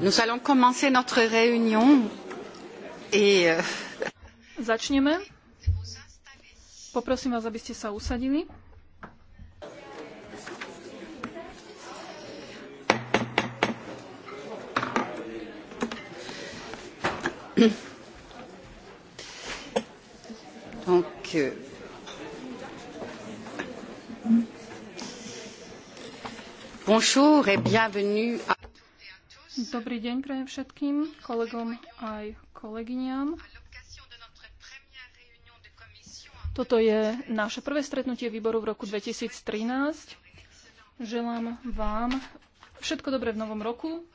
Nous allons commencer notre réunion et... Euh, Začneme. Poprosím vás, aby ste sa usadili. Donc, euh, bonjour et bienvenue à Dobrý deň prajem všetkým kolegom aj kolegyňam. Toto je naše prvé stretnutie výboru v roku 2013. Želám vám všetko dobré v novom roku,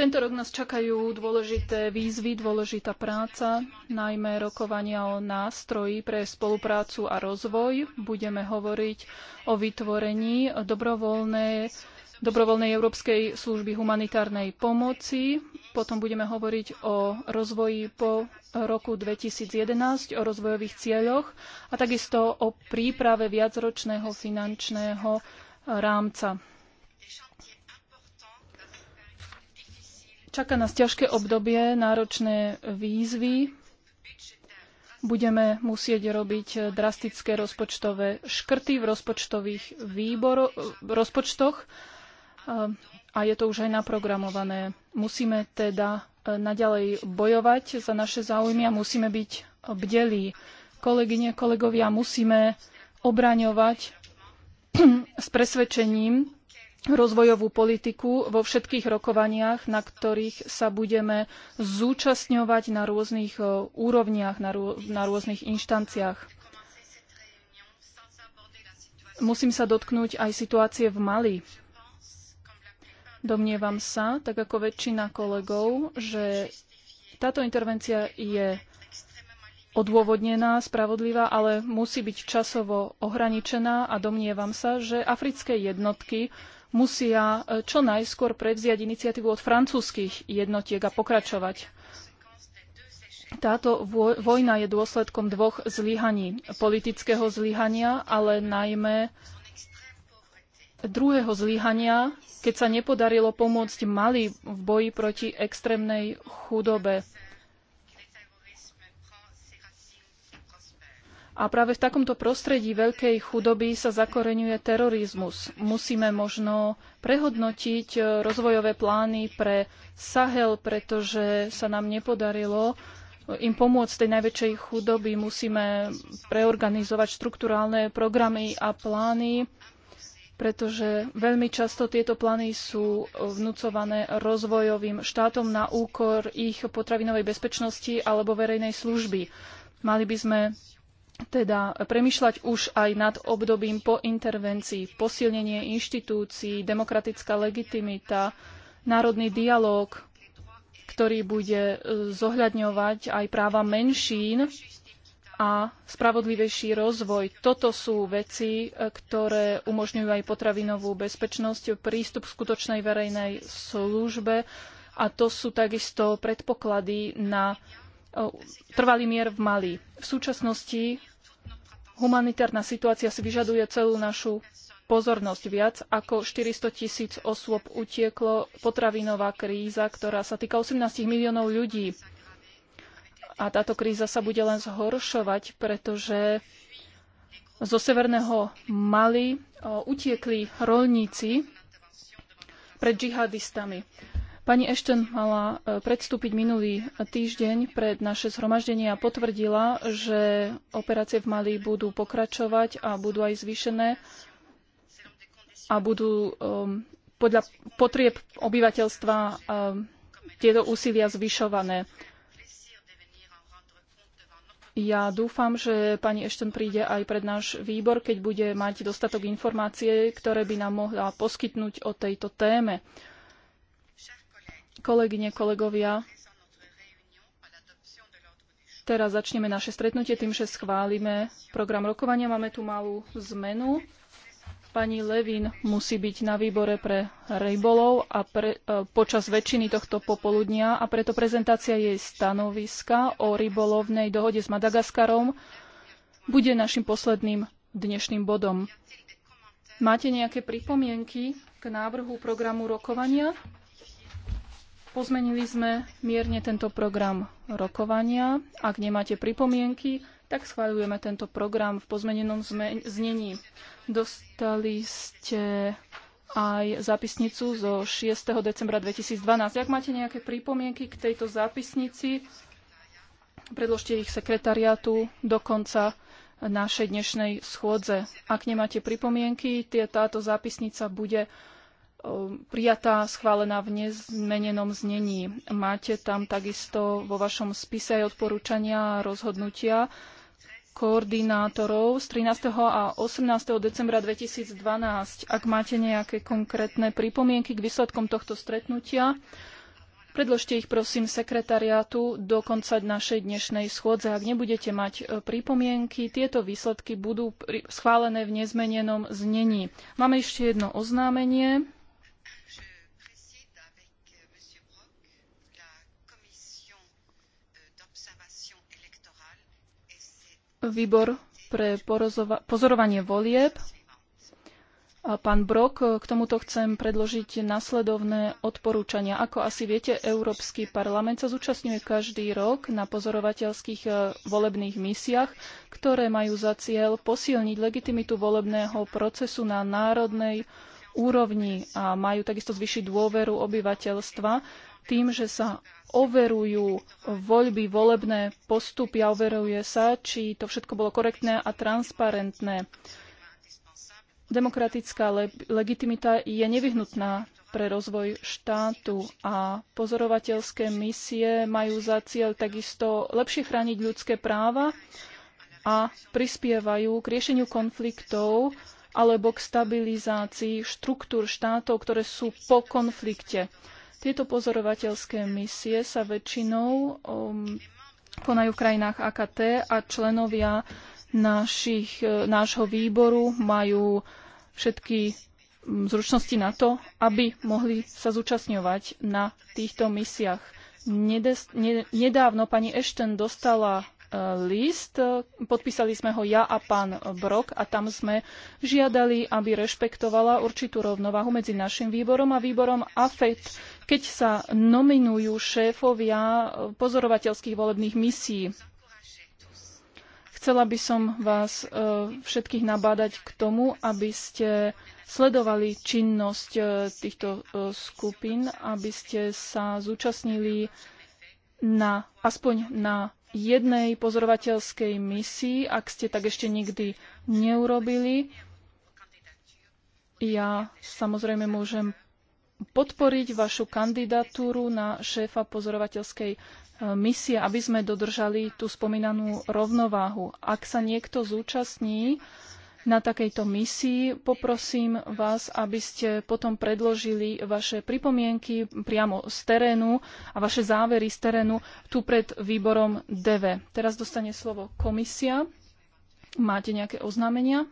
Tento rok nás čakajú dôležité výzvy, dôležitá práca, najmä rokovania o nástroji pre spoluprácu a rozvoj. Budeme hovoriť o vytvorení dobrovoľnej dobrovoľnej európskej služby humanitárnej pomoci. Potom budeme hovoriť o rozvoji po roku 2011, o rozvojových cieľoch a takisto o príprave viacročného finančného rámca. Čaká nás ťažké obdobie, náročné výzvy. Budeme musieť robiť drastické rozpočtové škrty v rozpočtových výboro- rozpočtoch a je to už aj naprogramované. Musíme teda e, naďalej bojovať za naše záujmy a musíme byť bdelí. Kolegyne, kolegovia, musíme obraňovať s presvedčením rozvojovú politiku vo všetkých rokovaniach, na ktorých sa budeme zúčastňovať na rôznych e, úrovniach, na, rô, na rôznych inštanciách. Musím sa dotknúť aj situácie v Mali. Domnievam sa, tak ako väčšina kolegov, že táto intervencia je odôvodnená, spravodlivá, ale musí byť časovo ohraničená a domnievam sa, že africké jednotky musia e, čo najskôr prevziať iniciatívu od francúzskych jednotiek a pokračovať. Táto vojna je dôsledkom dvoch zlyhaní. Politického zlyhania, ale najmä druhého zlyhania, keď sa nepodarilo pomôcť Mali v boji proti extrémnej chudobe. A práve v takomto prostredí veľkej chudoby sa zakoreňuje terorizmus. Musíme možno prehodnotiť e, rozvojové plány pre Sahel, pretože sa nám nepodarilo e, im pomôcť tej najväčšej chudoby. Musíme preorganizovať štrukturálne programy a plány, pretože veľmi často tieto plány sú e, vnúcované rozvojovým štátom na úkor ich potravinovej bezpečnosti alebo verejnej služby. Mali by sme teda premyšľať už aj nad obdobím po intervencii, posilnenie inštitúcií, demokratická legitimita, národný dialóg, ktorý bude e, zohľadňovať aj práva menšín a spravodlivejší rozvoj. Toto sú veci, e, ktoré umožňujú aj potravinovú bezpečnosť, prístup k skutočnej verejnej službe a to sú takisto predpoklady na e, trvalý mier v Mali. V súčasnosti Humanitárna situácia si vyžaduje celú našu pozornosť. Viac ako 400 tisíc osôb utieklo potravinová kríza, ktorá sa týka 18 miliónov ľudí. A táto kríza sa bude len zhoršovať, pretože zo severného Mali utiekli rolníci pred džihadistami. Pani Ashton mala e, predstúpiť minulý týždeň pred naše zhromaždenie a potvrdila, že operácie v Mali budú pokračovať a budú aj zvýšené a budú um, podľa potrieb obyvateľstva um, tieto úsilia zvyšované. Ja dúfam, že pani Ešten príde aj pred náš výbor, keď bude mať dostatok informácie, ktoré by nám mohla poskytnúť o tejto téme. Kolegyne, kolegovia, teraz začneme naše stretnutie tým, že schválime program rokovania. Máme tu malú zmenu. Pani Levin musí byť na výbore pre rybolov a pre, e, počas väčšiny tohto popoludnia a preto prezentácia jej stanoviska o rybolovnej dohode s Madagaskarom bude našim posledným dnešným bodom. Máte nejaké pripomienky k návrhu programu rokovania? Pozmenili sme mierne tento program rokovania. Ak nemáte pripomienky, tak schváľujeme tento program v pozmenenom znení. Dostali ste aj zápisnicu zo 6. decembra 2012. Ak máte nejaké pripomienky k tejto zápisnici, predložte ich sekretariátu do konca našej dnešnej schôdze. Ak nemáte pripomienky, táto zápisnica bude Ehm, prijatá, schválená v nezmenenom znení. Máte tam takisto vo vašom spise aj odporúčania a rozhodnutia koordinátorov z 13. a 18. decembra 2012. Ak máte nejaké konkrétne pripomienky k výsledkom tohto stretnutia, predložte ich prosím sekretariátu do konca našej dnešnej schôdze. Ak nebudete mať e, pripomienky, tieto výsledky budú schválené v nezmenenom znení. Máme ešte jedno oznámenie. výbor pre pozorovanie volieb. A pán Brok, k tomuto chcem predložiť nasledovné odporúčania. Ako asi viete, Európsky parlament sa zúčastňuje každý rok na pozorovateľských e, volebných misiach, ktoré majú za cieľ posilniť legitimitu volebného procesu na národnej úrovni a majú takisto zvyšiť dôveru obyvateľstva tým, že sa overujú voľby, volebné postupy a overuje sa, či to všetko bolo korektné a transparentné. Demokratická le legitimita je nevyhnutná pre rozvoj štátu a pozorovateľské misie majú za cieľ takisto lepšie chrániť ľudské práva a prispievajú k riešeniu konfliktov alebo k stabilizácii štruktúr štátov, ktoré sú po konflikte. Tieto pozorovateľské misie sa väčšinou um, konajú v krajinách AKT a členovia našich, e, nášho výboru majú všetky mm, zručnosti na to, aby mohli sa zúčastňovať na týchto misiách. Nedávno pani Ešten dostala list. Podpísali sme ho ja a pán Brok a tam sme žiadali, aby rešpektovala určitú rovnováhu medzi našim výborom a výborom AFET, keď sa nominujú šéfovia pozorovateľských volebných misií. Chcela by som vás e, všetkých nabádať k tomu, aby ste sledovali činnosť e, týchto e, skupín, aby ste sa zúčastnili na, aspoň na jednej pozorovateľskej misii, ak ste tak ešte nikdy neurobili. Ja samozrejme môžem podporiť vašu kandidatúru na šéfa pozorovateľskej e, misie, aby sme dodržali tú spomínanú rovnováhu. Ak sa niekto zúčastní uh, na takejto misii. Poprosím vás, aby ste potom predložili vaše pripomienky priamo z terénu a vaše závery z terénu tu pred výborom DV. Teraz dostane slovo komisia. Máte nejaké oznámenia?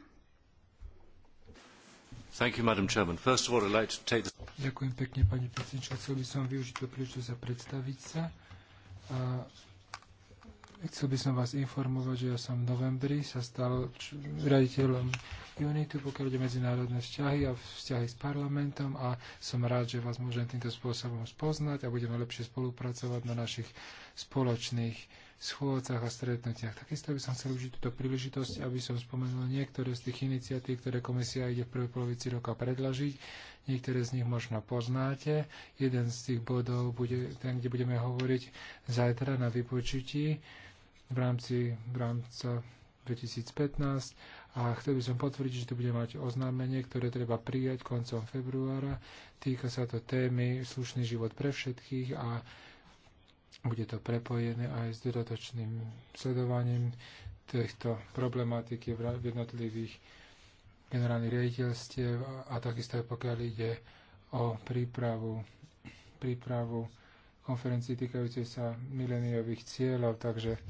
Ďakujem pekne, pani predsednička. Chcel by som využiť tú príležitosť a predstaviť sa. A Chcel by som vás informovať, že ja som v novembri sa stal raditeľom Unitu, pokiaľ ide medzinárodné vzťahy a vzťahy s parlamentom a som rád, že vás môžem týmto spôsobom spoznať a budeme lepšie spolupracovať na našich spoločných schôdzach a stretnutiach. Takisto by som chcel užiť túto príležitosť, aby som spomenul niektoré z tých iniciatív, ktoré komisia ide v prvej polovici roka predlažiť. Niektoré z nich možno poznáte. Jeden z tých bodov bude ten, kde budeme hovoriť zajtra na vypočutí v rámci v rámci 2015 a chcel by som potvrdiť, že tu bude mať oznámenie, ktoré treba prijať koncom februára. Týka sa to témy slušný život pre všetkých a bude to prepojené aj s dodatočným sledovaním týchto problematiky v jednotlivých generálnych riaditeľstiev a takisto aj pokiaľ ide o prípravu, prípravu konferencii týkajúcej sa mileniových cieľov, takže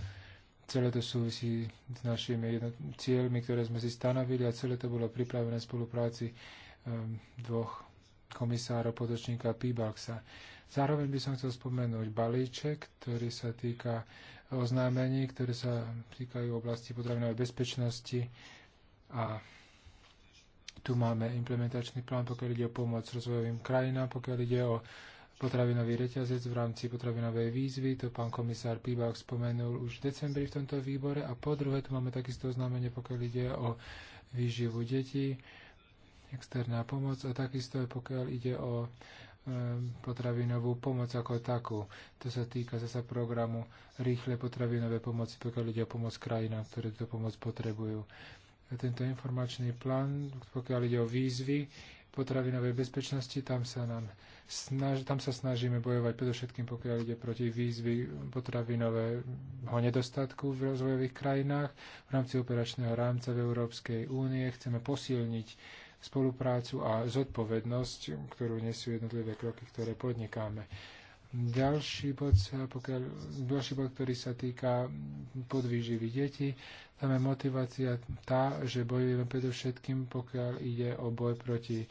Celé to súvisí s našimi cieľmi, ktoré sme si stanovili a celé to bolo pripravené v spolupráci um, dvoch komisárov podočníka Pibaxa. Zároveň by som chcel spomenúť balíček, ktorý sa týka oznámení, ktoré sa týkajú oblasti potravinovej bezpečnosti a tu máme implementačný plán, pokiaľ ide o pomoc rozvojovým krajinám, pokiaľ ide o potravinový reťazec v rámci potravinovej výzvy. To pán komisár Píbak spomenul už v decembri v tomto výbore. A po druhé, tu máme takisto oznámenie, pokiaľ ide o výživu detí, externá pomoc a takisto aj pokiaľ ide o e, potravinovú pomoc ako takú. To sa týka zasa programu rýchle potravinové pomoci, pokiaľ ide o pomoc krajinám, ktoré túto pomoc potrebujú. A tento informačný plán, pokiaľ ide o výzvy potravinovej bezpečnosti, tam sa nám Snaž, tam sa snažíme bojovať predovšetkým, pokiaľ ide proti výzvy potravinového nedostatku v rozvojových krajinách. V rámci operačného rámca v Európskej únie chceme posilniť spoluprácu a zodpovednosť, ktorú nesú jednotlivé kroky, ktoré podnikáme. Ďalší bod, pokiaľ, ďalší bod, ktorý sa týka podvýživy detí, tam je motivácia tá, že bojujeme predovšetkým, pokiaľ ide o boj proti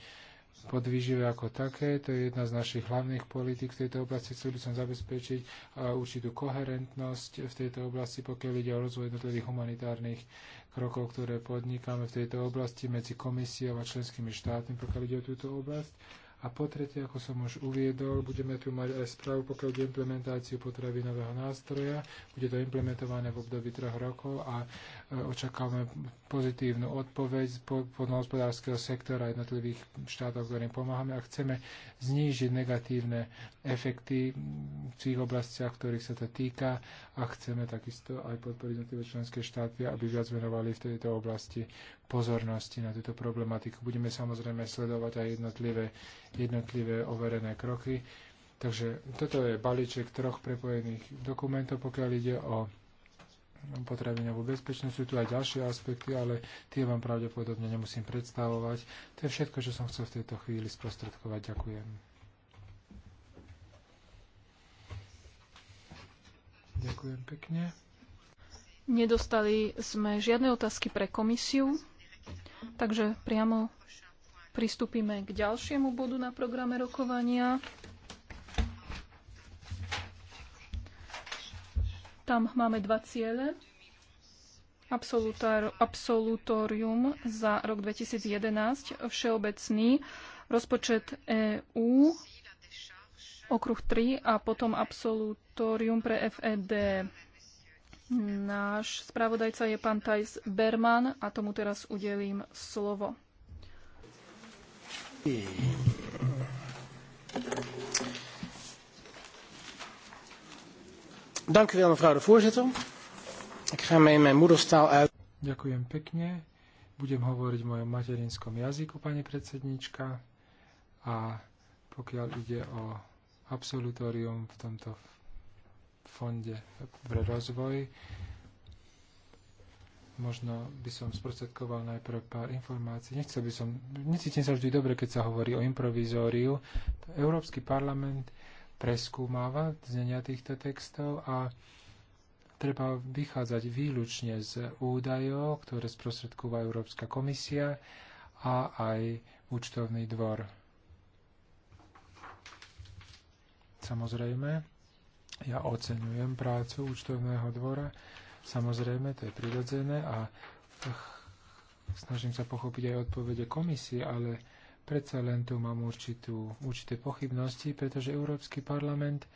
podvýživé ako také. To je jedna z našich hlavných politik v tejto oblasti. Chcel by som zabezpečiť uh, určitú koherentnosť v tejto oblasti, pokiaľ ide o rozvoj jednotlivých humanitárnych krokov, ktoré podnikáme v tejto oblasti medzi komisiou a členskými štátmi, pokiaľ ide o túto oblasť. A po tretie, ako som už uviedol, budeme tu mať aj správu, pokiaľ ide implementáciu potravinového nástroja. Bude to implementované v období troch rokov a e, očakávame pozitívnu odpoveď z podnohospodárskeho sektora a jednotlivých štátov, ktorým pomáhame a chceme znížiť negatívne efekty v tých oblastiach, ktorých sa to týka a chceme takisto aj podporiť jednotlivé členské štáty, aby viac venovali v tejto oblasti pozornosti na túto problematiku. Budeme samozrejme sledovať aj jednotlivé, jednotlivé overené kroky. Takže toto je balíček troch prepojených dokumentov, pokiaľ ide o potravinovú bezpečnosť. Sú tu aj ďalšie aspekty, ale tie vám pravdepodobne nemusím predstavovať. To je všetko, čo som chcel v tejto chvíli sprostredkovať. Ďakujem. Ďakujem pekne. Nedostali sme žiadne otázky pre komisiu. Takže priamo pristúpime k ďalšiemu bodu na programe rokovania. Tam máme dva ciele. Absolutórium za rok 2011, všeobecný rozpočet EÚ, okruh 3 a potom absolutórium pre FED. Náš spravodajca je pán Tajs Berman a tomu teraz udelím slovo. Dank u wel, mevrouw de voorzitter. Ik ga mijn moederstaal uit. Ďakujem pekne. Budem hovoriť v mojom materinskom jazyku, pani predsednička. A pokiaľ ide o absolutórium v tomto fonde pre rozvoj. Možno by som sprostredkoval najprv pár informácií. Nechcel by som, necítim sa vždy dobre, keď sa hovorí o improvizóriu. Európsky parlament preskúmava znenia týchto textov a treba vychádzať výlučne z údajov, ktoré sprostredkúva Európska komisia a aj účtovný dvor. Samozrejme, ja oceňujem prácu účtovného dvora, samozrejme, to je prirodzené a snažím sa pochopiť aj odpovede komisie, ale predsa len tu mám určitú, určité pochybnosti, pretože Európsky parlament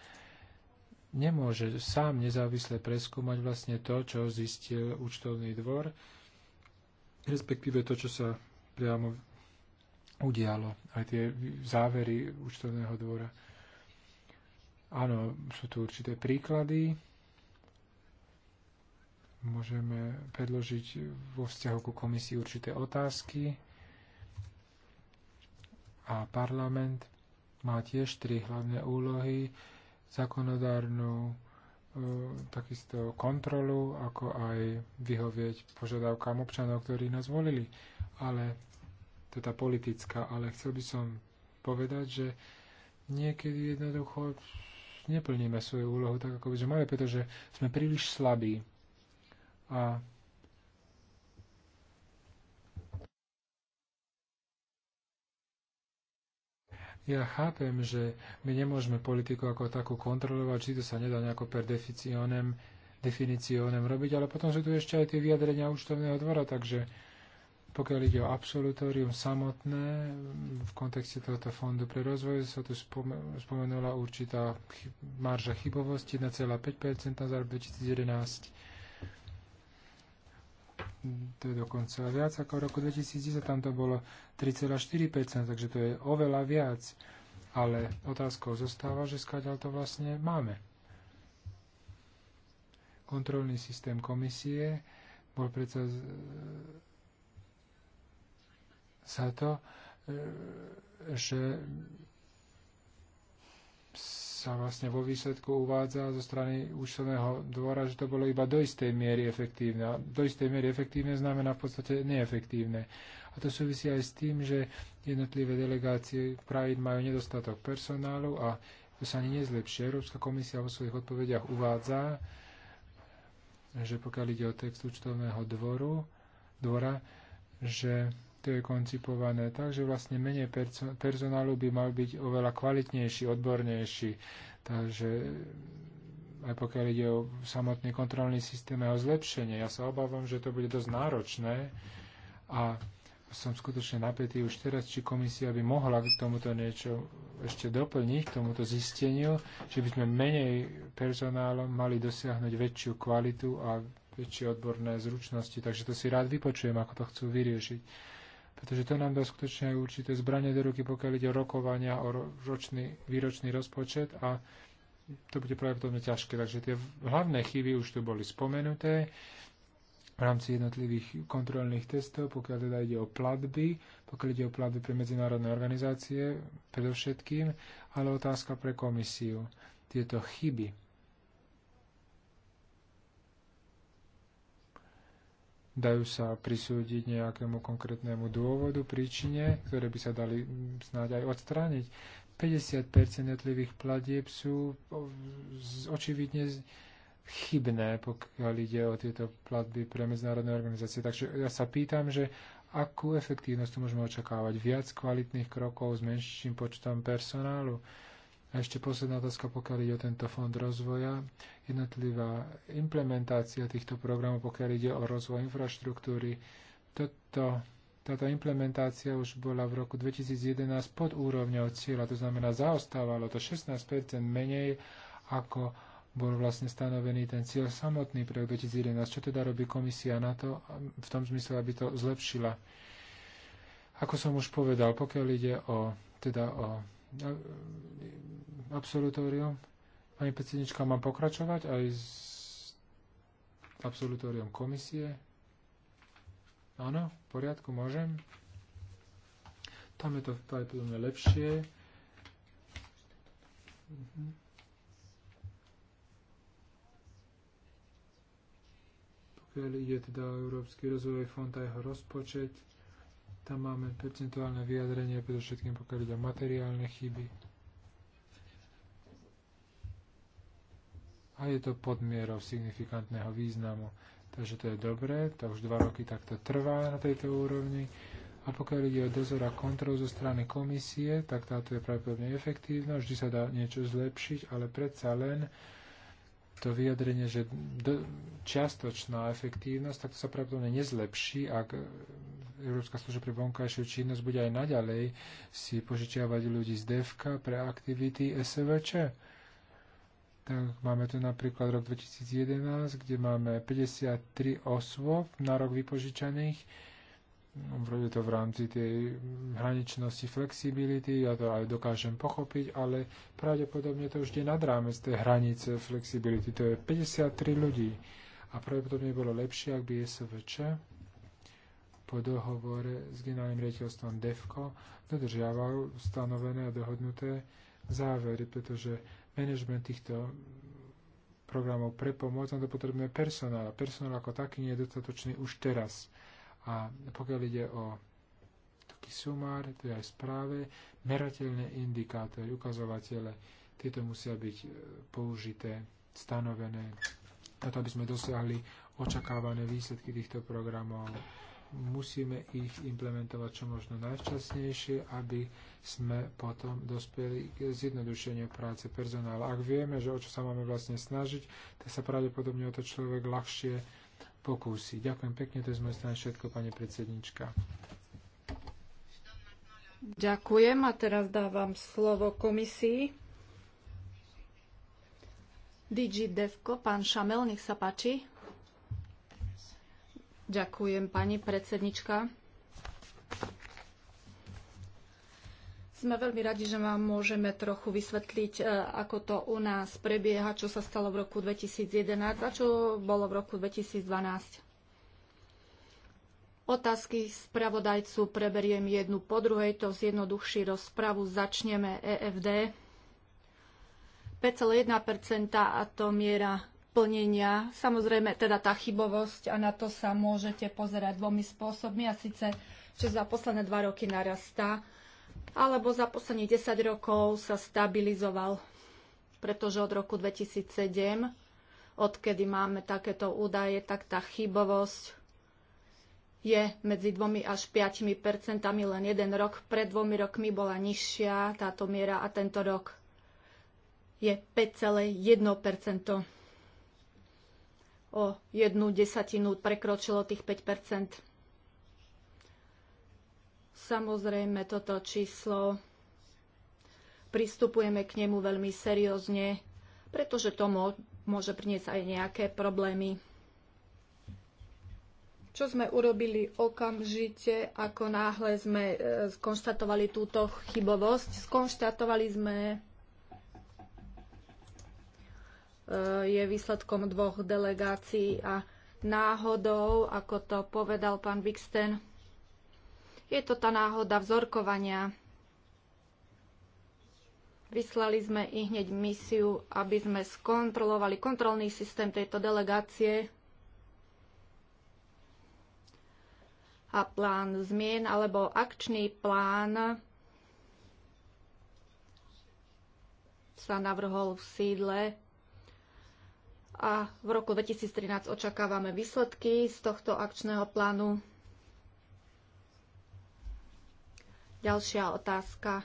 nemôže sám nezávisle preskúmať vlastne to, čo zistil účtovný dvor, respektíve to, čo sa priamo udialo, aj tie závery účtovného dvora. Áno, sú tu určité príklady. Môžeme predložiť vo vzťahu ku komisii určité otázky. A parlament má tiež tri hlavné úlohy. Zákonodárnu, e, takisto kontrolu, ako aj vyhovieť požiadavkám občanov, ktorí nás volili. Ale teda politická, ale chcel by som povedať, že niekedy jednoducho neplníme svoju úlohu tak, ako by sme mali, pretože sme príliš slabí. A ja chápem, že my nemôžeme politiku ako takú kontrolovať, či to sa nedá nejako per definicionem, robiť, ale potom sú tu ešte aj tie vyjadrenia účtovného dvora, takže pokiaľ ide o absolutórium samotné, v kontexte tohoto fondu pre rozvoj sa tu spomenula určitá marža chybovosti 1,5% za rok 2011. To je dokonca viac ako v roku 2010, tam to bolo 3,4%, takže to je oveľa viac. Ale otázkou zostáva, že skáďal to vlastne máme. Kontrolný systém komisie bol predsa za to, e, že sa vlastne vo výsledku uvádza zo strany účtovného dvora, že to bolo iba do istej miery efektívne. A do istej miery efektívne znamená v podstate neefektívne. A to súvisí aj s tým, že jednotlivé delegácie krajín majú nedostatok personálu a to sa ani nezlepšie. Európska komisia vo svojich odpovediach uvádza, že pokiaľ ide o text účtovného dvoru, dvora, že to je koncipované. Takže vlastne menej personálu by mal byť oveľa kvalitnejší, odbornejší. Takže aj pokiaľ ide o samotný kontrolný systém a o zlepšenie, ja sa obávam, že to bude dosť náročné a som skutočne napätý už teraz, či komisia by mohla k tomuto niečo ešte doplniť, k tomuto zisteniu, že by sme menej personálom mali dosiahnuť väčšiu kvalitu a väčšie odborné zručnosti. Takže to si rád vypočujem, ako to chcú vyriešiť pretože to nám dá skutočne aj určité zbranie do ruky, pokiaľ ide o rokovania o ročný, výročný rozpočet a to bude pravdepodobne ťažké. Takže tie hlavné chyby už tu boli spomenuté v rámci jednotlivých kontrolných testov, pokiaľ teda ide o platby, pokiaľ ide o platby pre medzinárodné organizácie predovšetkým, ale otázka pre komisiu. Tieto chyby dajú sa prisúdiť nejakému konkrétnemu dôvodu, príčine, ktoré by sa dali snáď aj odstrániť. 50% netlivých platieb sú očividne chybné, pokiaľ ide o tieto platby pre medzinárodné organizácie. Takže ja sa pýtam, že akú efektívnosť tu môžeme očakávať? Viac kvalitných krokov s menším počtom personálu? A ešte posledná otázka, pokiaľ ide o tento fond rozvoja. Jednotlivá implementácia týchto programov, pokiaľ ide o rozvoj infraštruktúry, toto, táto implementácia už bola v roku 2011 pod úrovňou cieľa, to znamená zaostávalo to 16 menej ako bol vlastne stanovený ten cieľ samotný pre 2011. Čo teda robí komisia na to, v tom zmysle, aby to zlepšila? Ako som už povedal, pokiaľ ide o, teda o Eh, absolutórium. Pani predsednička, mám pokračovať aj s absolutórium komisie? Áno, v poriadku, môžem. Tam je to pravdepodobne lepšie. Mhm. Pokiaľ ide teda Európsky rozvojový fond a jeho rozpočet, tam máme percentuálne vyjadrenie, predovšetkým pokiaľ ide o materiálne chyby. A je to pod mierou signifikantného významu. Takže to je dobré, to už dva roky takto trvá na tejto úrovni. A pokiaľ ide o dozor a kontrol zo strany komisie, tak táto je pravdepodobne efektívna, vždy sa dá niečo zlepšiť, ale predsa len to vyjadrenie, že čiastočná efektívnosť, tak to sa pravdepodobne nezlepší, ak e, Európska služba pre vonkajšiu činnosť bude aj naďalej si požičiavať ľudí z DEVKA pre aktivity SVČ. Tak máme tu napríklad rok 2011, kde máme 53 osôb na rok vypožičaných No, robí to v rámci tej hraničnosti flexibility, ja to aj dokážem pochopiť, ale pravdepodobne to už je nad rámec tej hranice flexibility. To je 53 ľudí a pravdepodobne bolo lepšie, ak by SVČ po dohovore s generálnym riaditeľstvom DEFCO dodržiaval stanovené a dohodnuté závery, pretože management týchto programov pre pomoc na to potrebné personál. Personál ako taký nie je dostatočný už teraz. A pokiaľ ide o taký sumár, to je aj správe, merateľné indikátory, ukazovatele, tieto musia byť e, použité, stanovené, na to, aby sme dosiahli očakávané výsledky týchto programov. Musíme ich implementovať čo možno najvčasnejšie, aby sme potom dospeli k zjednodušeniu práce personála. Ak vieme, že o čo sa máme vlastne snažiť, tak sa pravdepodobne o to človek ľahšie pokúsi. Ďakujem pekne, to je z mojej strany všetko, pani predsednička. Ďakujem a teraz dávam slovo komisii. DG Devko, pán Šamel, nech sa páči. Ďakujem, pani predsednička. Sme veľmi radi, že vám môžeme trochu vysvetliť, e, ako to u nás prebieha, čo sa stalo v roku 2011 a čo bolo v roku 2012. Otázky spravodajcu preberiem jednu po druhej, to zjednoduchší rozpravu. Začneme EFD. 5,1% a to miera plnenia. Samozrejme, teda tá chybovosť a na to sa môžete pozerať dvomi spôsobmi a síce, že za posledné dva roky narastá alebo za posledných 10 rokov sa stabilizoval, pretože od roku 2007, odkedy máme takéto údaje, tak tá chybovosť je medzi 2 až 5 percentami len jeden rok. Pred dvomi rokmi bola nižšia táto miera a tento rok je 5,1 O jednu desatinu prekročilo tých 5 Samozrejme, toto číslo pristupujeme k nemu veľmi seriózne, pretože to môže priniesť aj nejaké problémy. Čo sme urobili okamžite, ako náhle sme e, skonštatovali túto chybovosť? Skonštatovali sme e, je výsledkom dvoch delegácií a náhodou, ako to povedal pán Wiksten, je to tá náhoda vzorkovania. Vyslali sme i hneď misiu, aby sme skontrolovali kontrolný systém tejto delegácie a plán zmien alebo akčný plán sa navrhol v sídle a v roku 2013 očakávame výsledky z tohto akčného plánu. Ďalšia otázka.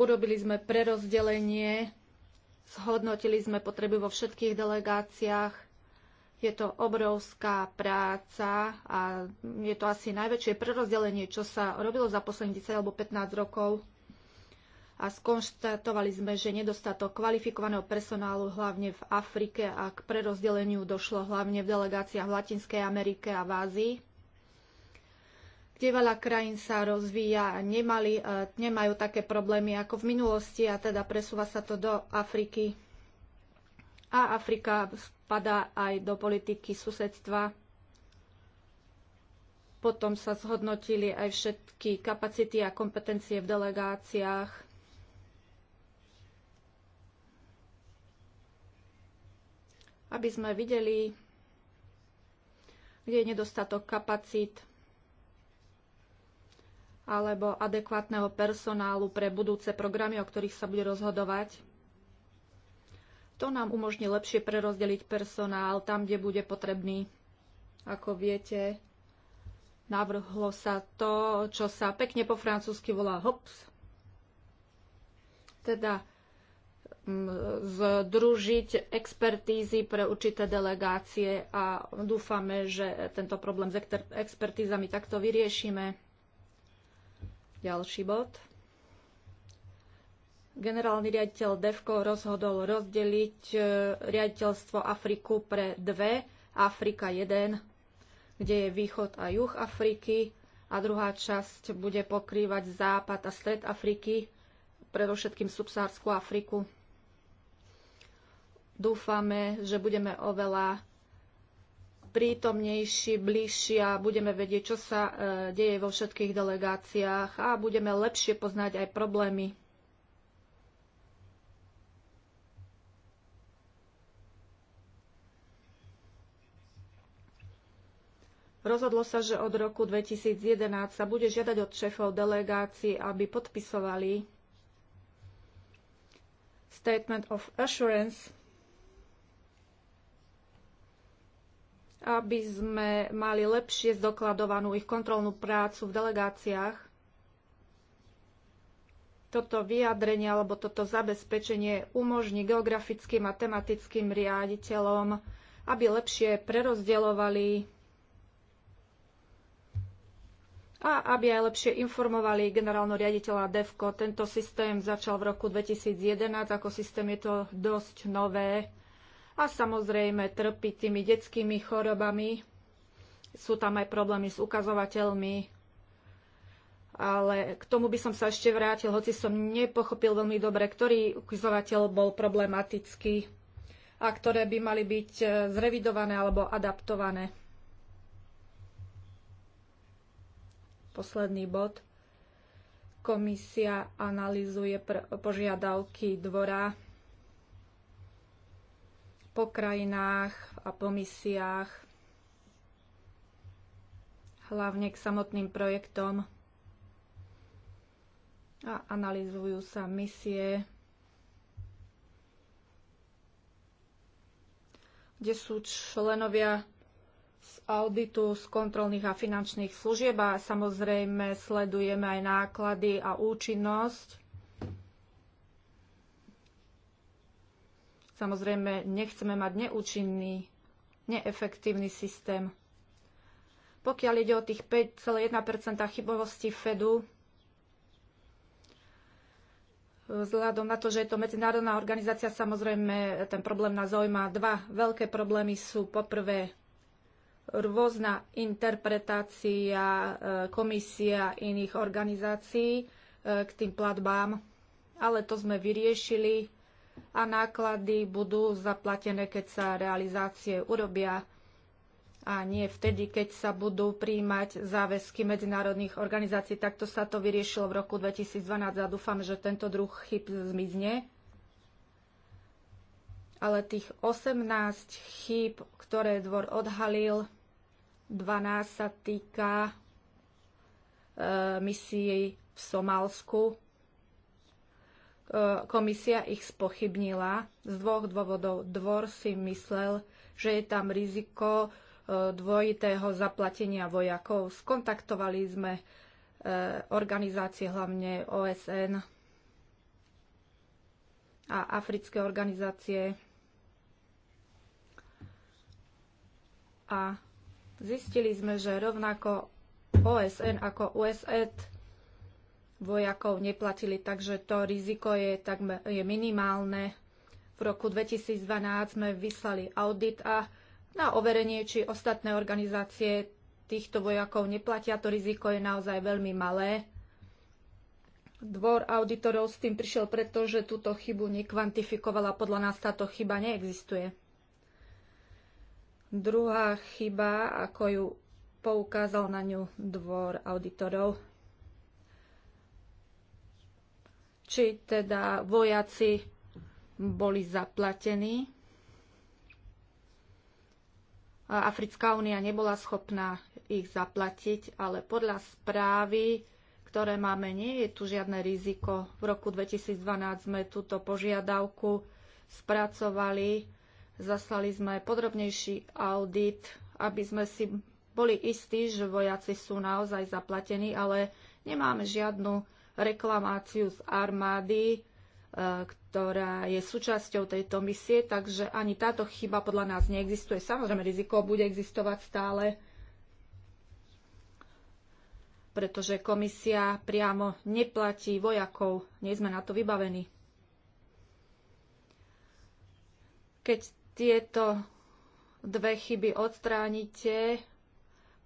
Urobili sme prerozdelenie, zhodnotili sme potreby vo všetkých delegáciách. Je to obrovská práca a je to asi najväčšie prerozdelenie, čo sa robilo za posledných 10 alebo 15 rokov. A skonštatovali sme, že nedostatok kvalifikovaného personálu hlavne v Afrike a k prerozdeleniu došlo hlavne v delegáciách v Latinskej Amerike a v Ázii kde veľa krajín sa rozvíja a nemali, e, nemajú také problémy ako v minulosti a teda presúva sa to do Afriky. A Afrika spadá aj do politiky susedstva. Potom sa zhodnotili aj všetky kapacity a kompetencie v delegáciách. Aby sme videli, kde je nedostatok kapacít alebo adekvátneho personálu pre budúce programy, o ktorých sa bude rozhodovať. To nám umožní lepšie prerozdeliť personál tam, kde bude potrebný. Ako viete, navrhlo sa to, čo sa pekne po francúzsky volá HOPS. Teda mm, združiť expertízy pre určité delegácie a dúfame, že tento problém s expertízami takto vyriešime. Ďalší bod. Generálny riaditeľ DEFCO rozhodol rozdeliť e, riaditeľstvo Afriku pre dve, Afrika 1, kde je východ a juh Afriky a druhá časť bude pokrývať západ a stred Afriky, predovšetkým subsárskú Afriku. Dúfame, že budeme oveľa prítomnejší, bližší a budeme vedieť, čo sa e, deje vo všetkých delegáciách a budeme lepšie poznať aj problémy. Rozhodlo sa, že od roku 2011 sa bude žiadať od šéfov delegácií, aby podpisovali Statement of Assurance aby sme mali lepšie zdokladovanú ich kontrolnú prácu v delegáciách. Toto vyjadrenie alebo toto zabezpečenie umožní geografickým a tematickým riaditeľom, aby lepšie prerozdielovali a aby aj lepšie informovali generálno riaditeľa DEVKO. Tento systém začal v roku 2011, ako systém je to dosť nové a samozrejme trpí tými detskými chorobami. Sú tam aj problémy s ukazovateľmi, ale k tomu by som sa ešte vrátil, hoci som nepochopil veľmi dobre, ktorý ukazovateľ bol problematický a ktoré by mali byť e, zrevidované alebo adaptované. Posledný bod. Komisia analizuje požiadavky dvora po krajinách a po misiách, hlavne k samotným projektom a analýzujú sa misie, kde sú členovia z auditu, z kontrolných a finančných služieb a samozrejme sledujeme aj náklady a účinnosť Samozrejme, nechceme mať neúčinný, neefektívny systém. Pokiaľ ide o tých 5,1 chybovosti Fedu, vzhľadom na to, že je to medzinárodná organizácia, samozrejme ten problém nás zaujíma. Dva veľké problémy sú poprvé rôzna interpretácia e, komisia iných organizácií e, k tým platbám, ale to sme vyriešili a náklady budú zaplatené, keď sa realizácie urobia a nie vtedy, keď sa budú príjmať záväzky medzinárodných organizácií. Takto sa to vyriešilo v roku 2012 a dúfam, že tento druh chyb zmizne. Ale tých 18 chyb, ktoré dvor odhalil, 12 sa týka e, misií v Somálsku E, komisia ich spochybnila z dvoch dôvodov. Dvor si myslel, že je tam riziko e, dvojitého zaplatenia vojakov. Skontaktovali sme e, organizácie, hlavne OSN a africké organizácie a zistili sme, že rovnako OSN ako USAID vojakov neplatili, takže to riziko je, tak, je minimálne. V roku 2012 sme vyslali audit a na overenie, či ostatné organizácie týchto vojakov neplatia, to riziko je naozaj veľmi malé. Dvor auditorov s tým prišiel preto, že túto chybu nekvantifikovala. Podľa nás táto chyba neexistuje. Druhá chyba, ako ju poukázal na ňu dvor auditorov, či teda vojaci boli zaplatení. Africká únia nebola schopná ich zaplatiť, ale podľa správy, ktoré máme, nie je tu žiadne riziko. V roku 2012 sme túto požiadavku spracovali, zaslali sme podrobnejší audit, aby sme si boli istí, že vojaci sú naozaj zaplatení, ale nemáme žiadnu reklamáciu z armády, e, ktorá je súčasťou tejto misie, takže ani táto chyba podľa nás neexistuje. Samozrejme, riziko bude existovať stále, pretože komisia priamo neplatí vojakov, nie sme na to vybavení. Keď tieto dve chyby odstránite,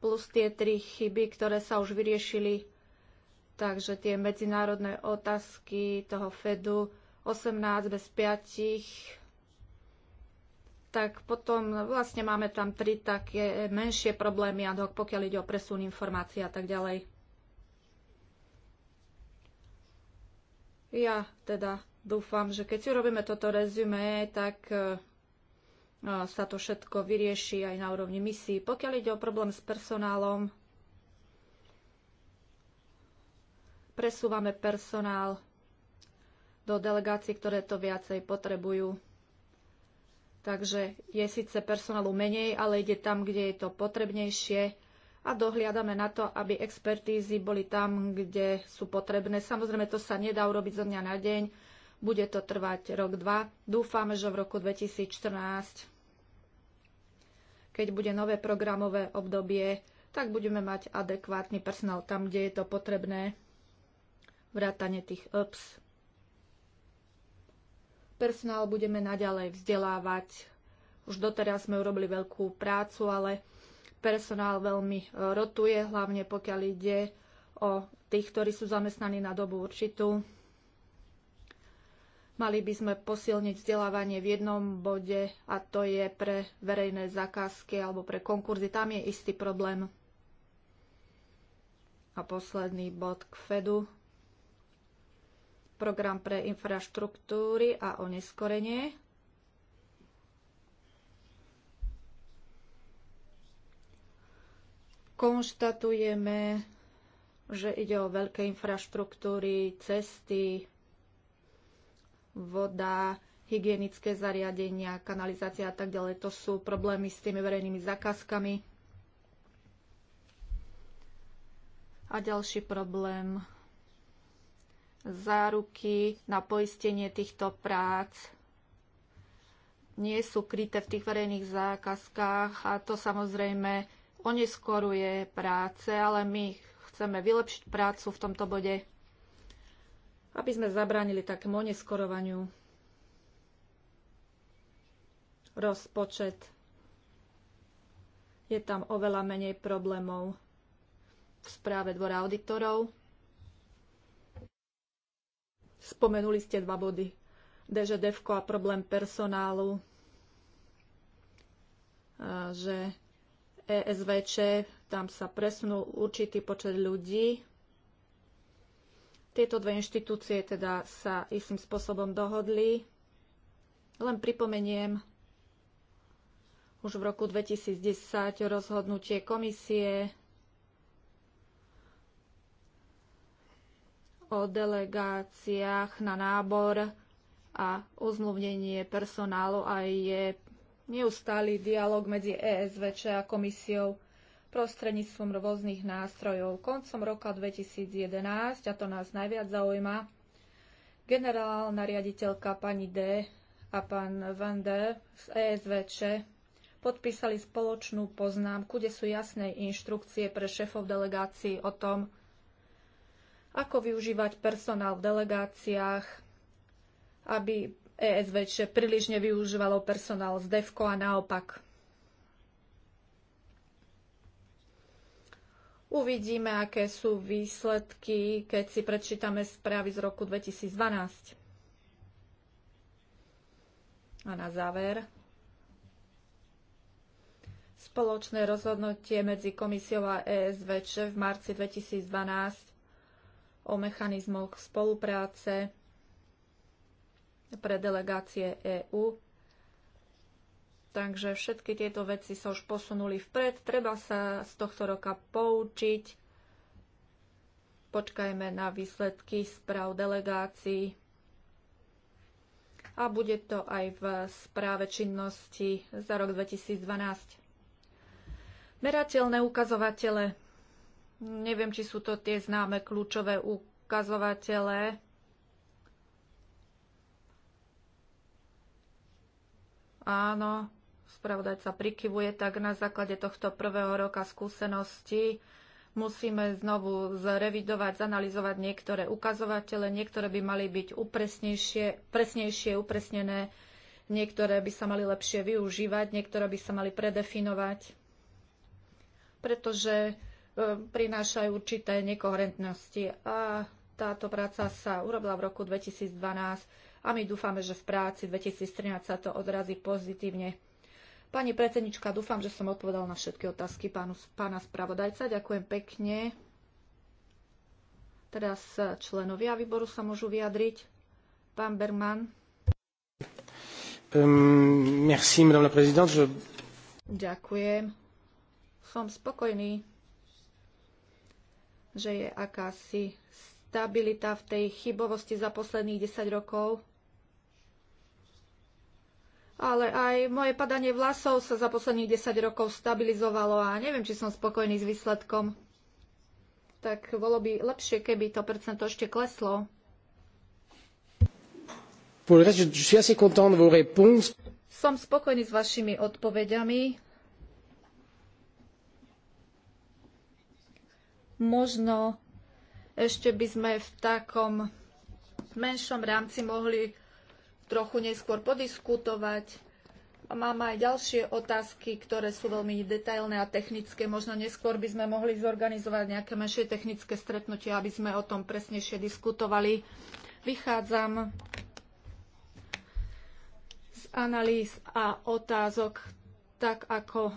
plus tie tri chyby, ktoré sa už vyriešili Takže tie medzinárodné otázky toho Fedu 18 bez 5 tak potom vlastne máme tam tri také menšie problémy pokiaľ ide o presun informácií a tak ďalej. Ja teda dúfam, že keď si urobíme toto rezume, tak e, e, sa to všetko vyrieši aj na úrovni misií. Pokiaľ ide o problém s personálom, presúvame personál do delegácií, ktoré to viacej potrebujú. Takže je síce personálu menej, ale ide tam, kde je to potrebnejšie a dohliadame na to, aby expertízy boli tam, kde sú potrebné. Samozrejme, to sa nedá urobiť zo dňa na deň. Bude to trvať rok, dva. Dúfame, že v roku 2014, keď bude nové programové obdobie, tak budeme mať adekvátny personál tam, kde je to potrebné vrátane tých UPS. Personál budeme naďalej vzdelávať. Už doteraz sme urobili veľkú prácu, ale personál veľmi e, rotuje, hlavne pokiaľ ide o tých, ktorí sú zamestnaní na dobu určitú. Mali by sme posilniť vzdelávanie v jednom bode a to je pre verejné zákazky alebo pre konkurzy. Tam je istý problém. A posledný bod k Fedu program pre infraštruktúry a oneskorenie. Konštatujeme, že ide o veľké infraštruktúry, cesty, voda, hygienické zariadenia, kanalizácia a tak ďalej. To sú problémy s tými verejnými zakázkami. A ďalší problém záruky na poistenie týchto prác nie sú kryté v tých verejných zákazkách a to samozrejme oneskoruje práce, ale my chceme vylepšiť prácu v tomto bode, aby sme zabránili takému oneskorovaniu. Rozpočet. Je tam oveľa menej problémov v správe dvora auditorov Spomenuli ste dva body. DŽDFko a problém personálu, že ESVČ, tam sa presunul určitý počet ľudí. Tieto dve inštitúcie teda sa istým spôsobom dohodli. Len pripomeniem, už v roku 2010 rozhodnutie komisie o delegáciách na nábor a uzmluvnenie personálu a je neustály dialog medzi ESVČ a komisiou prostredníctvom rôznych nástrojov. Koncom roka 2011, a to nás najviac zaujíma, generálna riaditeľka pani D a pán Van D z ESVČ podpísali spoločnú poznámku, kde sú jasné inštrukcie pre šéfov delegácií o tom, ako využívať personál v delegáciách, aby ESVČ príliš nevyužívalo personál z DEVKO a naopak. Uvidíme, aké sú výsledky, keď si prečítame správy z roku 2012. A na záver. Spoločné rozhodnutie medzi komisiou a ESVČ v marci 2012 o mechanizmoch spolupráce pre delegácie EÚ. Takže všetky tieto veci sa už posunuli vpred. Treba sa z tohto roka poučiť. Počkajme na výsledky správ delegácií. A bude to aj v správe činnosti za rok 2012. Merateľné ukazovatele Neviem, či sú to tie známe kľúčové ukazovatele. Áno, spravodajca prikyvuje, tak na základe tohto prvého roka skúsenosti musíme znovu zrevidovať, zanalizovať niektoré ukazovatele, niektoré by mali byť upresnejšie, presnejšie, upresnené, niektoré by sa mali lepšie využívať, niektoré by sa mali predefinovať, pretože E, prinášajú určité nekoherentnosti. A táto práca sa urobila v roku 2012 a my dúfame, že v práci 2013 sa to odrazí pozitívne. Pani predsednička, dúfam, že som odpovedal na všetky otázky pánu, pána spravodajca. Ďakujem pekne. Teraz členovia výboru sa môžu vyjadriť. Pán Berman. Um, merci, madame la Je... Ďakujem. Som spokojný že je akási stabilita v tej chybovosti za posledných 10 rokov. Ale aj moje padanie vlasov sa za posledných 10 rokov stabilizovalo a neviem, či som spokojný s výsledkom. Tak bolo by lepšie, keby to percento ešte kleslo. Som spokojný s vašimi odpovediami. Možno ešte by sme v takom menšom rámci mohli trochu neskôr podiskutovať. Mám aj ďalšie otázky, ktoré sú veľmi detailné a technické. Možno neskôr by sme mohli zorganizovať nejaké menšie technické stretnutie, aby sme o tom presnejšie diskutovali. Vychádzam z analýz a otázok tak, ako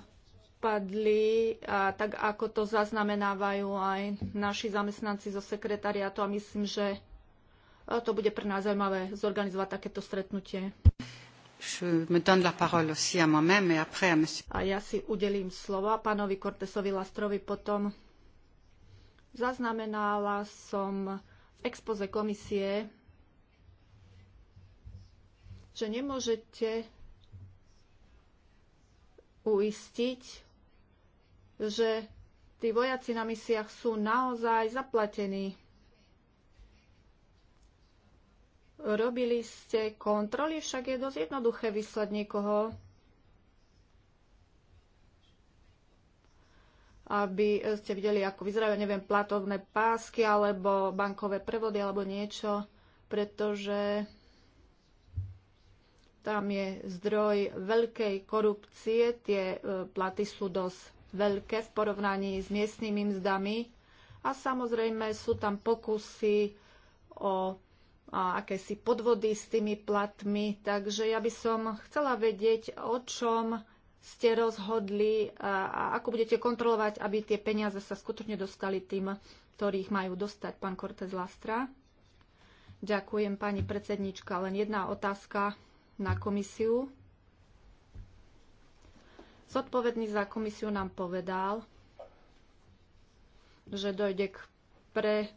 dopadli, a tak ako to zaznamenávajú aj naši zamestnanci zo sekretariátu a myslím, že eh, to bude pre nás zaujímavé zorganizovať takéto stretnutie. A ja si udelím slovo pánovi Cortesovi Lastrovi potom. Zaznamenala som v expoze komisie, že nemôžete uistiť že tí vojaci na misiach sú naozaj zaplatení. Robili ste kontroly, však je dosť jednoduché vyslať niekoho, aby ste videli, ako vyzerajú, neviem, platovné pásky alebo bankové prevody alebo niečo, pretože tam je zdroj veľkej korupcie, tie e, platy sú dosť veľké v porovnaní s miestnymi mzdami a samozrejme sú tam pokusy o akési podvody s tými platmi, takže ja by som chcela vedieť, o čom ste rozhodli a ako budete kontrolovať, aby tie peniaze sa skutočne dostali tým, ktorých majú dostať, pán Cortez Lastra. Ďakujem, pani predsednička. Len jedna otázka na komisiu. Zodpovedný za komisiu nám povedal, že dojde k pre,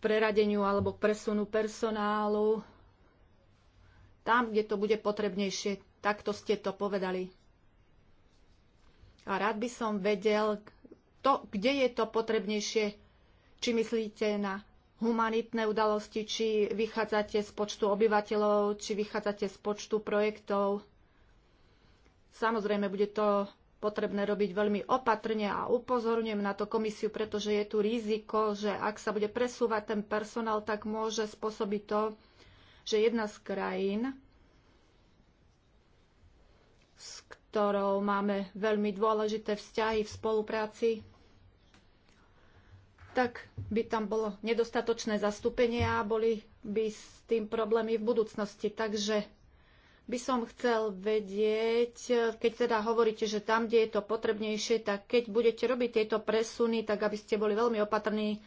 preradeniu alebo k presunu personálu tam, kde to bude potrebnejšie. Takto ste to povedali. A rád by som vedel, to, kde je to potrebnejšie. Či myslíte na humanitné udalosti, či vychádzate z počtu obyvateľov, či vychádzate z počtu projektov. Samozrejme, bude to potrebné robiť veľmi opatrne a upozorňujem na to komisiu, pretože je tu riziko, že ak sa bude presúvať ten personál, tak môže spôsobiť to, že jedna z krajín, s ktorou máme veľmi dôležité vzťahy v spolupráci, tak by tam bolo nedostatočné zastúpenie a boli by s tým problémy v budúcnosti. Takže by som chcel vedieť, keď teda hovoríte, že tam, kde je to potrebnejšie, tak keď budete robiť tieto presuny, tak aby ste boli veľmi opatrní,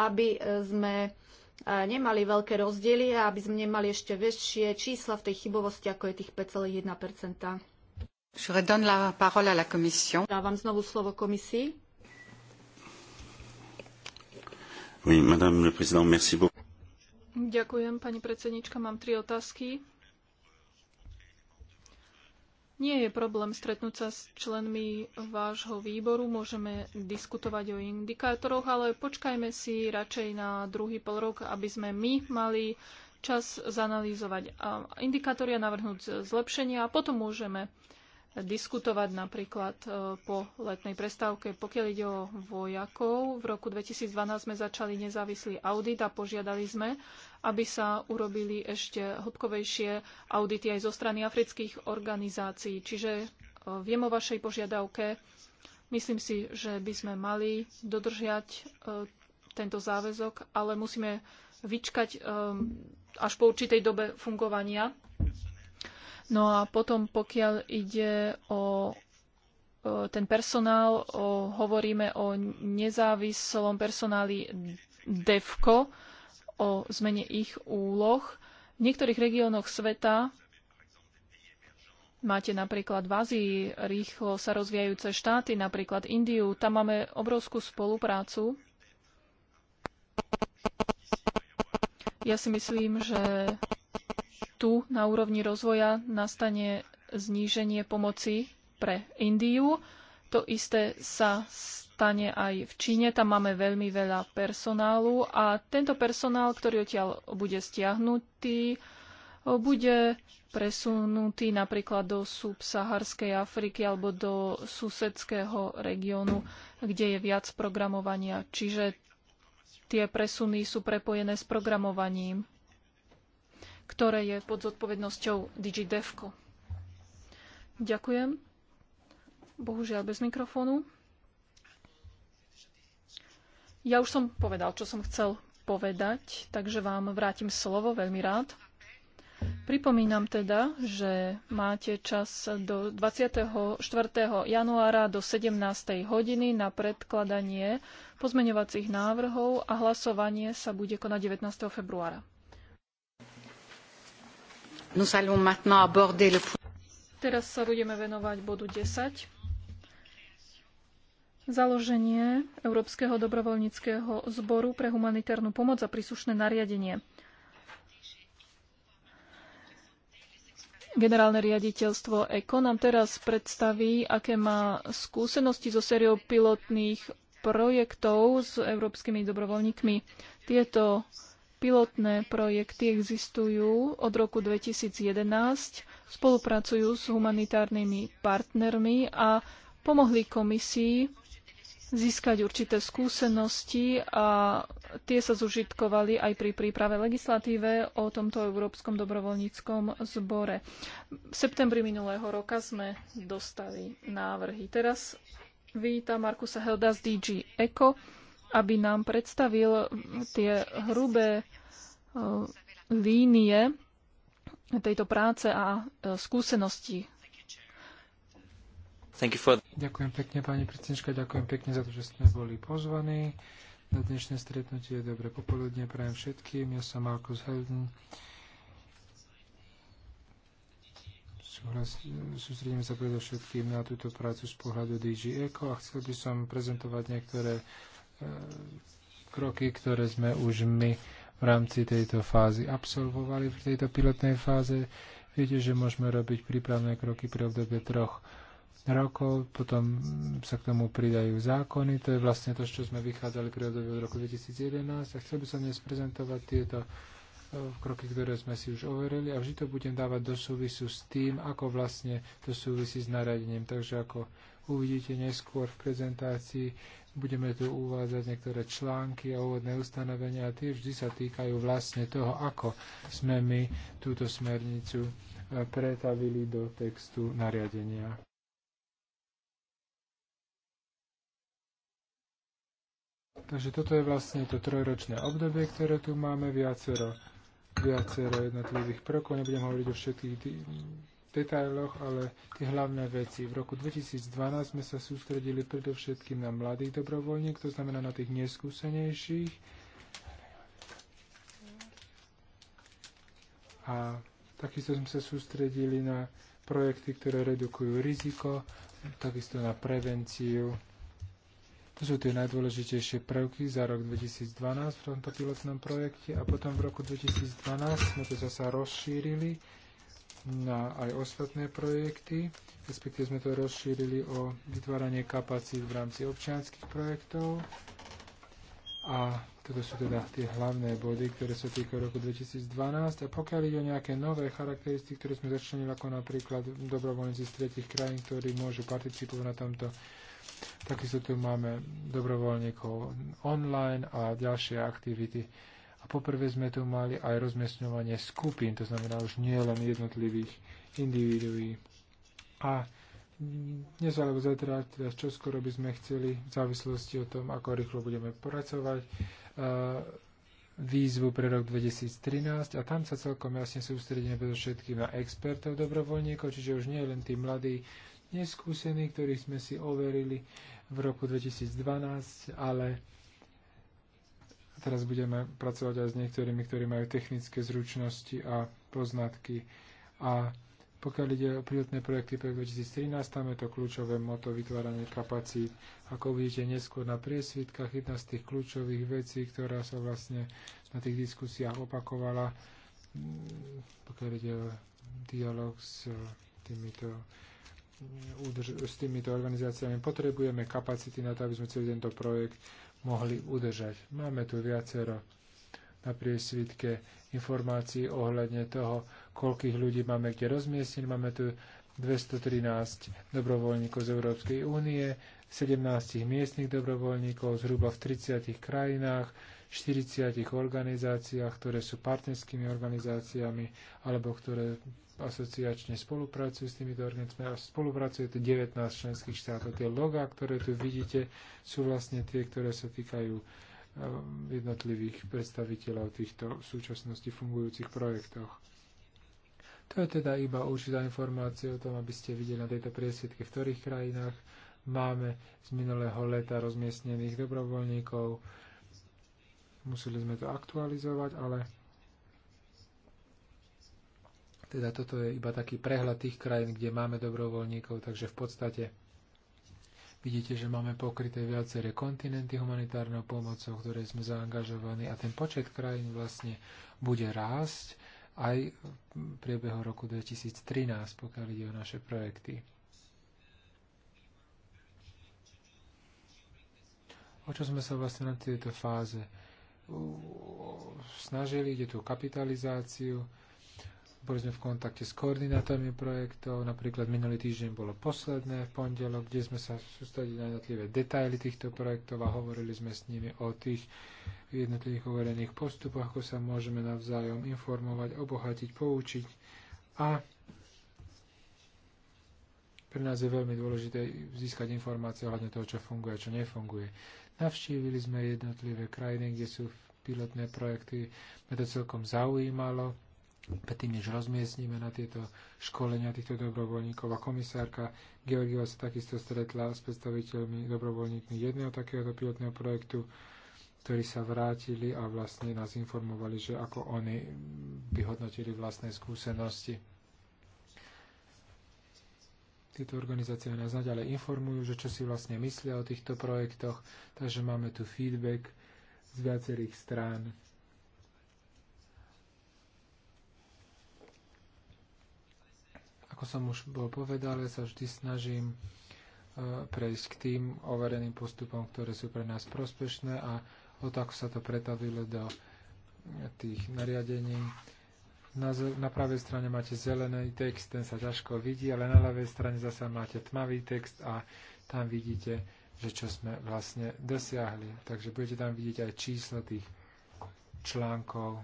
aby e, sme e, nemali veľké rozdiely a aby sme nemali ešte väčšie čísla v tej chybovosti, ako je tých 5,1 Dávam znovu slovo komisii. Oui, Ďakujem, pani predsednička. Mám tri otázky. Nie je problém stretnúť sa s členmi vášho výboru, môžeme diskutovať o indikátoroch, ale počkajme si radšej na druhý pol rok, aby sme my mali čas zanalýzovať indikátory a navrhnúť zlepšenia a potom môžeme diskutovať napríklad e, po letnej prestávke. Pokiaľ ide o vojakov, v roku 2012 sme začali nezávislý audit a požiadali sme, aby sa urobili ešte hĺbkovejšie audity aj zo strany afrických organizácií. Čiže e, viem o vašej požiadavke. Myslím si, že by sme mali dodržiať e, tento záväzok, ale musíme vyčkať e, až po určitej dobe fungovania. No a potom, pokiaľ ide o ten personál, hovoríme o nezávislom personáli DEFCO, o zmene ich úloh. V niektorých regiónoch sveta máte napríklad v Ázii rýchlo sa rozvíjajúce štáty, napríklad Indiu. Tam máme obrovskú spoluprácu. Ja si myslím, že tu na úrovni rozvoja nastane zníženie pomoci pre Indiu. To isté sa stane stane aj v Číne. Tam máme veľmi veľa personálu a tento personál, ktorý odtiaľ bude stiahnutý, bude presunutý napríklad do subsaharskej Afriky alebo do susedského regiónu, kde je viac programovania. Čiže tie presuny sú prepojené s programovaním, ktoré je pod zodpovednosťou DigiDevko. Ďakujem. Bohužiaľ bez mikrofónu. Ja už som povedal, čo som chcel povedať, takže vám vrátim slovo veľmi rád. Pripomínam teda, že máte čas do 24. januára do 17. hodiny na predkladanie pozmeňovacích návrhov a hlasovanie sa bude konať 19. februára. Teraz sa budeme venovať bodu 10 založenie Európskeho dobrovoľníckého zboru pre humanitárnu pomoc a príslušné nariadenie. Generálne riaditeľstvo ECO nám teraz predstaví, aké má skúsenosti so sériou pilotných projektov s európskymi dobrovoľníkmi. Tieto pilotné projekty existujú od roku 2011, spolupracujú s humanitárnymi partnermi a pomohli komisii získať určité skúsenosti a tie sa zužitkovali aj pri príprave legislatíve o tomto Európskom dobrovoľníckom zbore. V septembri minulého roka sme dostali návrhy. Teraz vítam Markusa Helda z DG Eco, aby nám predstavil tie hrubé eh, línie tejto práce a eh, skúsenosti. For... Ďakujem pekne, pani predsednička, ďakujem pekne za to, že ste boli pozvaní na dnešné stretnutie. Dobré popoludne prajem všetkým. Ja som Markus Helden. Sústredíme sa predovšetkým na túto prácu z pohľadu DG Eco a chcel by som prezentovať niektoré e, kroky, ktoré sme už my v rámci tejto fázy absolvovali v tejto pilotnej fáze. Viete, že môžeme robiť prípravné kroky pre obdobie troch rokov, potom sa k tomu pridajú zákony, to je vlastne to, čo sme vychádzali pri období od roku 2011 a chcel by som dnes prezentovať tieto e, kroky, ktoré sme si už overili a vždy to budem dávať do súvisu s tým, ako vlastne to súvisí s nariadením. Takže ako uvidíte neskôr v prezentácii, budeme tu uvádzať niektoré články a úvodné ustanovenia a tie vždy sa týkajú vlastne toho, ako sme my túto smernicu e, pretavili do textu nariadenia. Takže toto je vlastne to trojročné obdobie, ktoré tu máme, viacero, viacero jednotlivých prvkov. Nebudem hovoriť o všetkých detailoch, ale tie hlavné veci. V roku 2012 sme sa sústredili predovšetkým na mladých dobrovoľník, to znamená na tých neskúsenejších. A takisto sme sa sústredili na projekty, ktoré redukujú riziko, takisto na prevenciu to sú tie najdôležitejšie prvky za rok 2012 v tomto pilotnom projekte a potom v roku 2012 sme to zasa rozšírili na aj ostatné projekty, respektíve sme to rozšírili o vytváranie kapacít v rámci občianských projektov a toto sú teda tie hlavné body, ktoré sa týkajú roku 2012. A pokiaľ ide o nejaké nové charakteristiky, ktoré sme začlenili, ako napríklad dobrovoľníci z tretich krajín, ktorí môžu participovať na tomto Takisto tu máme dobrovoľníkov online a ďalšie aktivity. A poprvé sme tu mali aj rozmiestňovanie skupín, to znamená už nie len jednotlivých individuí. A dnes alebo zajtra, teda skoro by sme chceli, v závislosti o tom, ako rýchlo budeme pracovať, eh, výzvu pre rok 2013 a tam sa celkom jasne sústredíme predovšetkým na expertov dobrovoľníkov, čiže už nie len tí mladí neskúsení, ktorých sme si overili v roku 2012, ale teraz budeme pracovať aj s niektorými, ktorí majú technické zručnosti a poznatky. A pokiaľ ide o pilotné projekty pre 2013, tam je to kľúčové moto vytváranie kapacít. Ako vidíte neskôr na priesvitkách, jedna z tých kľúčových vecí, ktorá sa vlastne na tých diskusiách opakovala, mm, pokiaľ ide o dialog s e, týmito s týmito organizáciami. Potrebujeme kapacity na to, aby sme celý tento projekt mohli udržať. Máme tu viacero na priesvitke informácií ohľadne toho, koľkých ľudí máme kde rozmiestniť. Máme tu 213 dobrovoľníkov z Európskej únie, 17 miestnych dobrovoľníkov zhruba v 30 krajinách, 40 organizáciách, ktoré sú partnerskými organizáciami alebo ktoré asociačne spolupracujú s týmito organizmi a spolupracuje tu 19 členských štátov. Tie logá, ktoré tu vidíte, sú vlastne tie, ktoré sa týkajú eh, jednotlivých predstaviteľov týchto v súčasnosti fungujúcich projektoch. To je teda iba určitá informácia o tom, aby ste videli na tejto priesvitke, v ktorých krajinách máme z minulého leta rozmiestnených dobrovoľníkov. Museli sme to aktualizovať, ale teda toto je iba taký prehľad tých krajín, kde máme dobrovoľníkov, takže v podstate vidíte, že máme pokryté viaceré kontinenty humanitárneho pomocou, ktoré sme zaangažovaní a ten počet krajín vlastne bude rásť aj v priebehu roku 2013, pokiaľ ide o naše projekty. O čo sme sa vlastne na tejto fáze snažili, ide tu kapitalizáciu, boli sme v kontakte s koordinátormi projektov, napríklad minulý týždeň bolo posledné v pondelok, kde sme sa sústredili na jednotlivé detaily týchto projektov a hovorili sme s nimi o tých jednotlivých overených postupoch, ako sa môžeme navzájom informovať, obohatiť, poučiť a pre nás je veľmi dôležité získať informácie ohľadne toho, čo funguje a čo nefunguje. Navštívili sme jednotlivé krajiny, kde sú pilotné projekty. Mňa to celkom zaujímalo predtým, než rozmiestnime na tieto školenia týchto dobrovoľníkov. A komisárka Georgieva sa takisto stretla s predstaviteľmi dobrovoľníkmi jedného takéhoto pilotného projektu, ktorí sa vrátili a vlastne nás informovali, že ako oni vyhodnotili vlastné skúsenosti. Tieto organizácie nás naďalej informujú, že čo si vlastne myslia o týchto projektoch, takže máme tu feedback z viacerých strán Ako som už bol povedal, ja sa vždy snažím e, prejsť k tým overeným postupom, ktoré sú pre nás prospešné a o to, ako sa to pretavilo do tých nariadení. Na, na pravej strane máte zelený text, ten sa ťažko vidí, ale na ľavej strane zase máte tmavý text a tam vidíte, že čo sme vlastne dosiahli. Takže budete tam vidieť aj číslo tých článkov.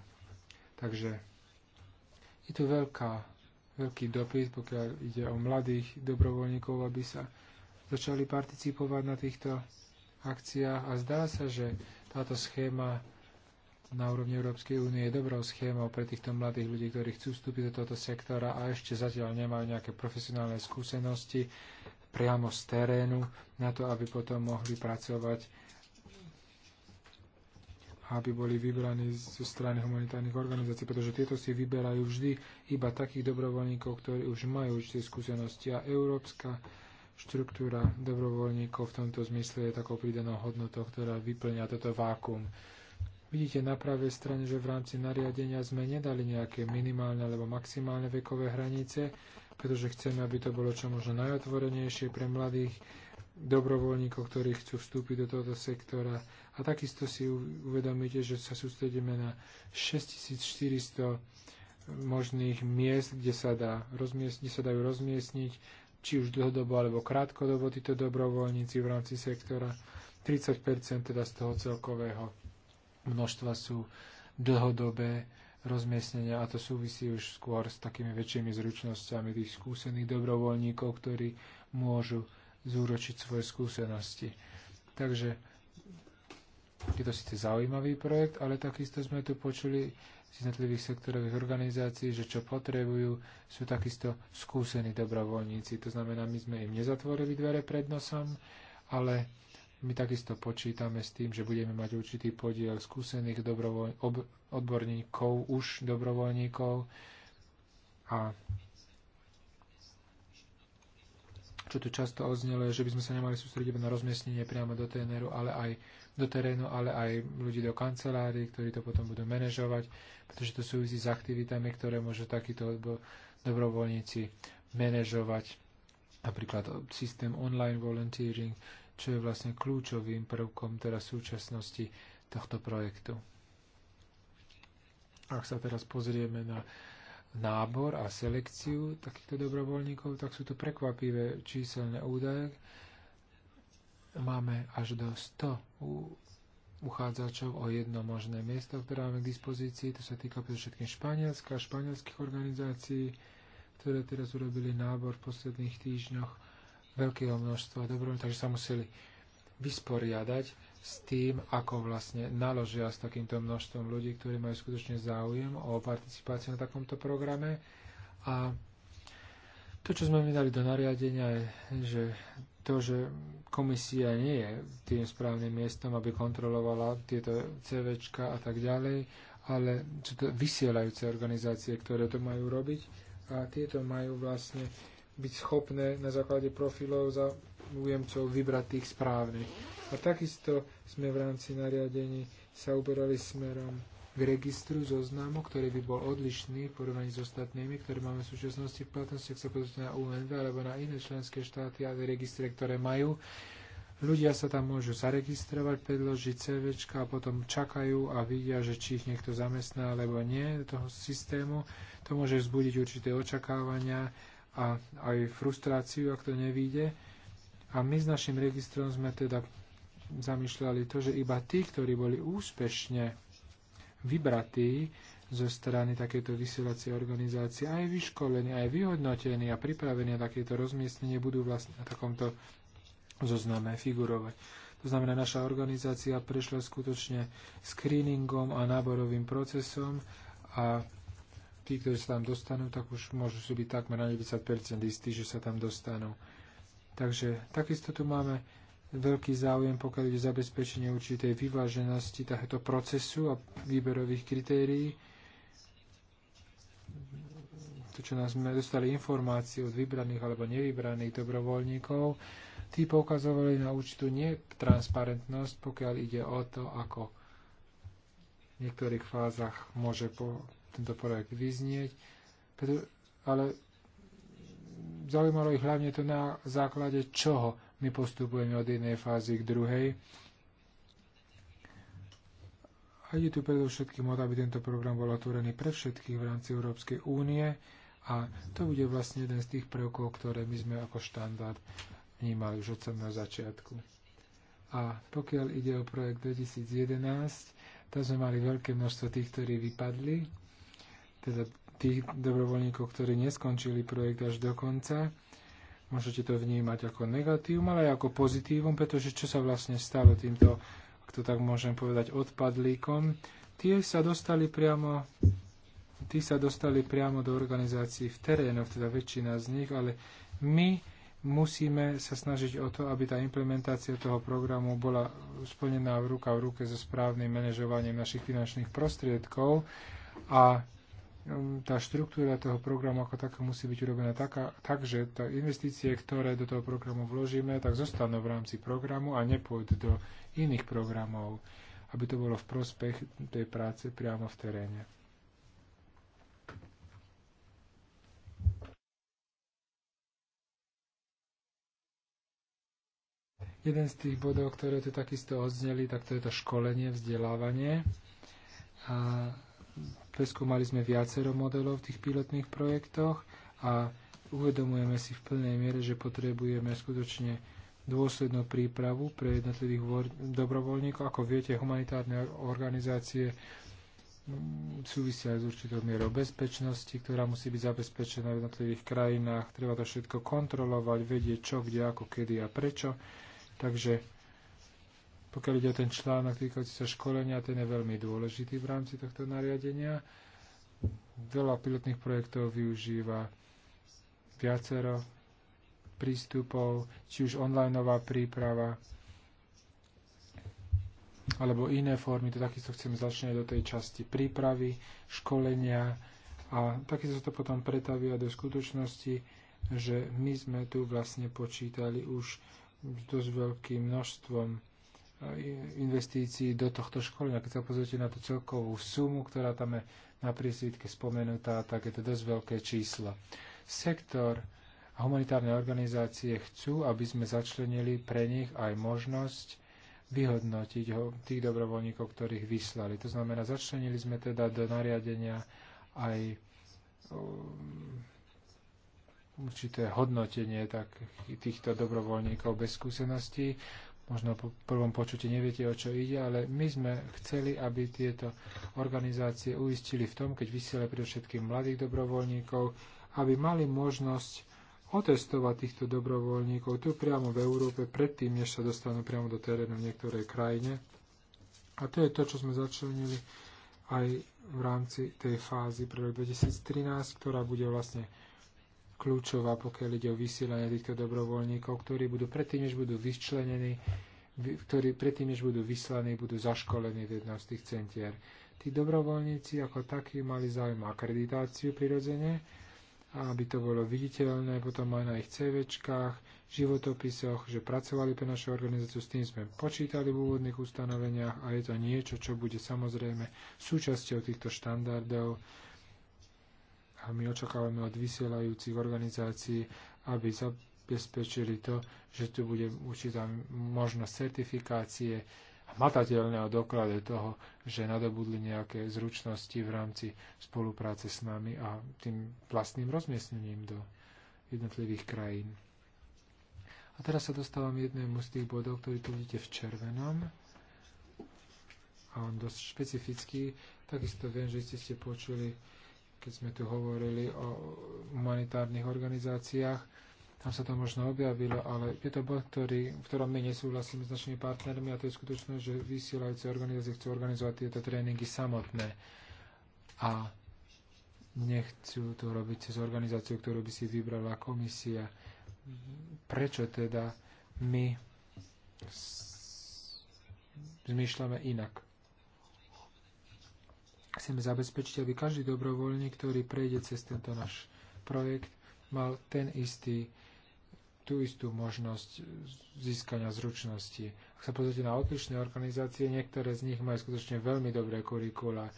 Takže je tu veľká veľký dopyt, pokiaľ ide o mladých dobrovoľníkov, aby sa začali participovať na týchto akciách a zdá sa, že táto schéma na úrovni Európskej únie je dobrou schémou pre týchto mladých ľudí, ktorí chcú vstúpiť do tohto sektora a ešte zatiaľ nemajú nejaké profesionálne skúsenosti priamo z terénu na to, aby potom mohli pracovať aby boli vybraní zo strany humanitárnych organizácií, pretože tieto si vyberajú vždy iba takých dobrovoľníkov, ktorí už majú určité skúsenosti a európska štruktúra dobrovoľníkov v tomto zmysle je takou pridanou hodnotou, ktorá vyplňa toto vákum. Vidíte na pravej strane, že v rámci nariadenia sme nedali nejaké minimálne alebo maximálne vekové hranice, pretože chceme, aby to bolo čo možno najotvorenejšie pre mladých dobrovoľníkov, ktorí chcú vstúpiť do tohoto sektora. A takisto si uvedomíte, že sa sústredíme na 6400 možných miest, kde sa, dá kde sa dajú rozmiestniť, či už dlhodobo alebo krátkodobo títo dobrovoľníci v rámci sektora. 30% teda z toho celkového množstva sú dlhodobé rozmiestnenia a to súvisí už skôr s takými väčšími zručnosťami tých skúsených dobrovoľníkov, ktorí môžu zúročiť svoje skúsenosti. Takže je to síce zaujímavý projekt, ale takisto sme tu počuli z jednotlivých sektorových organizácií, že čo potrebujú, sú takisto skúsení dobrovoľníci. To znamená, my sme im nezatvorili dvere pred nosom, ale my takisto počítame s tým, že budeme mať určitý podiel skúsených dobrovoľ- ob- odborníkov, už dobrovoľníkov a čo tu často odznelo, že by sme sa nemali sústrediť na rozmiestnenie priamo do terénu, ale aj, do terénu, ale aj ľudí do kancelárií, ktorí to potom budú manažovať, pretože to súvisí s aktivitami, ktoré môžu takíto dobrovoľníci manažovať. Napríklad systém online volunteering, čo je vlastne kľúčovým prvkom teraz súčasnosti tohto projektu. Ak sa teraz pozrieme na nábor a selekciu takýchto dobrovoľníkov, tak sú to prekvapivé číselné údaje. Máme až do 100 uchádzačov o jedno možné miesto, ktoré máme k dispozícii. To sa týka predovšetkým Španielska, španielských organizácií, ktoré teraz urobili nábor v posledných týždňoch veľkého množstva dobrovoľníkov, takže sa museli vysporiadať s tým, ako vlastne naložia s takýmto množstvom ľudí, ktorí majú skutočne záujem o participáciu na takomto programe. A to, čo sme mi dali do nariadenia, je, že to, že komisia nie je tým správnym miestom, aby kontrolovala tieto CVčka a tak ďalej, ale sú to vysielajúce organizácie, ktoré to majú robiť a tieto majú vlastne byť schopné na základe profilov za ujemcov vybrať tých správnych. A takisto sme v rámci nariadení sa uberali smerom k registru zoznamu, ktorý by bol odlišný v porovnaní s ostatnými, ktoré máme v súčasnosti v platnosti, ak sa pozrite na UNV alebo na iné členské štáty a registre, ktoré majú. Ľudia sa tam môžu zaregistrovať, predložiť CV a potom čakajú a vidia, že či ich niekto zamestná alebo nie do toho systému. To môže vzbudiť určité očakávania a aj frustráciu, ak to nevíde. A my s našim registrom sme teda zamýšľali to, že iba tí, ktorí boli úspešne vybratí zo strany takéto vysielacie organizácie, aj vyškolení, aj vyhodnotení a pripravení na takéto rozmiestnenie budú vlastne na takomto zozname figurovať. To znamená, naša organizácia prešla skutočne screeningom a náborovým procesom a tí, ktorí sa tam dostanú, tak už môžu si byť takmer na 90% istí, že sa tam dostanú. Takže takisto tu máme veľký záujem, pokiaľ ide zabezpečenie určitej vyváženosti takéto procesu a výberových kritérií. To, čo nás sme dostali informácie od vybraných alebo nevybraných dobrovoľníkov, tí poukazovali na určitú netransparentnosť, pokiaľ ide o to, ako v niektorých fázach môže po tento projekt vyznieť. Ale zaujímalo ich hlavne to na základe čoho my postupujeme od jednej fázy k druhej. A ide tu predovšetkým o to, aby tento program bol otvorený pre všetkých v rámci Európskej únie a to bude vlastne jeden z tých prvkov, ktoré my sme ako štandard vnímali už od samého začiatku. A pokiaľ ide o projekt 2011, tam sme mali veľké množstvo tých, ktorí vypadli, teda tých dobrovoľníkov, ktorí neskončili projekt až do konca. Môžete to vnímať ako negatívum, ale aj ako pozitívum, pretože čo sa vlastne stalo týmto, ak to tak môžem povedať, odpadlíkom, tie sa dostali priamo tí sa dostali priamo do organizácií v terénoch, teda väčšina z nich, ale my musíme sa snažiť o to, aby tá implementácia toho programu bola splnená v ruka v ruke so správnym manažovaním našich finančných prostriedkov a Hm, tá štruktúra toho programu ako taká musí byť urobená taká, tak, že tá investície, ktoré do toho programu vložíme, tak zostanú v rámci programu a nepôjdu do iných programov, aby to bolo v prospech tej práce priamo v teréne. Jeden z tých bodov, ktoré tu takisto odzneli, tak to je to školenie, vzdelávanie. A Preskúmali sme viacero modelov v tých pilotných projektoch a uvedomujeme si v plnej miere, že potrebujeme skutočne dôslednú prípravu pre jednotlivých dobrovoľníkov. Ako viete, humanitárne organizácie mm, súvisia aj s určitou mierou bezpečnosti, ktorá musí byť zabezpečená v jednotlivých krajinách. Treba to všetko kontrolovať, vedieť čo, kde, ako, kedy a prečo. Takže pokiaľ ide o ten článok týkajúci sa školenia, ten je veľmi dôležitý v rámci tohto nariadenia. Veľa pilotných projektov využíva viacero prístupov, či už onlineová príprava, alebo iné formy, to takisto chcem začať do tej časti prípravy, školenia a takisto sa to potom pretavia do skutočnosti, že my sme tu vlastne počítali už dosť veľkým množstvom investícií do tohto školenia. Keď sa pozrite na tú celkovú sumu, ktorá tam je na prísvitke spomenutá, tak je to dosť veľké číslo. Sektor a humanitárne organizácie chcú, aby sme začlenili pre nich aj možnosť vyhodnotiť ho, tých dobrovoľníkov, ktorých vyslali. To znamená, začlenili sme teda do nariadenia aj um, určité hodnotenie tak, týchto dobrovoľníkov bez skúseností možno po prvom počutí neviete, o čo ide, ale my sme chceli, aby tieto organizácie uistili v tom, keď vysielajú predovšetkým mladých dobrovoľníkov, aby mali možnosť otestovať týchto dobrovoľníkov tu priamo v Európe, predtým, než sa dostanú priamo do terénu v niektorej krajine. A to je to, čo sme začlenili aj v rámci tej fázy pre rok 2013, ktorá bude vlastne kľúčová, pokiaľ ide o vysielanie týchto dobrovoľníkov, ktorí budú predtým, než budú vyčlenení, ktorí predtým, než budú vyslaní, budú zaškolení v jednom z tých centier. Tí dobrovoľníci ako takí mali záujem akreditáciu prirodzene, aby to bolo viditeľné potom aj na ich CVčkách, životopisoch, že pracovali pre našu organizáciu, s tým sme počítali v úvodných ustanoveniach a je to niečo, čo bude samozrejme súčasťou týchto štandardov a my očakávame od vysielajúcich organizácií, aby zabezpečili to, že tu bude určitá možnosť certifikácie a matateľného doklade toho, že nadobudli nejaké zručnosti v rámci spolupráce s nami a tým vlastným rozmiestnením do jednotlivých krajín. A teraz sa dostávam jednému z tých bodov, ktorý tu vidíte v červenom. A on dosť špecifický. Takisto viem, že ste, ste počuli keď sme tu hovorili o humanitárnych organizáciách, tam sa to možno objavilo, ale je to bod, ktorý, v ktorom my nesúhlasíme s našimi partnermi a to je skutočné, že vysielajúce organizácie chcú organizovať tieto tréningy samotné a nechcú to robiť cez organizáciu, ktorú by si vybrala komisia. Prečo teda my zmýšľame inak? Chceme zabezpečiť, aby každý dobrovoľník, ktorý prejde cez tento náš projekt, mal ten istý, tú istú možnosť získania zručnosti. Ak sa pozrite na odlišné organizácie, niektoré z nich majú skutočne veľmi dobré kurikula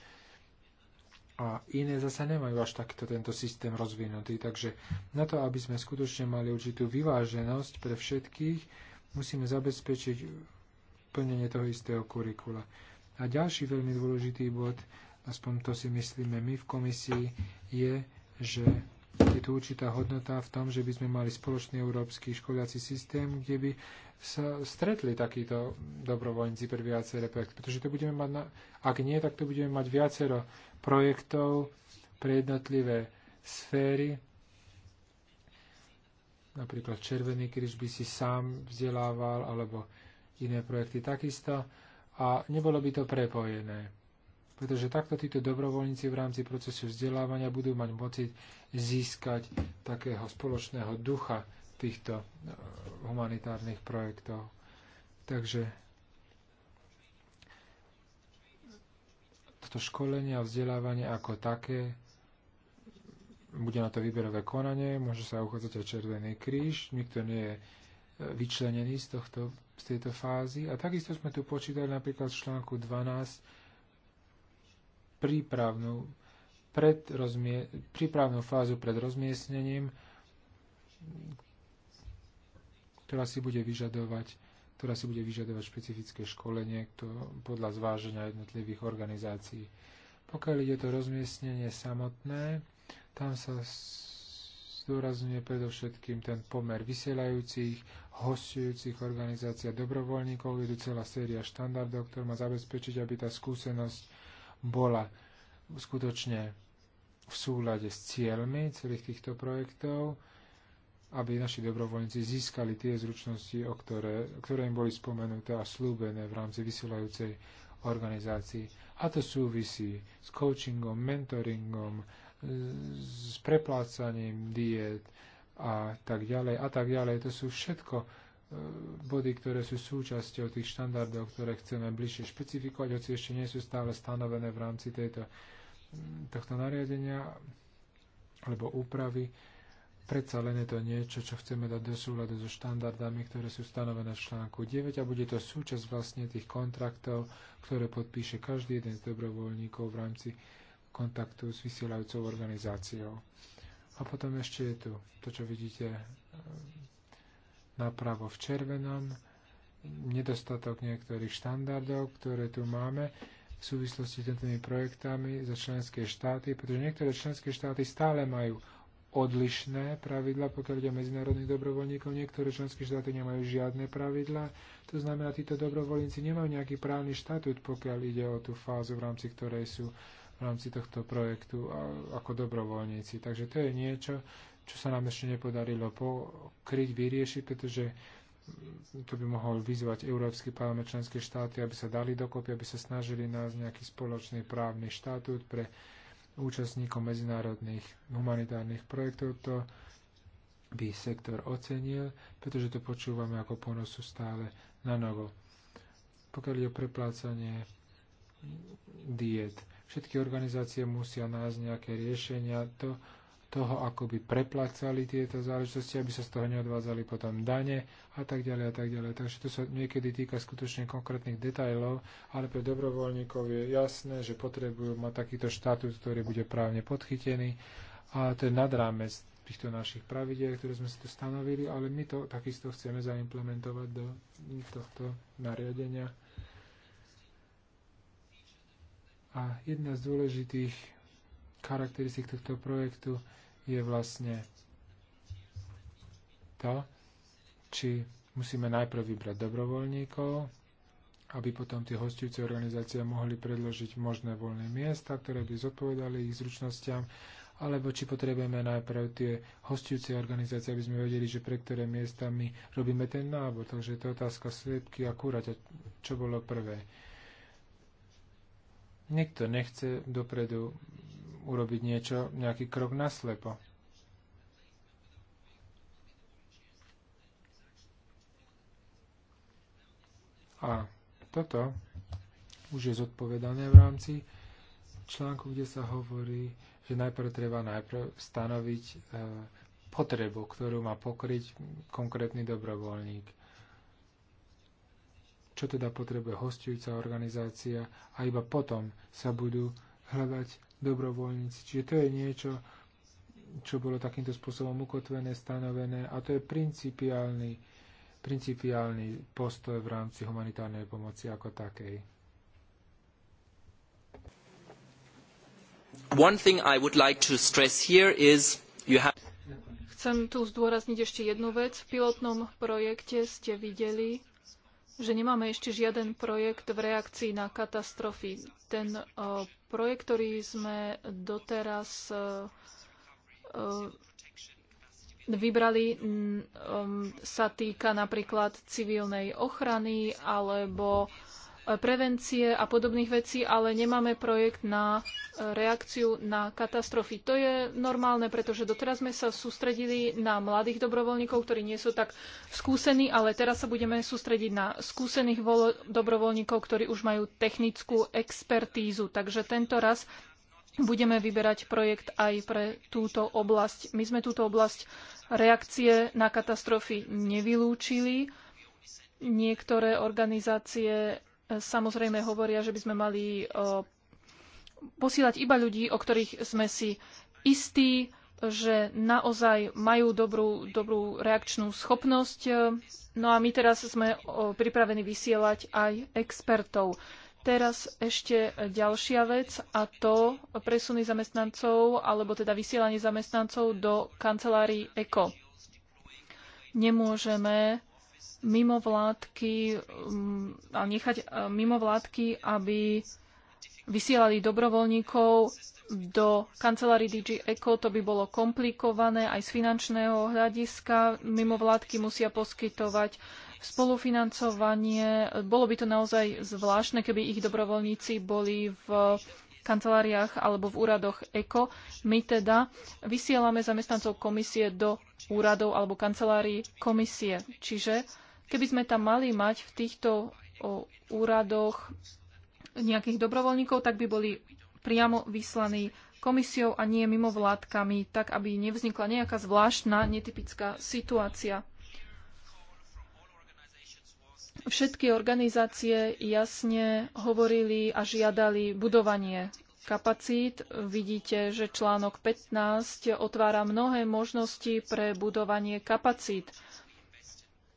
a iné zase nemajú až takto tento systém rozvinutý. Takže na to, aby sme skutočne mali určitú vyváženosť pre všetkých, musíme zabezpečiť plnenie toho istého kurikula. A ďalší veľmi dôležitý bod aspoň to si myslíme my v komisii, je, že je tu určitá hodnota v tom, že by sme mali spoločný európsky školiaci systém, kde by sa stretli takíto dobrovoľníci pre viaceré projekty. Pretože to budeme mať, na, ak nie, tak to budeme mať viacero projektov pre jednotlivé sféry. Napríklad Červený kríž by si sám vzdelával, alebo iné projekty takisto. A nebolo by to prepojené pretože takto títo dobrovoľníci v rámci procesu vzdelávania budú mať moci získať takého spoločného ducha týchto e, humanitárnych projektov. Takže toto školenie a vzdelávanie ako také bude na to výberové konanie, môže sa uchádzať aj Červený kríž, nikto nie je e, vyčlenený z, tohto, z tejto fázy. A takisto sme tu počítali napríklad v článku 12 prípravnú, pred rozmie, prípravnú fázu pred rozmiestnením, ktorá si bude vyžadovať ktorá si bude vyžadovať špecifické školenie to podľa zváženia jednotlivých organizácií. Pokiaľ ide to rozmiestnenie samotné, tam sa zdôrazňuje predovšetkým ten pomer vysielajúcich, hostujúcich organizácií a dobrovoľníkov. Je tu celá séria štandardov, ktorá má zabezpečiť, aby tá skúsenosť bola skutočne v súlade s cieľmi celých týchto projektov, aby naši dobrovoľníci získali tie zručnosti, o ktoré, ktoré im boli spomenuté a slúbené v rámci vysielajúcej organizácii, A to súvisí s coachingom, mentoringom, s preplácaním diet a tak ďalej a tak ďalej. To sú všetko E, body, ktoré sú súčasťou tých štandardov, ktoré chceme bližšie špecifikovať, hoci ešte nie sú stále stanovené v rámci tejto, tohto nariadenia alebo úpravy. Predsa len je to niečo, čo chceme dať do súľadu so štandardami, ktoré sú stanovené v článku 9 a bude to súčasť vlastne tých kontraktov, ktoré podpíše každý jeden z dobrovoľníkov v rámci kontaktu s vysielajúcou organizáciou. A potom ešte je tu to, čo vidíte napravo v červenom, nedostatok niektorých štandardov, ktoré tu máme v súvislosti s tými projektami za členské štáty, pretože niektoré členské štáty stále majú odlišné pravidla, pokiaľ ide o medzinárodných dobrovoľníkov. Niektoré členské štáty nemajú žiadne pravidla. To znamená, títo dobrovoľníci nemajú nejaký právny štatút, pokiaľ ide o tú fázu, v rámci ktorej sú v rámci tohto projektu ako dobrovoľníci. Takže to je niečo, čo sa nám ešte nepodarilo pokryť, vyriešiť, pretože to by mohol vyzvať Európsky parlament členské štáty, aby sa dali dokopy, aby sa snažili nájsť nejaký spoločný právny štatút pre účastníkov medzinárodných humanitárnych projektov. To by sektor ocenil, pretože to počúvame ako ponosu stále na novo. Pokiaľ je o preplácanie diet, všetky organizácie musia nájsť nejaké riešenia. To toho, ako by preplácali tieto záležitosti, aby sa z toho neodvádzali potom dane a tak ďalej a tak ďalej. Takže to sa niekedy týka skutočne konkrétnych detajlov, ale pre dobrovoľníkov je jasné, že potrebujú mať takýto štatút, ktorý bude právne podchytený a to je nad rámec týchto našich pravidel, ktoré sme si tu stanovili, ale my to takisto chceme zaimplementovať do tohto nariadenia. A jedna z dôležitých charakteristik tohto projektu je vlastne to, či musíme najprv vybrať dobrovoľníkov, aby potom tie hostujúce organizácie mohli predložiť možné voľné miesta, ktoré by zodpovedali ich zručnostiam, alebo či potrebujeme najprv tie hostujúce organizácie, aby sme vedeli, že pre ktoré miesta my robíme ten nábor. Takže to je otázka sliepky a kúrať, čo bolo prvé. Nikto nechce dopredu urobiť niečo, nejaký krok naslepo. A toto už je zodpovedané v rámci článku, kde sa hovorí, že najprv treba najprv stanoviť e, potrebu, ktorú má pokryť konkrétny dobrovoľník. Čo teda potrebuje hostujúca organizácia a iba potom sa budú hľadať dobrovoľníci. Čiže to je niečo, čo bolo takýmto spôsobom ukotvené, stanovené a to je principiálny, principiálny postoj v rámci humanitárnej pomoci ako takej. One thing I would like to stress here is you have Chcem tu zdôrazniť ešte jednu vec. V pilotnom projekte ste videli, že nemáme ešte žiaden projekt v reakcii na katastrofy. Ten eh, projekt, ktorý sme doteraz e, e, vybrali, e, sa týka napríklad civilnej ochrany alebo prevencie a podobných vecí, ale nemáme projekt na e, reakciu na katastrofy. To je normálne, pretože doteraz sme sa sústredili na mladých dobrovoľníkov, ktorí nie sú tak skúsení, ale teraz sa budeme sústrediť na skúsených dobrovoľníkov, ktorí už majú technickú expertízu. Takže tento raz budeme vyberať projekt aj pre túto oblasť. My sme túto oblasť reakcie na katastrofy nevylúčili. Niektoré organizácie samozrejme hovoria, že by sme mali posílať iba ľudí, o ktorých sme si istí, že naozaj majú dobrú, dobrú reakčnú schopnosť. No a my teraz sme pripravení vysielať aj expertov. Teraz ešte ďalšia vec a to presuny zamestnancov alebo teda vysielanie zamestnancov do kancelárií ECO. Nemôžeme mimovládky, mm, ale nechať e, mimovládky, aby vysielali dobrovoľníkov do kancelári DG Eco, to by bolo komplikované aj z finančného hľadiska. Mimovládky musia poskytovať spolufinancovanie. Bolo by to naozaj zvláštne, keby ich dobrovoľníci boli v kanceláriách alebo v úradoch ECO. My teda vysielame zamestnancov komisie do úradov alebo kancelárií komisie. Čiže Keby sme tam mali mať v týchto o, úradoch nejakých dobrovoľníkov, tak by boli priamo vyslaní komisiou a nie mimo vládkami, tak aby nevznikla nejaká zvláštna, netypická situácia. Všetky organizácie jasne hovorili a žiadali budovanie kapacít. Vidíte, že článok 15 otvára mnohé možnosti pre budovanie kapacít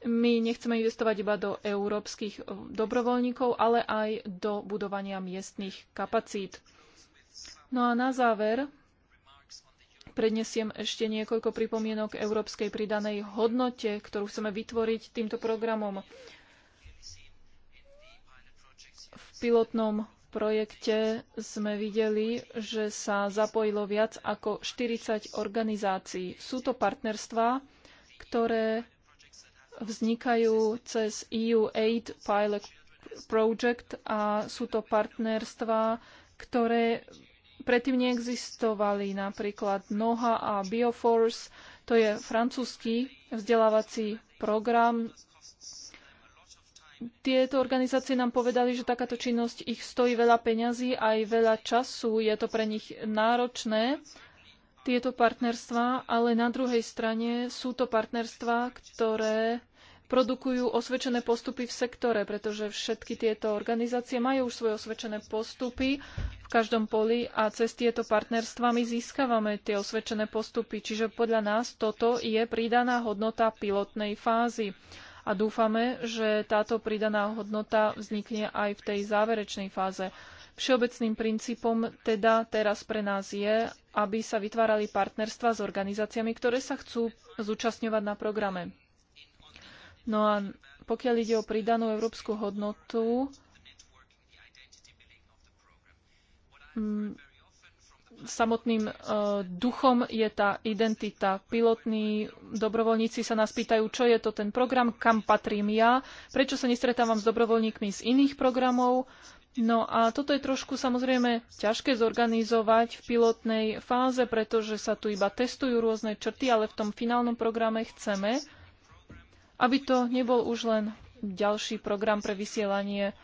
my nechceme investovať iba do európskych eh, dobrovoľníkov, ale aj do budovania miestnych kapacít. No a na záver prednesiem ešte niekoľko pripomienok európskej pridanej hodnote, ktorú chceme vytvoriť týmto programom. V pilotnom projekte sme videli, že sa zapojilo viac ako 40 organizácií. Sú to partnerstvá, ktoré vznikajú cez EU Aid Pilot Project a sú to partnerstva, ktoré predtým neexistovali, napríklad NOHA a Bioforce. To je francúzsky vzdelávací program. Tieto organizácie nám povedali, že takáto činnosť ich stojí veľa peňazí, aj veľa času, je to pre nich náročné, tieto partnerstvá, ale na druhej strane sú to partnerstvá, ktoré produkujú osvedčené postupy v sektore, pretože všetky tieto organizácie majú už svoje osvedčené postupy v každom poli a cez tieto partnerstva my získavame tie osvedčené postupy. Čiže podľa nás toto je pridaná hodnota pilotnej fázy. A dúfame, že táto pridaná hodnota vznikne aj v tej záverečnej fáze. Všeobecným princípom teda teraz pre nás je, aby sa vytvárali partnerstva s organizáciami, ktoré sa chcú zúčastňovať na programe. No a pokiaľ ide o pridanú európsku hodnotu, mm, samotným uh, duchom je tá identita. Pilotní dobrovoľníci sa nás pýtajú, čo je to ten program, kam patrím ja, prečo sa nestretávam s dobrovoľníkmi z iných programov, No a toto je trošku samozrejme ťažké zorganizovať v pilotnej fáze, pretože sa tu iba testujú rôzne črty, ale v tom finálnom programe chceme, aby to nebol už len ďalší program pre vysielanie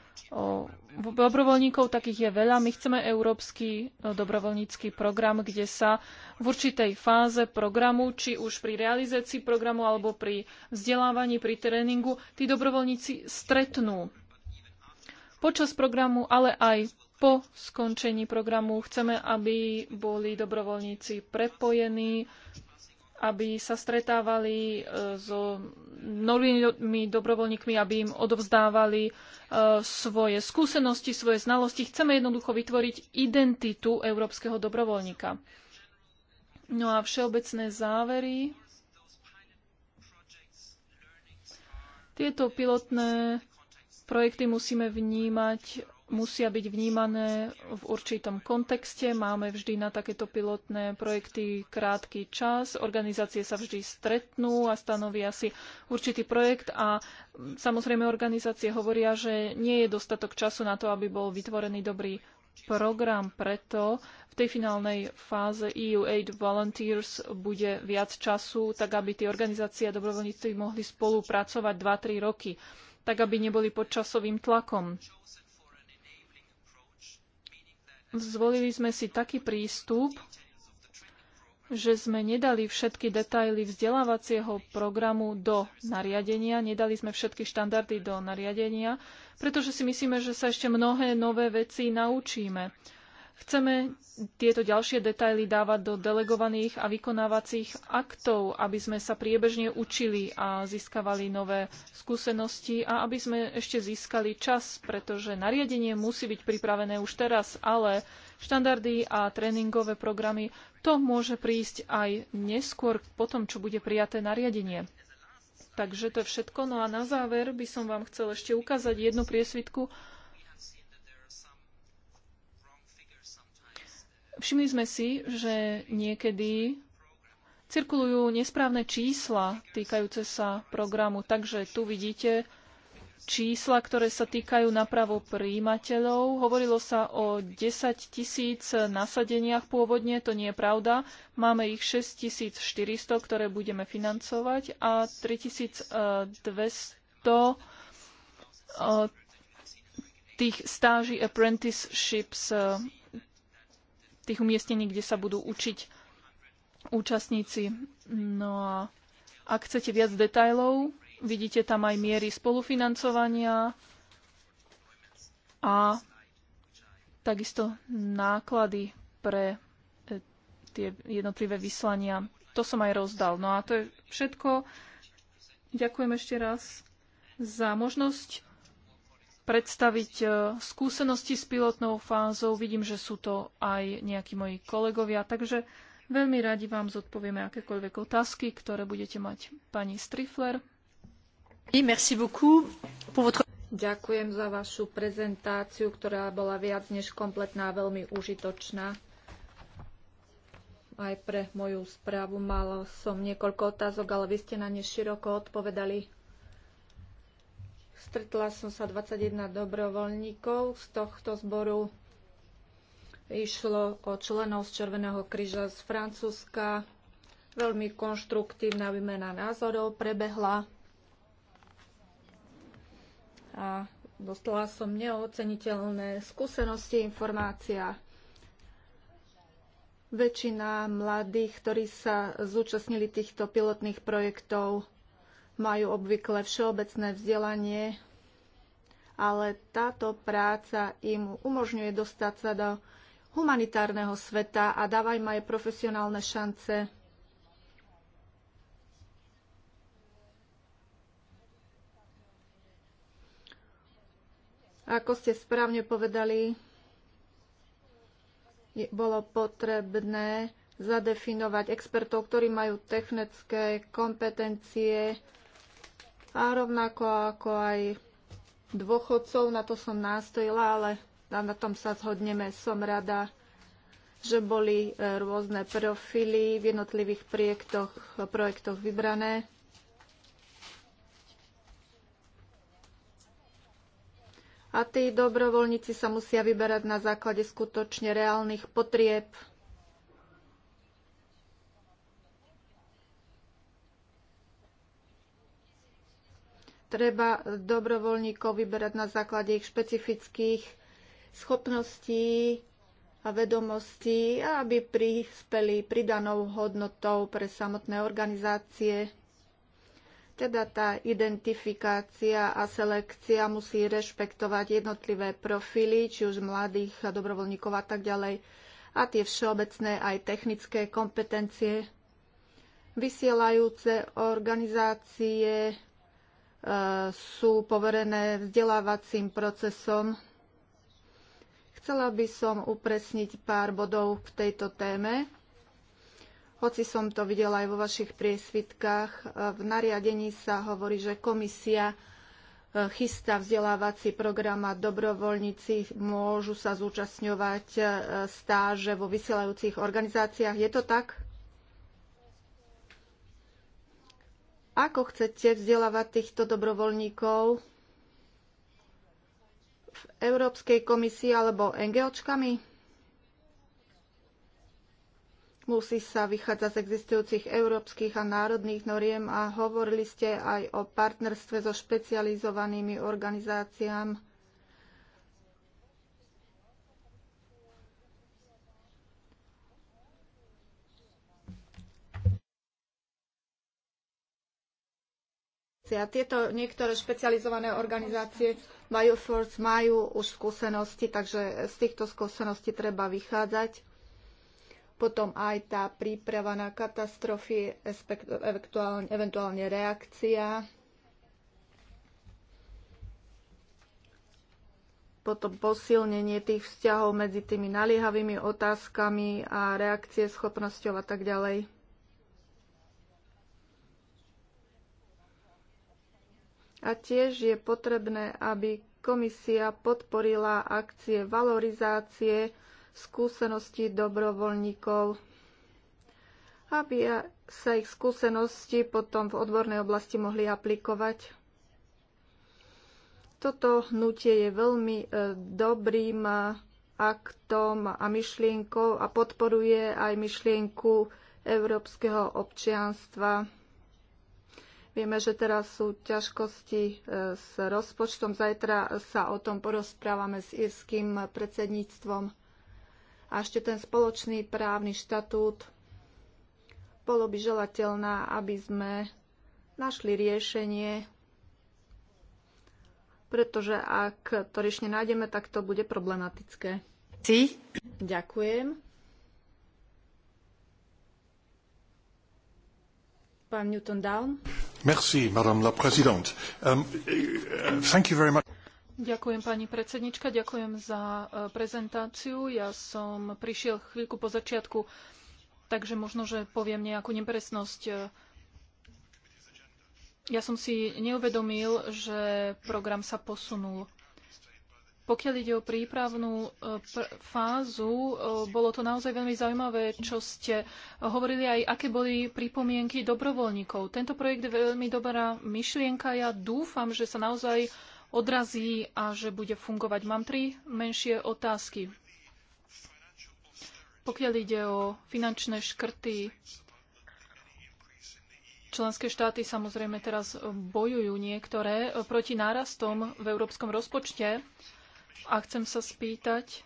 dobrovoľníkov, takých je veľa. My chceme európsky dobrovoľnícky program, kde sa v určitej fáze programu, či už pri realizácii programu alebo pri vzdelávaní, pri tréningu, tí dobrovoľníci stretnú počas programu, ale aj po skončení programu. Chceme, aby boli dobrovoľníci prepojení, aby sa stretávali e, so novými dobrovoľníkmi, aby im odovzdávali e, svoje skúsenosti, svoje znalosti. Chceme jednoducho vytvoriť identitu európskeho dobrovoľníka. No a všeobecné závery. Tieto pilotné Projekty musíme vnímať, musia byť vnímané v určitom kontexte. Máme vždy na takéto pilotné projekty krátky čas. Organizácie sa vždy stretnú a stanovia si určitý projekt a samozrejme organizácie hovoria, že nie je dostatok času na to, aby bol vytvorený dobrý program preto v tej finálnej fáze EU Aid Volunteers bude viac času, tak aby tie organizácie a dobrovoľníci mohli spolupracovať 2-3 roky tak aby neboli pod časovým tlakom. Zvolili sme si taký prístup, že sme nedali všetky detaily vzdelávacieho programu do nariadenia, nedali sme všetky štandardy do nariadenia, pretože si myslíme, že sa ešte mnohé nové veci naučíme. Chceme tieto ďalšie detaily dávať do delegovaných a vykonávacích aktov, aby sme sa priebežne učili a získavali nové skúsenosti a aby sme ešte získali čas, pretože nariadenie musí byť pripravené už teraz, ale štandardy a tréningové programy to môže prísť aj neskôr po tom, čo bude prijaté nariadenie. Takže to je všetko. No a na záver by som vám chcel ešte ukázať jednu priesvitku Všimli sme si, že niekedy cirkulujú nesprávne čísla týkajúce sa programu. Takže tu vidíte čísla, ktoré sa týkajú napravo príjimateľov. Hovorilo sa o 10 tisíc nasadeniach pôvodne, to nie je pravda. Máme ich 6400, ktoré budeme financovať a 3200 eh, tých stáží apprenticeships eh, tých umiestnení, kde sa budú učiť účastníci. No a ak chcete viac detajlov, vidíte tam aj miery spolufinancovania a takisto náklady pre e, tie jednotlivé vyslania. To som aj rozdal. No a to je všetko. Ďakujem ešte raz za možnosť predstaviť e, skúsenosti s pilotnou fázou. Vidím, že sú to aj nejakí moji kolegovia, takže veľmi radi vám zodpovieme akékoľvek otázky, ktoré budete mať pani Strifler. Ďakujem za vašu prezentáciu, ktorá bola viac než kompletná a veľmi užitočná. Aj pre moju správu malo som niekoľko otázok, ale vy ste na ne široko odpovedali. Stretla som sa 21 dobrovoľníkov z tohto zboru. Išlo o členov z Červeného kryža z Francúzska. Veľmi konštruktívna výmena názorov prebehla. A dostala som neoceniteľné skúsenosti, informácia. Väčšina mladých, ktorí sa zúčastnili týchto pilotných projektov, majú obvykle všeobecné vzdelanie, ale táto práca im umožňuje dostať sa do humanitárneho sveta a dáva im aj profesionálne šance. Ako ste správne povedali, bolo potrebné zadefinovať expertov, ktorí majú technické kompetencie a rovnako ako aj dôchodcov, na to som nástojila, ale na tom sa zhodneme. Som rada, že boli e, rôzne profily v jednotlivých projektoch, projektoch vybrané. A tí dobrovoľníci sa musia vyberať na základe skutočne reálnych potrieb treba dobrovoľníkov vyberať na základe ich špecifických schopností a vedomostí, aby prispeli pridanou hodnotou pre samotné organizácie. Teda tá identifikácia a selekcia musí rešpektovať jednotlivé profily, či už mladých a dobrovoľníkov a tak ďalej, a tie všeobecné aj technické kompetencie. Vysielajúce organizácie sú poverené vzdelávacím procesom. Chcela by som upresniť pár bodov k tejto téme. Hoci som to videla aj vo vašich priesvitkách, e, v nariadení sa hovorí, že komisia e, chystá vzdelávací program a dobrovoľníci môžu sa zúčastňovať e, stáže vo vysielajúcich organizáciách. Je to tak? Ako chcete vzdelávať týchto dobrovoľníkov? V Európskej komisii alebo NGOčkami? Musí sa vychádzať z existujúcich európskych a národných noriem a hovorili ste aj o partnerstve so špecializovanými organizáciami organizácia. Tieto niektoré špecializované organizácie Bioforce majú už skúsenosti, takže z týchto skúseností treba vychádzať. Potom aj tá príprava na katastrofy, eventuálne reakcia. potom posilnenie tých vzťahov medzi tými naliehavými otázkami a reakcie schopnosťou a tak ďalej. A tiež je potrebné, aby komisia podporila akcie valorizácie skúseností dobrovoľníkov, aby sa ich skúsenosti potom v odbornej oblasti mohli aplikovať. Toto hnutie je veľmi e, dobrým e, aktom a myšlienkou a podporuje aj myšlienku európskeho občianstva. Vieme, že teraz sú ťažkosti e, s rozpočtom. Zajtra sa o tom porozprávame s írským predsedníctvom. A ešte ten spoločný právny štatút. Bolo by želateľná, aby sme našli riešenie, pretože ak to riešenie nájdeme, tak to bude problematické. Ty? Ďakujem. Pán Newton Down. Um, ďakujem pani predsednička, ďakujem za uh, prezentáciu. Ja som prišiel chvíľku po začiatku, takže možno, že poviem nejakú nepresnosť. Ja som si neuvedomil, že program sa posunul. Pokiaľ ide o prípravnú e, pr fázu, e, bolo to naozaj veľmi zaujímavé, čo ste hovorili aj, aké boli pripomienky dobrovoľníkov. Tento projekt je veľmi dobrá myšlienka. Ja dúfam, že sa naozaj odrazí a že bude fungovať. Mám tri menšie otázky. Pokiaľ ide o finančné škrty, členské štáty samozrejme teraz bojujú niektoré proti nárastom v európskom rozpočte. A chcem sa spýtať,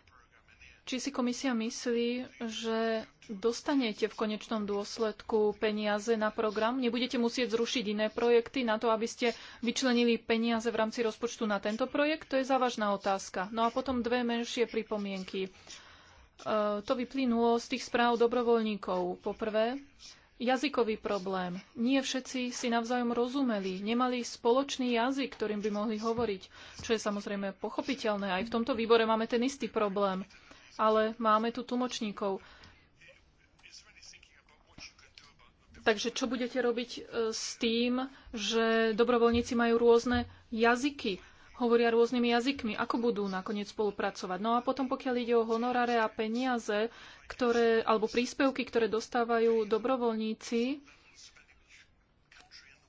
či si komisia myslí, že dostanete v konečnom dôsledku peniaze na program? Nebudete musieť zrušiť iné projekty na to, aby ste vyčlenili peniaze v rámci rozpočtu na tento projekt? To je závažná otázka. No a potom dve menšie pripomienky. E, to vyplynulo z tých správ dobrovoľníkov. Poprvé, jazykový problém. Nie všetci si navzájom rozumeli, nemali spoločný jazyk, ktorým by mohli hovoriť, čo je samozrejme pochopiteľné. Aj v tomto výbore máme ten istý problém, ale máme tu tlmočníkov. Takže čo budete robiť e, s tým, že dobrovoľníci majú rôzne jazyky? hovoria rôznymi jazykmi, ako budú nakoniec spolupracovať. No a potom, pokiaľ ide o honoráre a peniaze, ktoré, alebo príspevky, ktoré dostávajú dobrovoľníci,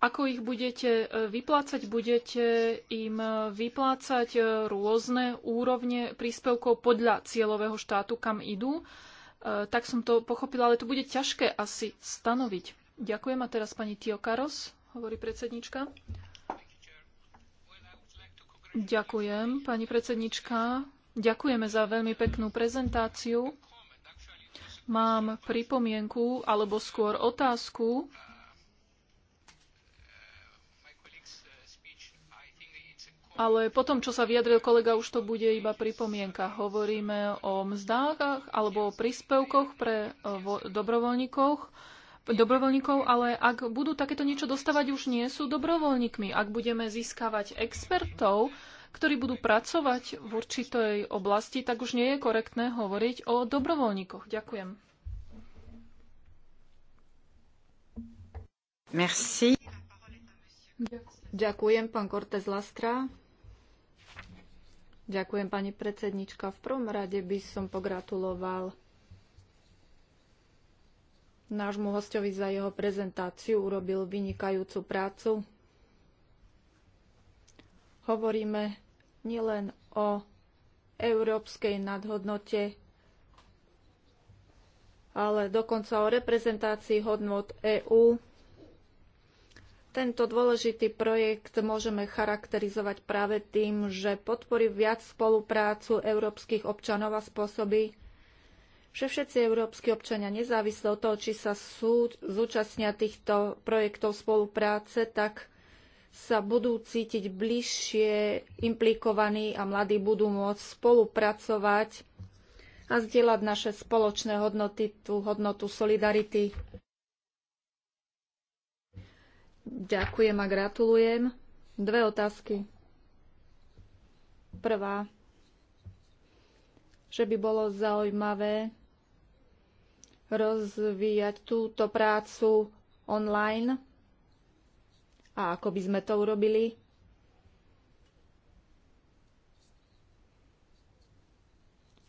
ako ich budete e, vyplácať? Budete im e, vyplácať e, rôzne úrovne príspevkov podľa cieľového štátu, kam idú? Tak som to pochopila, ale to bude ťažké asi stanoviť. Ďakujem a teraz pani Tiokaros, hovorí predsednička. Ďakujem, pani predsednička. Ďakujeme za veľmi peknú prezentáciu. Mám pripomienku, alebo skôr otázku. Ale potom, čo sa vyjadril kolega, už to bude iba pripomienka. Hovoríme o mzdách alebo o príspevkoch pre dobrovoľníkoch dobrovoľníkov, ale ak budú takéto niečo dostávať, už nie sú dobrovoľníkmi. Ak budeme získavať expertov, ktorí budú pracovať v určitej oblasti, tak už nie je korektné hovoriť o dobrovoľníkoch. Ďakujem. Merci. Ďakujem, pán Cortez Lastra. Ďakujem, pani predsednička. V prvom rade by som pogratuloval nášmu hostovi za jeho prezentáciu. Urobil vynikajúcu prácu. Hovoríme nielen o európskej nadhodnote, ale dokonca o reprezentácii hodnot EÚ. Tento dôležitý projekt môžeme charakterizovať práve tým, že podporí viac spoluprácu európskych občanov a spôsobí, že všetci európsky občania, nezávisle od toho, či sa sú, zúčastnia týchto projektov spolupráce, tak sa budú cítiť bližšie implikovaní a mladí budú môcť spolupracovať a zdieľať naše spoločné hodnoty, tú hodnotu solidarity. Ďakujem a gratulujem. Dve otázky. Prvá, že by bolo zaujímavé rozvíjať túto prácu online a ako by sme to urobili.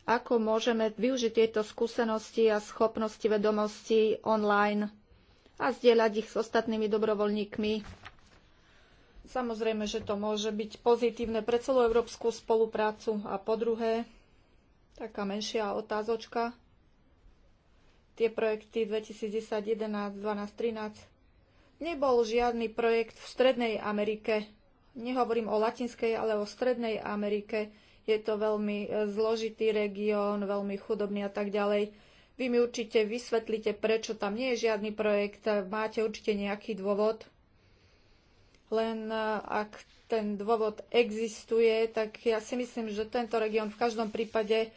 Ako môžeme využiť tieto skúsenosti a schopnosti vedomosti online a zdieľať ich s ostatnými dobrovoľníkmi. Samozrejme, že to môže byť pozitívne pre celú európsku spoluprácu. A po druhé, taká menšia otázočka, tie projekty 2010, 11, 2012 13. Nebol žiadny projekt v Strednej Amerike. Nehovorím o Latinskej, ale o Strednej Amerike. Je to veľmi e, zložitý región, veľmi chudobný a tak ďalej. Vy mi určite vysvetlíte, prečo tam nie je žiadny projekt. Máte určite nejaký dôvod. Len e, ak ten dôvod existuje, tak ja si myslím, že tento región v každom prípade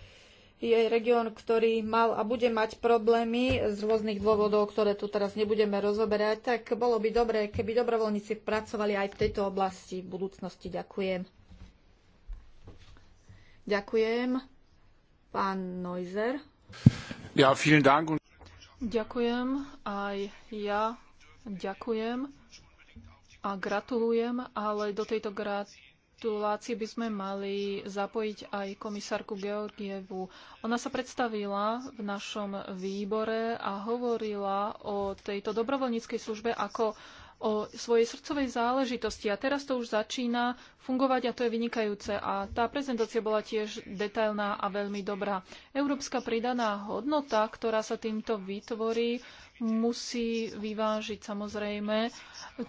je región, ktorý mal a bude mať problémy z rôznych dôvodov, ktoré tu teraz nebudeme rozoberať, tak bolo by dobré, keby dobrovoľníci pracovali aj v tejto oblasti v budúcnosti. Ďakujem. Ďakujem. Pán Neuser. Ja, vielen Dank. Ďakujem aj ja. Ďakujem a gratulujem, ale do tejto gratulácie rekapitulácii by sme mali zapojiť aj komisárku Georgievu. Ona sa predstavila v našom výbore a hovorila o tejto dobrovoľníckej službe ako o svojej srdcovej záležitosti. A teraz to už začína fungovať a to je vynikajúce. A tá prezentácia bola tiež detailná a veľmi dobrá. Európska pridaná hodnota, ktorá sa týmto vytvorí, musí vyvážiť samozrejme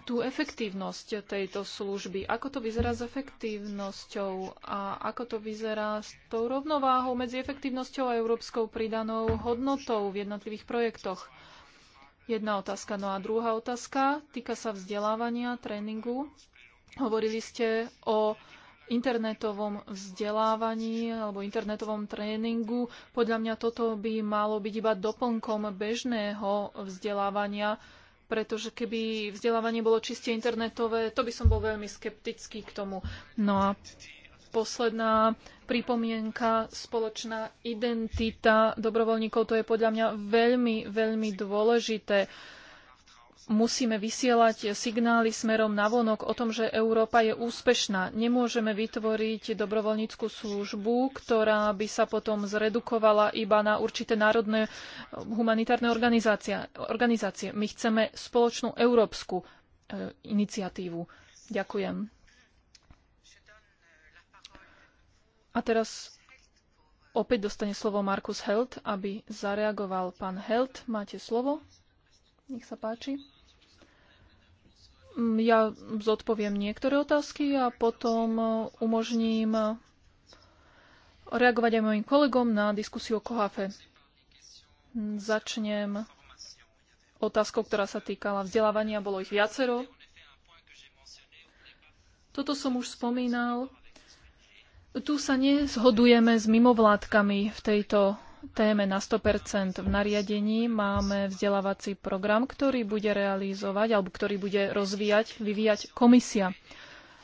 tú efektívnosť tejto služby. Ako to vyzerá s efektívnosťou a ako to vyzerá s tou rovnováhou medzi efektívnosťou a európskou pridanou hodnotou v jednotlivých projektoch? Jedna otázka. No a druhá otázka týka sa vzdelávania, tréningu. Hovorili ste o internetovom vzdelávaní alebo internetovom tréningu. Podľa mňa toto by malo byť iba doplnkom bežného vzdelávania, pretože keby vzdelávanie bolo čiste internetové, to by som bol veľmi skeptický k tomu. No a posledná pripomienka, spoločná identita dobrovoľníkov, to je podľa mňa veľmi, veľmi dôležité. Uh, musíme vysielať signály smerom navonok o tom, že Európa je úspešná. Nemôžeme vytvoriť dobrovoľníckú službu, ktorá by sa potom zredukovala iba na určité národné humanitárne organizácie. My chceme spoločnú európsku e, iniciatívu. Ďakujem. A teraz opäť dostane slovo Markus Held, aby zareagoval. Pán Held, máte slovo. Nech sa páči. Mm, ja zodpoviem niektoré otázky a potom e, umožním e, reagovať aj mojim kolegom na diskusiu o kohafe. Začnem otázkou, ktorá sa týkala vzdelávania. Bolo ich viacero. Toto som už spomínal. Tu sa nezhodujeme s mimovládkami v tejto téme na 100% v nariadení máme vzdelávací program, ktorý bude realizovať alebo ktorý bude rozvíjať, vyvíjať komisia.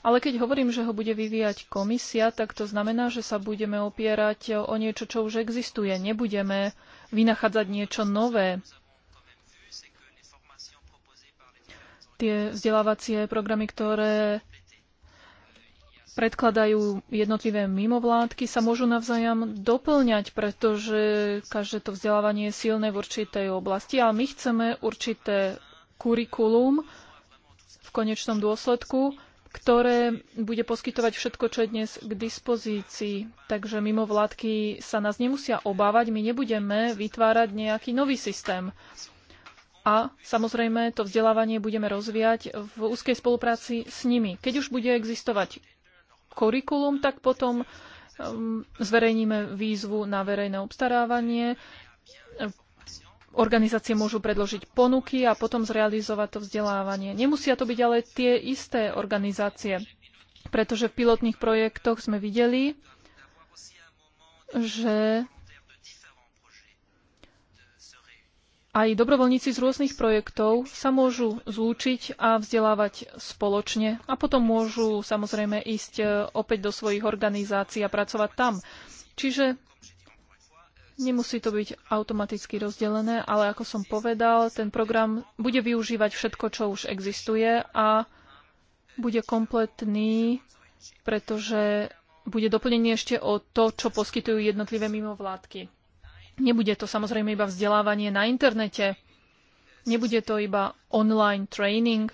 Ale keď hovorím, že ho bude vyvíjať komisia, tak to znamená, že sa budeme opierať o niečo, čo už existuje. Nebudeme vynachádzať niečo nové. Tie vzdelávacie programy, ktoré predkladajú jednotlivé mimovládky, sa môžu navzájom doplňať, pretože každé to vzdelávanie je silné v určitej oblasti a my chceme určité kurikulum v konečnom dôsledku, ktoré bude poskytovať všetko, čo je dnes k dispozícii. Takže mimovládky sa nás nemusia obávať, my nebudeme vytvárať nejaký nový systém. A samozrejme to vzdelávanie budeme rozvíjať v úzkej spolupráci s nimi. Keď už bude existovať kurikulum, tak potom um, zverejníme výzvu na verejné obstarávanie. Organizácie môžu predložiť ponuky a potom zrealizovať to vzdelávanie. Nemusia to byť ale tie isté organizácie, pretože v pilotných projektoch sme videli, že Aj dobrovoľníci z rôznych projektov sa môžu zlúčiť a vzdelávať spoločne a potom môžu samozrejme ísť e, opäť do svojich organizácií a pracovať tam. Čiže Nemusí to byť automaticky rozdelené, ale ako som povedal, ten program bude využívať všetko, čo už existuje a bude kompletný, pretože bude doplnenie ešte o to, čo poskytujú jednotlivé mimovládky. Nebude to samozrejme iba vzdelávanie na internete, nebude to iba online training,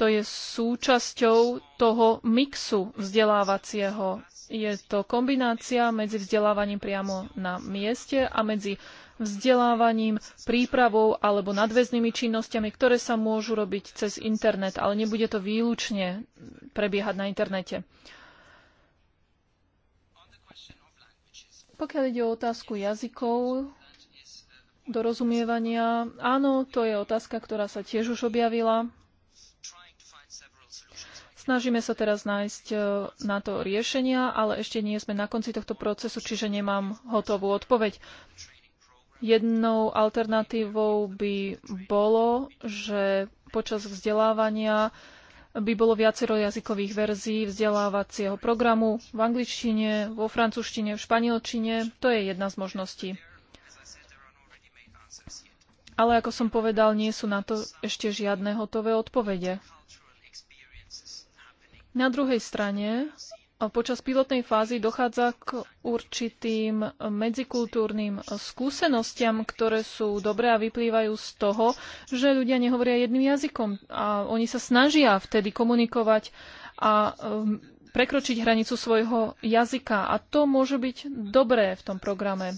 to je súčasťou toho mixu vzdelávacieho. Je to kombinácia medzi vzdelávaním priamo na mieste a medzi vzdelávaním, prípravou alebo nadväznými činnosťami, ktoré sa môžu robiť cez internet, ale nebude to výlučne prebiehať na internete. Pokiaľ ide o otázku jazykov, dorozumievania, áno, to je otázka, ktorá sa tiež už objavila. Snažíme sa teraz nájsť e, na to riešenia, ale ešte nie sme na konci tohto procesu, čiže nemám hotovú odpoveď. Jednou alternatívou by bolo, že počas vzdelávania by bolo viacero jazykových verzií vzdelávacieho programu v angličtine, vo francúzštine, v španielčine. To je jedna z možností. Ale ako som povedal, nie sú na to ešte žiadne hotové odpovede. Na druhej strane Počas pilotnej fázy dochádza k určitým medzikultúrnym skúsenostiam, ktoré sú dobré a vyplývajú z toho, že ľudia nehovoria jedným jazykom a oni sa snažia vtedy komunikovať a um, prekročiť hranicu svojho jazyka a to môže byť dobré v tom programe.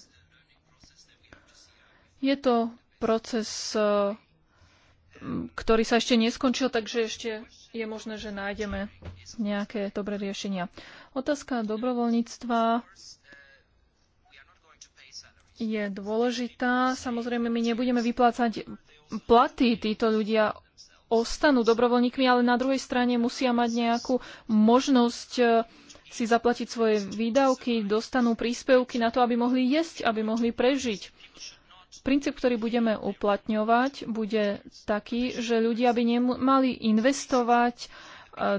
Je to proces, uh, ktorý sa ešte neskončil, takže ešte je možné, že nájdeme nejaké dobré riešenia. Otázka dobrovoľníctva je dôležitá. Samozrejme, my nebudeme vyplácať platy. Títo ľudia ostanú dobrovoľníkmi, ale na druhej strane musia mať nejakú možnosť eh, si zaplatiť svoje výdavky, dostanú príspevky na to, aby mohli jesť, aby mohli prežiť. Princíp, ktorý budeme uplatňovať, bude taký, že ľudia by nemali investovať e,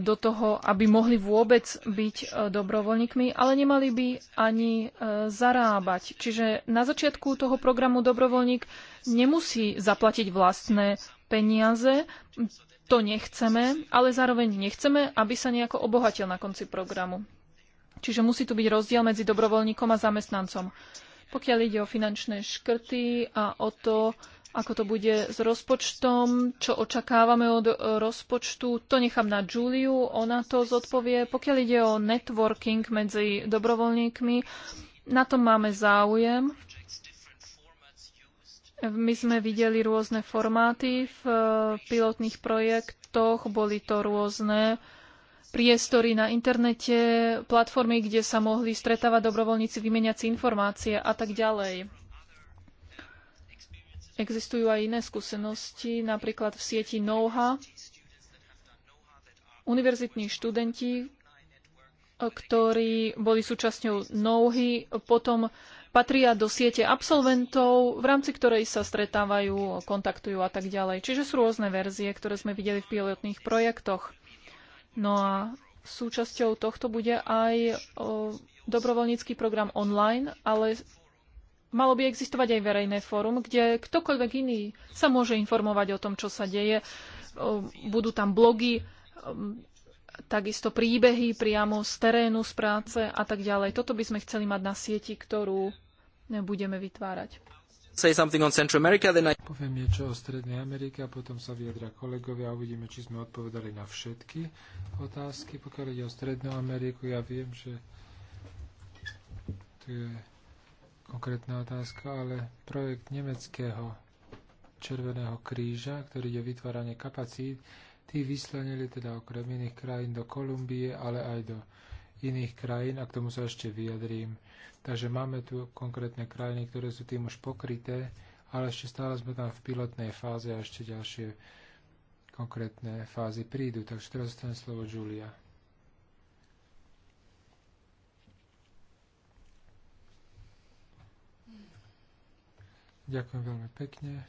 do toho, aby mohli vôbec byť e, dobrovoľníkmi, ale nemali by ani e, zarábať. Čiže na začiatku toho programu dobrovoľník nemusí zaplatiť vlastné peniaze, to nechceme, ale zároveň nechceme, aby sa nejako obohatil na konci programu. Čiže musí tu byť rozdiel medzi dobrovoľníkom a zamestnancom pokiaľ ide o finančné škrty a o to, ako to bude s rozpočtom, čo očakávame od rozpočtu, to nechám na Juliu, ona to zodpovie. Pokiaľ ide o networking medzi dobrovoľníkmi, na tom máme záujem. My sme videli rôzne formáty v pilotných projektoch, boli to rôzne priestory na internete, platformy, kde sa mohli stretávať dobrovoľníci, vymeniať si informácie a tak ďalej. Existujú aj iné skúsenosti, napríklad v sieti Noha. Univerzitní študenti, ktorí boli súčasťou Nohy, potom patria do siete absolventov, v rámci ktorej sa stretávajú, kontaktujú a tak ďalej. Čiže sú rôzne verzie, ktoré sme videli v pilotných projektoch. No a súčasťou tohto bude aj o, dobrovoľnícky program online, ale malo by existovať aj verejné fórum, kde ktokoľvek iný sa môže informovať o tom, čo sa deje. O, budú tam blogy, o, takisto príbehy priamo z terénu, z práce a tak ďalej. Toto by sme chceli mať na sieti, ktorú budeme vytvárať say something on Central America, then I... Poviem niečo o Strednej Amerike a potom sa vyjadria kolegovia a uvidíme, či sme odpovedali na všetky otázky. Pokiaľ ide o Strednú Ameriku, ja viem, že tu je konkrétna otázka, ale projekt nemeckého Červeného kríža, ktorý je vytváranie kapacít, tí vyslanili teda okrem iných krajín do Kolumbie, ale aj do iných krajín a k tomu sa ešte vyjadrím. Takže máme tu konkrétne krajiny, ktoré sú tým už pokryté, ale ešte stále sme tam v pilotnej fáze a ešte ďalšie konkrétne fázy prídu. Takže teraz zostane slovo Julia. Ďakujem veľmi pekne.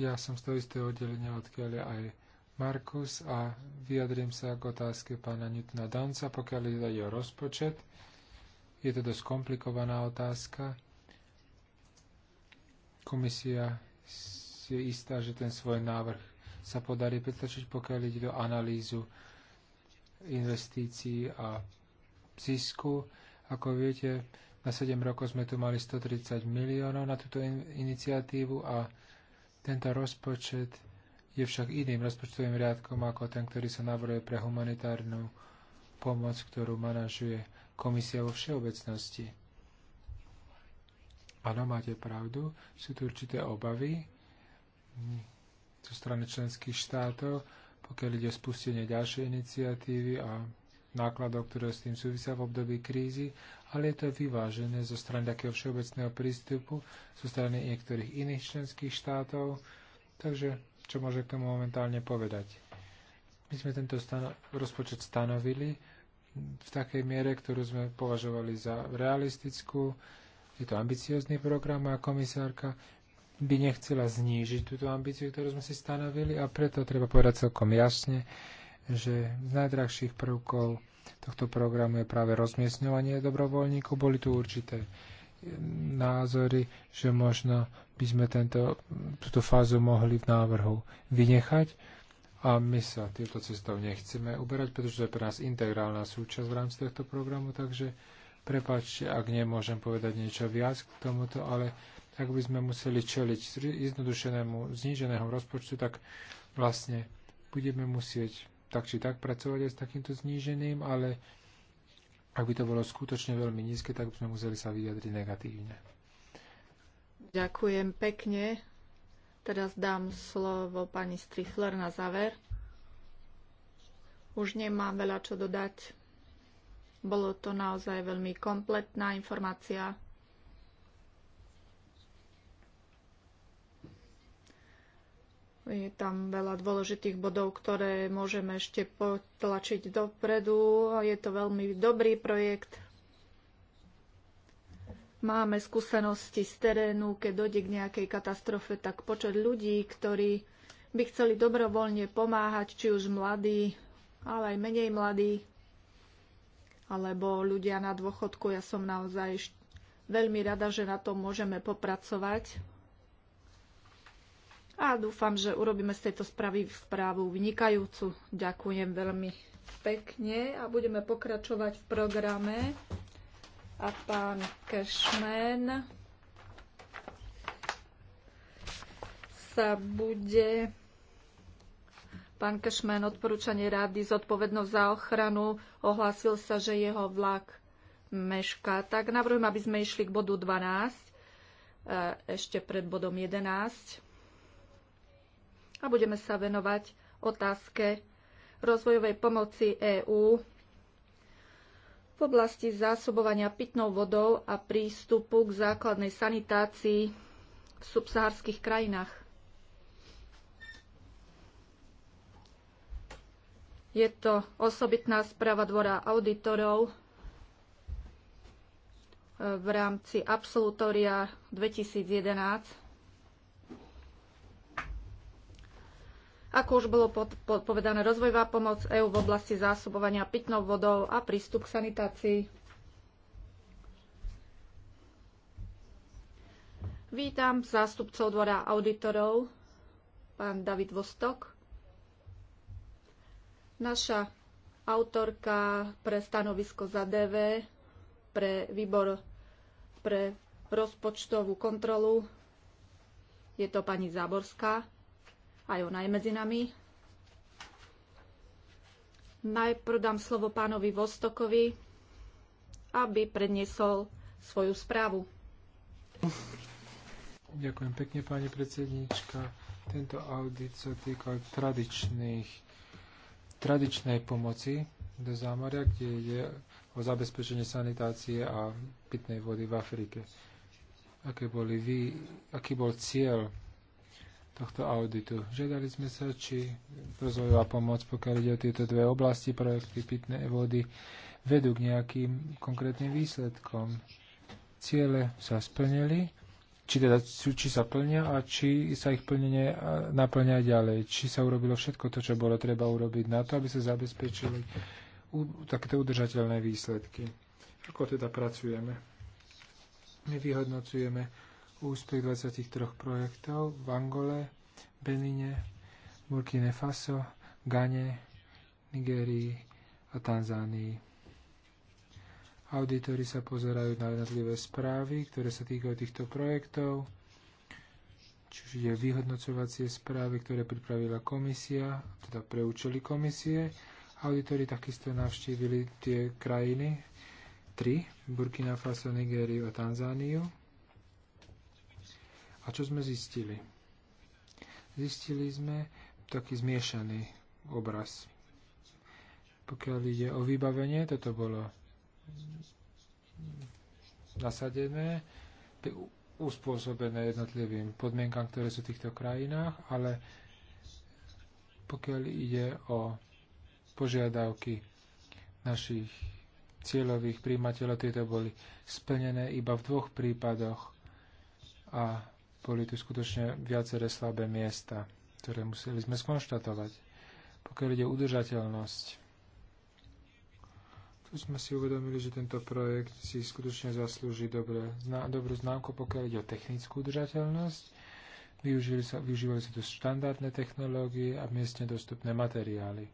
Ja som z toho istého oddelenia, odkiaľ je aj Markus a vyjadrím sa k otázke pána Newtona Danca, pokiaľ ide o rozpočet. Je to dosť komplikovaná otázka. Komisia je istá, že ten svoj návrh sa podarí pretlačiť, pokiaľ ide o analýzu investícií a zisku. Ako viete, na 7 rokov sme tu mali 130 miliónov na túto in iniciatívu a tento rozpočet je však iným rozpočtovým riadkom ako ten, ktorý sa navrhuje pre humanitárnu pomoc, ktorú manažuje komisia vo všeobecnosti. Áno, máte pravdu, sú tu určité obavy zo strany členských štátov, pokiaľ ide o spustenie ďalšej iniciatívy a nákladov, ktoré s tým súvisia v období krízy, ale je to vyvážené zo strany takého všeobecného prístupu, zo strany niektorých iných členských štátov. Takže čo môže k tomu momentálne povedať. My sme tento stano- rozpočet stanovili v takej miere, ktorú sme považovali za realistickú. Je to ambiciózny program a komisárka by nechcela znížiť túto ambíciu, ktorú sme si stanovili a preto treba povedať celkom jasne, že z najdrahších prvkov tohto programu je práve rozmiestňovanie dobrovoľníkov. Boli tu určité názory, že možno by sme tento, túto fázu mohli v návrhu vynechať a my sa týmto cestou nechceme uberať, pretože to je pre nás integrálna súčasť v rámci tohto programu, takže prepáčte, ak nemôžem povedať niečo viac k tomuto, ale ak by sme museli čeliť jednodušenému zníženého rozpočtu, tak vlastne budeme musieť tak či tak pracovať aj s takýmto zníženým, ale ak by to bolo skutočne veľmi nízke, tak by sme museli sa vyjadriť negatívne. Ďakujem pekne. Teraz dám slovo pani Strifler na záver. Už nemám veľa čo dodať. Bolo to naozaj veľmi kompletná informácia. Je tam veľa dôležitých bodov, ktoré môžeme ešte potlačiť dopredu. Je to veľmi dobrý projekt. Máme skúsenosti z terénu, keď dojde k nejakej katastrofe, tak počet ľudí, ktorí by chceli dobrovoľne pomáhať, či už mladí, ale aj menej mladí, alebo ľudia na dôchodku. Ja som naozaj veľmi rada, že na tom môžeme popracovať a dúfam, že urobíme z tejto správy správu vynikajúcu. Ďakujem veľmi pekne a budeme pokračovať v programe. A pán Cashman sa bude Pán Kešmen, odporúčanie rady zodpovednosť za ochranu, ohlásil sa, že jeho vlak meška. Tak navrhujem, aby sme išli k bodu 12, e, ešte pred bodom 11 a budeme sa venovať otázke rozvojovej pomoci EÚ v oblasti zásobovania pitnou vodou a prístupu k základnej sanitácii v subsaharských krajinách. Je to osobitná správa Dvora auditorov e, v rámci absolutória 2011 Ako už bolo povedané, rozvojová pomoc EÚ v oblasti zásobovania pitnou vodou a prístup k sanitácii. Vítam zástupcov dvora auditorov, pán David Vostok, naša autorka pre stanovisko za DV, pre výbor pre rozpočtovú kontrolu, je to pani Záborská aj ona je medzi nami. Najprv dám slovo pánovi Vostokovi, aby predniesol svoju správu. Ďakujem pekne, pani predsednička. Tento audit sa týka tradičných, tradičnej pomoci do zámoria, kde je o zabezpečenie sanitácie a pitnej vody v Afrike. Aké boli vy, aký bol cieľ tohto auditu. Žiadali sme sa, či rozvojová pomoc, pokiaľ ide o tieto dve oblasti, projekty pitné vody, vedú k nejakým konkrétnym výsledkom. Ciele sa splnili, či, teda, či sa plnia a či sa ich plnenie naplňa ďalej. Či sa urobilo všetko to, čo bolo treba urobiť na to, aby sa zabezpečili takéto udržateľné výsledky. Ako teda pracujeme? My vyhodnocujeme úspech 23 projektov v Angole, Benine, Burkine Faso, Gane, Nigérii a Tanzánii. Auditori sa pozerajú na jednotlivé správy, ktoré sa týkajú týchto projektov, čiže ide vyhodnocovacie správy, ktoré pripravila komisia, teda pre účely komisie. Auditori takisto navštívili tie krajiny, tri, Burkina Faso, Nigériu a Tanzániu a čo sme zistili? Zistili sme taký zmiešaný obraz. Pokiaľ ide o vybavenie, toto bolo nasadené, uspôsobené jednotlivým podmienkam, ktoré sú v týchto krajinách, ale pokiaľ ide o požiadavky našich cieľových príjimateľov, tieto boli splnené iba v dvoch prípadoch a boli tu skutočne viaceré slabé miesta, ktoré museli sme skonštatovať. Pokiaľ ide udržateľnosť, tu sme si uvedomili, že tento projekt si skutočne zaslúži dobré, zna, dobrú známku, pokiaľ ide o technickú udržateľnosť. Využili sa, využívali sa tu štandardné technológie a miestne dostupné materiály.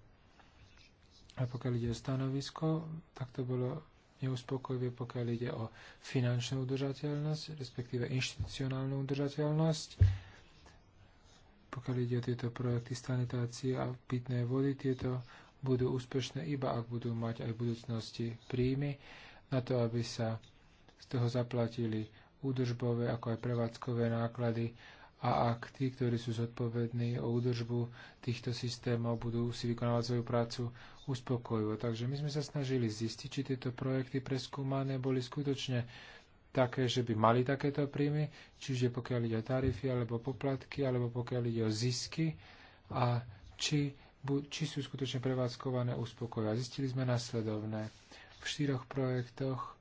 A pokiaľ ide o stanovisko, tak to bolo neuspokojivé, pokiaľ ide o finančnú udržateľnosť, respektíve inštitucionálnu udržateľnosť. Pokiaľ ide o tieto projekty sanitácie a pitnej vody, tieto budú úspešné iba ak budú mať aj v budúcnosti príjmy na to, aby sa z toho zaplatili údržbové ako aj prevádzkové náklady a ak tí, ktorí sú zodpovední o údržbu týchto systémov, budú si vykonávať svoju prácu uspokojivo. Takže my sme sa snažili zistiť, či tieto projekty preskúmané boli skutočne také, že by mali takéto príjmy, čiže pokiaľ ide o tarify alebo poplatky, alebo pokiaľ ide o zisky a či, bu, či sú skutočne prevádzkované uspokojivo. Zistili sme nasledovné. V štyroch projektoch e,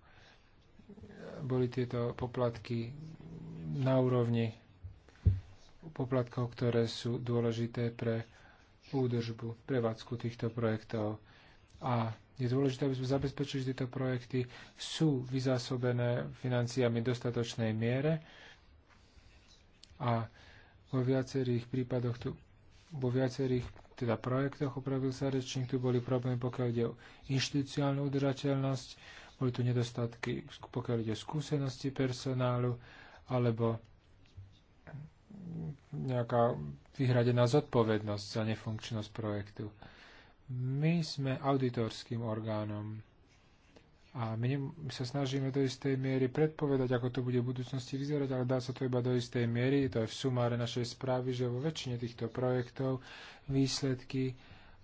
boli tieto poplatky na úrovni poplatkov, ktoré sú dôležité pre údržbu, prevádzku týchto projektov. A je dôležité, aby sme zabezpečili, že tieto projekty sú vyzásobené financiami v dostatočnej miere a vo viacerých prípadoch tu, vo viacerých teda projektoch, opravil sa rečník, tu boli problémy, pokiaľ ide o inštitucionálnu udržateľnosť, boli tu nedostatky, pokiaľ ide o skúsenosti personálu, alebo nejaká vyhradená zodpovednosť za nefunkčnosť projektu. My sme auditorským orgánom a my, my sa snažíme do istej miery predpovedať, ako to bude v budúcnosti vyzerať, ale dá sa to iba do istej miery, to je v sumáre našej správy, že vo väčšine týchto projektov výsledky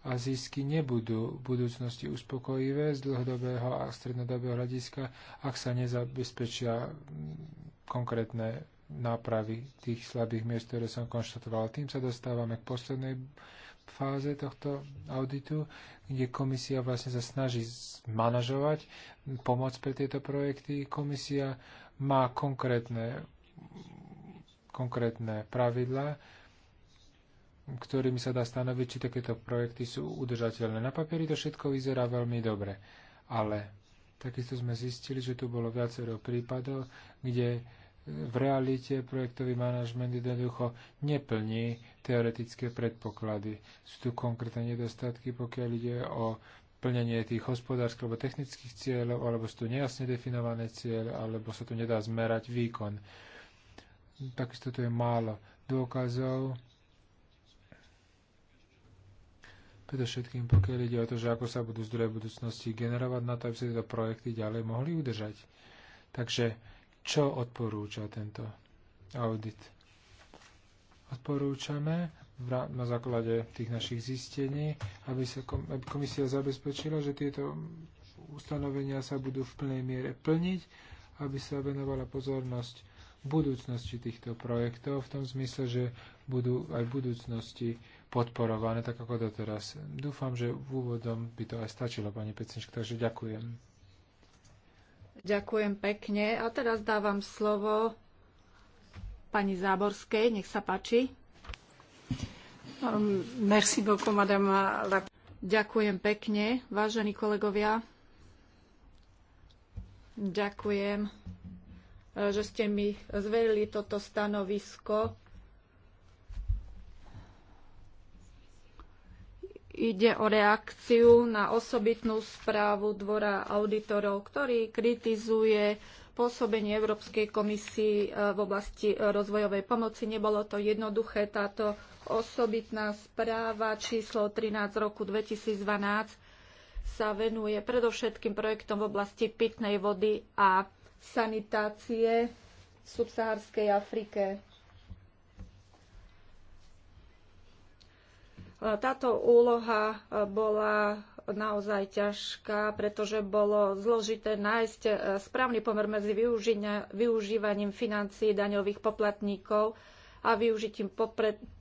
a zisky nebudú v budúcnosti uspokojivé z dlhodobého a strednodobého hľadiska, ak sa nezabezpečia konkrétne nápravy tých slabých miest, ktoré som konštatoval. Tým sa dostávame k poslednej fáze tohto auditu, kde komisia vlastne sa snaží manažovať pomoc pre tieto projekty. Komisia má konkrétne, konkrétne pravidlá, ktorými sa dá stanoviť, či takéto projekty sú udržateľné. Na papieri to všetko vyzerá veľmi dobre, ale takisto sme zistili, že tu bolo viacero prípadov, kde v realite projektový manažment jednoducho neplní teoretické predpoklady. Sú tu konkrétne nedostatky, pokiaľ ide o plnenie tých hospodárskych alebo technických cieľov, alebo sú tu nejasne definované cieľe, alebo sa tu nedá zmerať výkon. Takisto tu je málo dôkazov, všetkým, pokiaľ ide o to, že ako sa budú zdroje budúcnosti generovať na to, aby sa tieto projekty ďalej mohli udržať. Takže čo odporúča tento audit? Odporúčame na základe tých našich zistení, aby sa komisia zabezpečila, že tieto ustanovenia sa budú v plnej miere plniť, aby sa venovala pozornosť budúcnosti týchto projektov v tom zmysle, že budú aj v budúcnosti podporované, tak ako doteraz. Dúfam, že v úvodom by to aj stačilo, pani Pecinčka, takže ďakujem. Ďakujem pekne. A teraz dávam slovo pani Záborskej. Nech sa páči. Merci beaucoup, madame. Ďakujem pekne, vážení kolegovia. Ďakujem, eh, že ste mi zverili toto stanovisko Ide o reakciu na osobitnú správu Dvora auditorov, ktorý kritizuje pôsobenie Európskej komisii e, v oblasti e, rozvojovej pomoci. Nebolo to jednoduché. Táto osobitná správa číslo 13 roku 2012 sa venuje predovšetkým projektom v oblasti pitnej vody a sanitácie v subsahárskej Afrike. Táto úloha e, bola naozaj ťažká, pretože bolo zložité nájsť e, správny pomer medzi využívaním financií daňových poplatníkov a využitím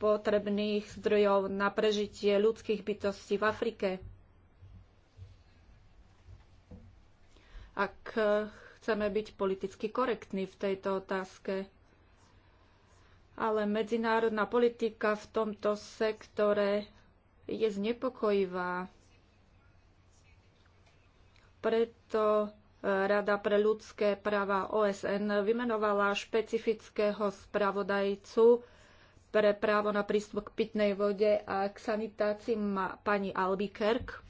potrebných zdrojov na prežitie ľudských bytostí v Afrike. Ak e, chceme byť politicky korektní v tejto otázke, ale medzinárodná politika v tomto sektore je znepokojivá. Preto e, Rada pre ľudské práva OSN vymenovala špecifického spravodajcu pre právo na prístup k pitnej vode a k sanitácii pani Albikerk.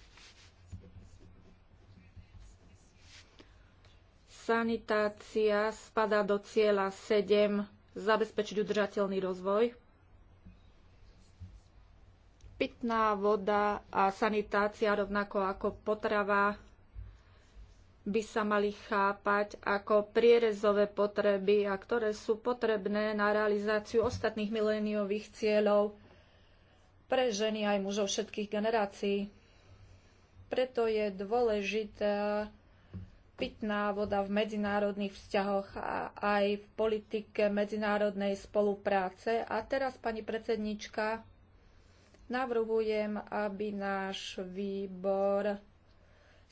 Sanitácia spada do cieľa 7 zabezpečiť udržateľný rozvoj. Pitná voda a sanitácia, rovnako ako potrava, by sa mali chápať ako prierezové potreby a ktoré sú potrebné na realizáciu ostatných miléniových cieľov pre ženy aj mužov všetkých generácií. Preto je dôležitá pitná voda v medzinárodných vzťahoch a aj v politike medzinárodnej spolupráce. A teraz, pani predsednička, navrhujem, aby náš výbor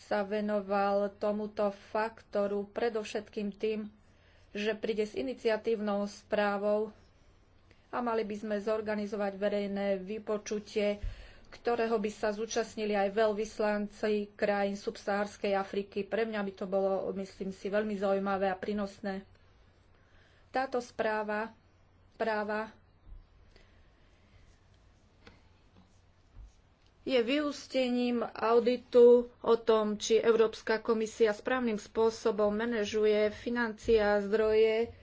sa venoval tomuto faktoru predovšetkým tým, že príde s iniciatívnou správou a mali by sme zorganizovať verejné vypočutie ktorého by sa zúčastnili aj veľvyslanci krajín subsahárskej Afriky. Pre mňa by to bolo, myslím si, veľmi zaujímavé a prínosné. Táto správa práva je vyústením auditu o tom, či Európska komisia správnym spôsobom manažuje financie a zdroje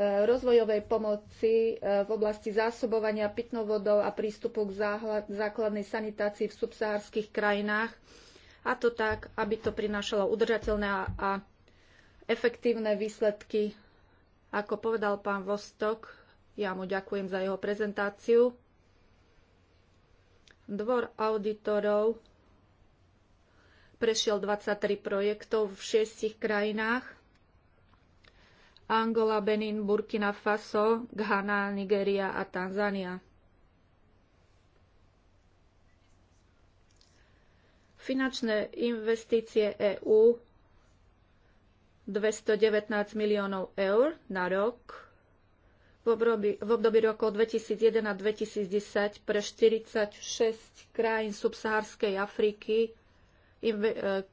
rozvojovej pomoci e, v oblasti zásobovania pitnou vodou a prístupu k základnej sanitácii v subsahárských krajinách. A to tak, aby to prinášalo udržateľné a efektívne výsledky. Ako povedal pán Vostok, ja mu ďakujem za jeho prezentáciu. Dvor auditorov prešiel 23 projektov v šiestich krajinách Angola, Benin, Burkina Faso, Ghana, Nigeria a Tanzania. Finančné investície EÚ 219 miliónov eur na rok v období, roku rokov 2001 a 2010 pre 46 krajín subsahárskej Afriky e,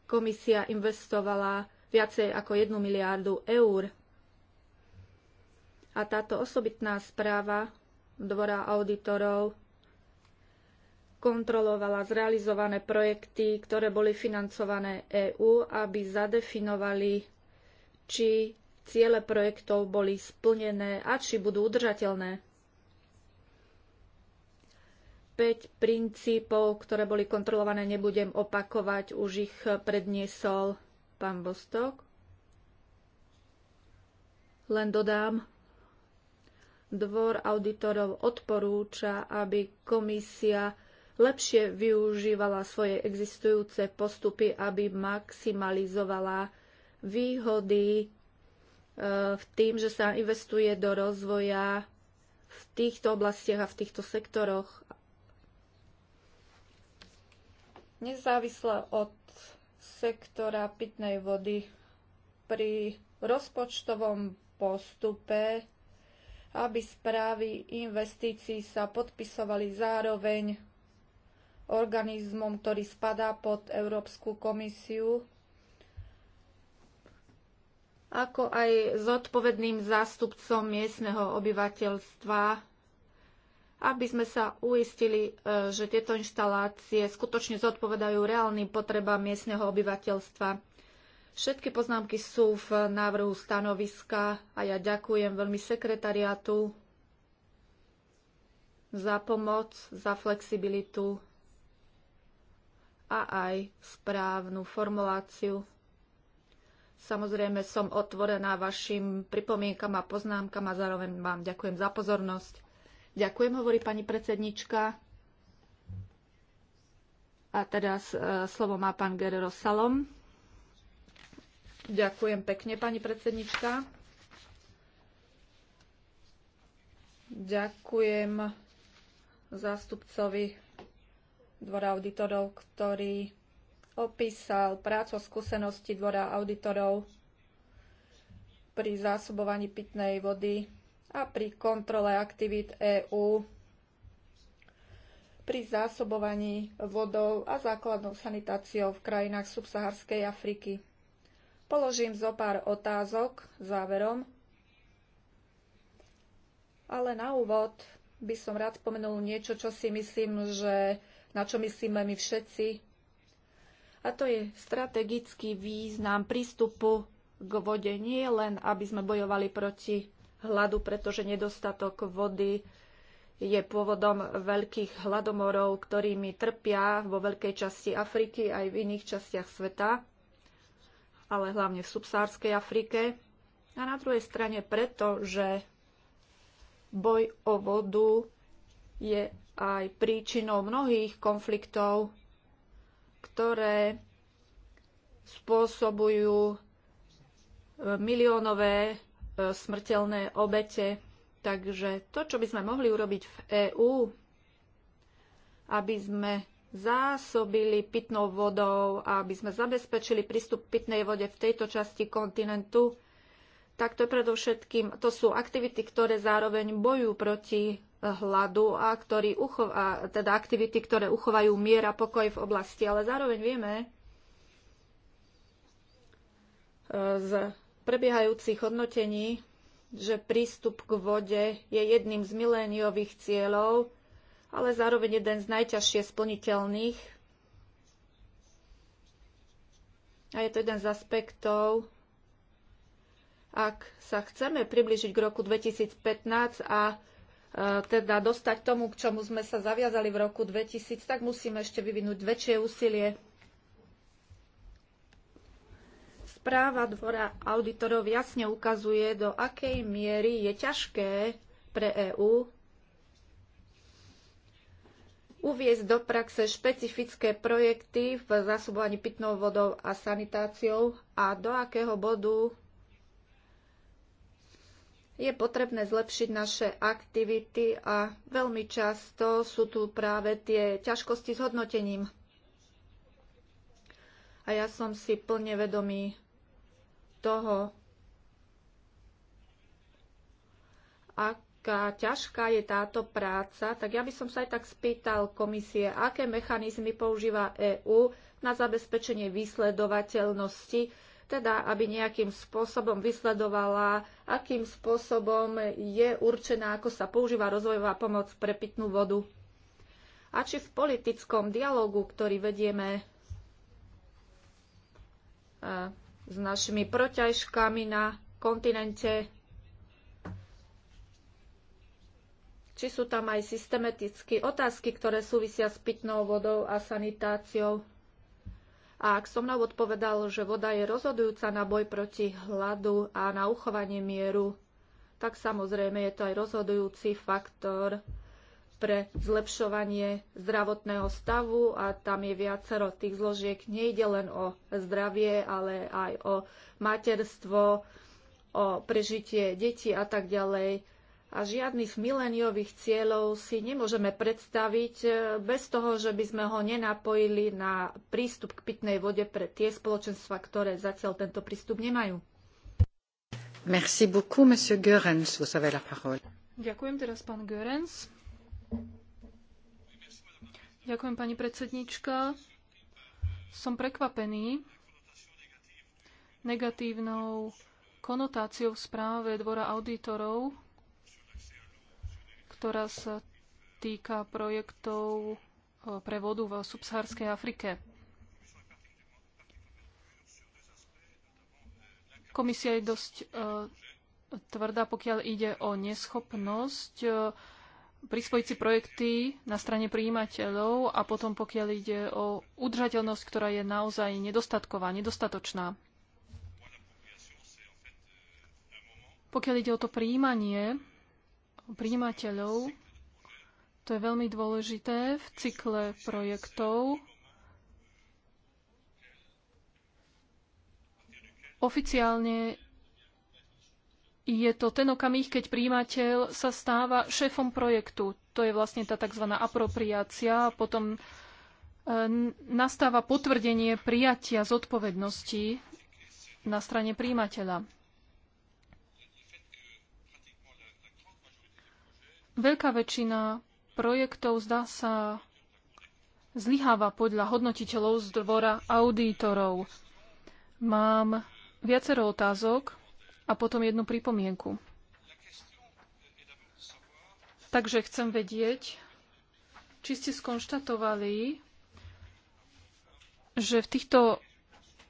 komisia investovala viacej ako 1 miliardu eur. A táto osobitná správa Dvora auditorov kontrolovala zrealizované projekty, ktoré boli financované EÚ, aby zadefinovali, či ciele projektov boli splnené a či budú udržateľné. 5 princípov, ktoré boli kontrolované, nebudem opakovať, už ich predniesol pán Bostok. Len dodám, Dvor auditorov odporúča, aby komisia lepšie využívala svoje existujúce postupy, aby maximalizovala výhody e, v tým, že sa investuje do rozvoja v týchto oblastiach a v týchto sektoroch. Nezávisle od sektora pitnej vody pri rozpočtovom postupe aby správy investícií sa podpisovali zároveň organizmom, ktorý spadá pod Európsku komisiu, ako aj zodpovedným zástupcom miestneho obyvateľstva, aby sme sa uistili, e, že tieto inštalácie skutočne zodpovedajú reálnym potrebám miestneho obyvateľstva. Všetky poznámky sú v návrhu stanoviska a ja ďakujem veľmi sekretariátu za pomoc, za flexibilitu a aj správnu formuláciu. Samozrejme som otvorená vašim pripomienkam a poznámkam a zároveň vám ďakujem za pozornosť. Ďakujem, hovorí pani predsednička. A teraz e, slovo má pán Gerero Salom. Ďakujem pekne, pani predsednička. Ďakujem zástupcovi Dvora auditorov, ktorý opísal prácu skúsenosti Dvora auditorov pri zásobovaní pitnej vody a pri kontrole aktivít EÚ pri zásobovaní vodou a základnou sanitáciou v krajinách subsaharskej Afriky. Položím zo pár otázok záverom, ale na úvod by som rád spomenul niečo, čo si myslím, že na čo myslíme my všetci. A to je strategický význam prístupu k vode nie len, aby sme bojovali proti hladu, pretože nedostatok vody je pôvodom veľkých hladomorov, ktorými trpia vo veľkej časti Afriky aj v iných častiach sveta ale hlavne v subsárskej Afrike. A na druhej strane preto, že boj o vodu je aj príčinou mnohých konfliktov, ktoré spôsobujú e, miliónové e, smrteľné obete. Takže to, čo by sme mohli urobiť v EÚ, aby sme zásobili pitnou vodou a aby sme zabezpečili prístup k pitnej vode v tejto časti kontinentu, tak to je predovšetkým, to sú aktivity, ktoré zároveň bojujú proti hladu a, ktorý uchov, a teda aktivity, ktoré uchovajú mier a pokoj v oblasti. Ale zároveň vieme eh, z prebiehajúcich hodnotení, že prístup k vode je jedným z miléniových cieľov ale zároveň jeden z najťažšie splniteľných. A je to jeden z aspektov, ak sa chceme približiť k roku 2015 a e, teda dostať tomu, k čomu sme sa zaviazali v roku 2000, tak musíme ešte vyvinúť väčšie úsilie. Správa dvora auditorov jasne ukazuje, do akej miery je ťažké pre EÚ uviezť do praxe špecifické projekty v zásobovaní pitnou vodou a sanitáciou a do akého bodu je potrebné zlepšiť naše aktivity a veľmi často sú tu práve tie ťažkosti s hodnotením. A ja som si plne vedomý toho, ak Taká ťažká je táto práca, tak ja by som sa aj tak spýtal komisie, aké mechanizmy používa EÚ na zabezpečenie vysledovateľnosti, teda aby nejakým spôsobom vysledovala, akým spôsobom je určená, ako sa používa rozvojová pomoc pre pitnú vodu. A či v politickom dialogu, ktorý vedieme e, s našimi proťažkami na kontinente, či sú tam aj systematicky otázky, ktoré súvisia s pitnou vodou a sanitáciou. A ak som mnou odpovedal, že voda je rozhodujúca na boj proti hladu a na uchovanie mieru, tak samozrejme je to aj rozhodujúci faktor pre zlepšovanie zdravotného stavu a tam je viacero tých zložiek. Nejde len o zdravie, ale aj o materstvo, o prežitie detí a tak ďalej a žiadnych mileniových cieľov si nemôžeme predstaviť e, bez toho, že by sme ho nenapojili na prístup k pitnej vode pre tie spoločenstva, ktoré zatiaľ tento prístup nemajú. Merci beaucoup, monsieur Goerens. Vous avez la parole. Ďakujem teraz pán Goerens. Ďakujem pani predsednička. Som prekvapený negatívnou konotáciou v správe Dvora auditorov ktorá sa týka projektov e, pre vodu v subsahárskej Afrike. Komisia je dosť e, tvrdá, pokiaľ ide o neschopnosť e, prispojiť si projekty na strane príjimateľov a potom pokiaľ ide o udržateľnosť, ktorá je naozaj nedostatková, nedostatočná. Pokiaľ ide o to príjmanie, príjimateľov. To je veľmi dôležité v cykle projektov. Oficiálne je to ten okamih, keď príjimateľ sa stáva šéfom projektu. To je vlastne tá tzv. apropriácia. Potom e, nastáva potvrdenie prijatia zodpovednosti na strane príjimateľa. Veľká väčšina projektov zdá sa zlyháva podľa hodnotiteľov z dvora auditorov. Mám viacero otázok a potom jednu pripomienku. Takže chcem vedieť, či ste skonštatovali, že v týchto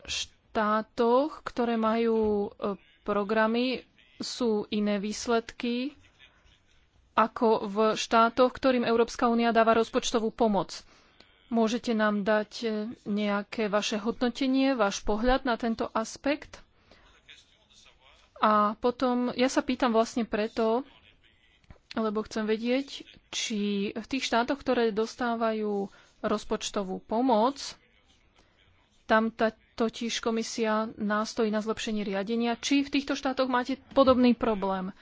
štátoch, ktoré majú e, programy, sú iné výsledky ako v štátoch, ktorým Európska únia dáva rozpočtovú pomoc. Môžete nám dať e, nejaké vaše hodnotenie, váš pohľad na tento aspekt? A potom ja sa pýtam vlastne preto, lebo chcem vedieť, či v tých štátoch, ktoré dostávajú rozpočtovú pomoc, tam tá, totiž komisia nástojí na zlepšenie riadenia. Či v týchto štátoch máte podobný problém?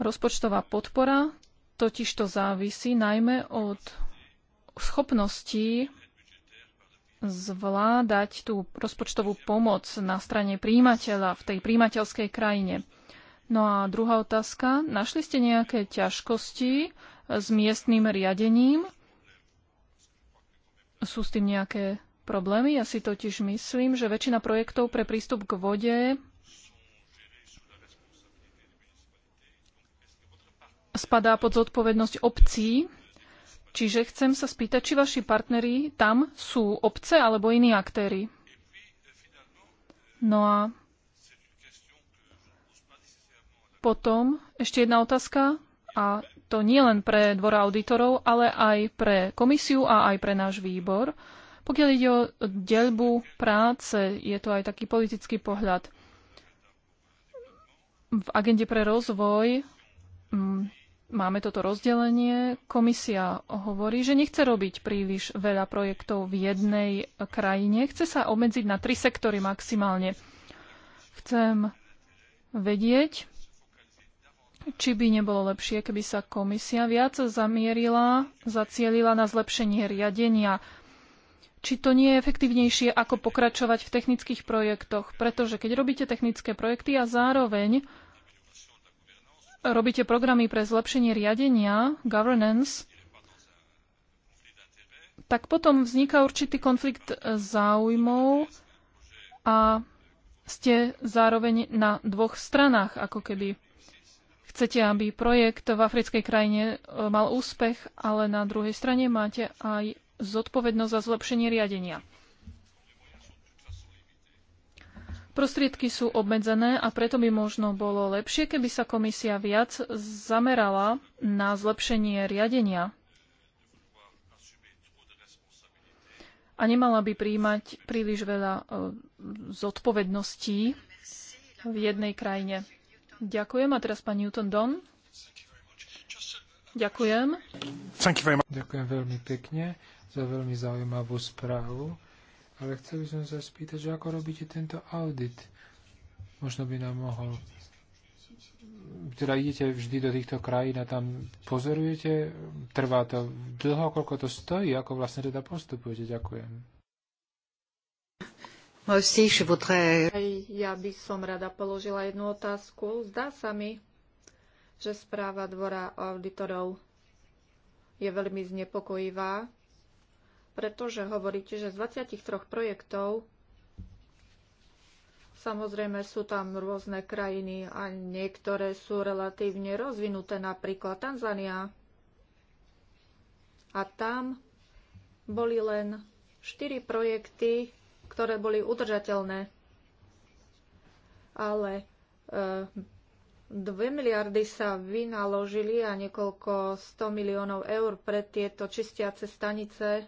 Rozpočtová podpora totiž to závisí najmä od schopností zvládať tú rozpočtovú pomoc na strane príjimateľa v tej príjimateľskej krajine. No a druhá otázka. Našli ste nejaké ťažkosti s miestnym riadením? Sú s tým nejaké problémy? Ja si totiž myslím, že väčšina projektov pre prístup k vode spadá pod zodpovednosť obcí. Čiže chcem sa spýtať, či vaši partneri tam sú obce alebo iní aktéry. No a potom ešte jedna otázka, a to nie len pre dvora auditorov, ale aj pre komisiu a aj pre náš výbor. Pokiaľ ide o deľbu práce, je to aj taký politický pohľad. V agende pre rozvoj mm, máme toto rozdelenie. Komisia hovorí, že nechce robiť príliš veľa projektov v jednej krajine. Chce sa obmedziť na tri sektory maximálne. Chcem vedieť, či by nebolo lepšie, keby sa komisia viac zamierila, zacielila na zlepšenie riadenia. Či to nie je efektívnejšie, ako pokračovať v technických projektoch? Pretože keď robíte technické projekty a zároveň robíte programy pre zlepšenie riadenia, governance, tak potom vzniká určitý konflikt záujmov a ste zároveň na dvoch stranách, ako keby chcete, aby projekt v africkej krajine e, mal úspech, ale na druhej strane máte aj zodpovednosť za zlepšenie riadenia. Prostriedky sú obmedzené a preto by možno bolo lepšie, keby sa komisia viac zamerala na zlepšenie riadenia a nemala by príjmať príliš veľa e, zodpovedností v jednej krajine. Ďakujem. A teraz pán Newton Don. Ďakujem. Ďakujem veľmi pekne za veľmi zaujímavú správu. Ale chcel som sa spýtať, že ako robíte tento audit? Možno by nám mohol teda idete vždy do týchto krajín a tam pozorujete, trvá to dlho, koľko to stojí, ako vlastne teda postupujete. Ďakujem. Ja by som rada položila jednu otázku. Zdá sa mi, že správa Dvora auditorov je veľmi znepokojivá pretože hovoríte, že z 23 projektov Samozrejme sú tam rôzne krajiny a niektoré sú relatívne rozvinuté, napríklad Tanzania. A tam boli len 4 projekty, ktoré boli udržateľné. Ale e, 2 miliardy sa vynaložili a niekoľko 100 miliónov eur pre tieto čistiace stanice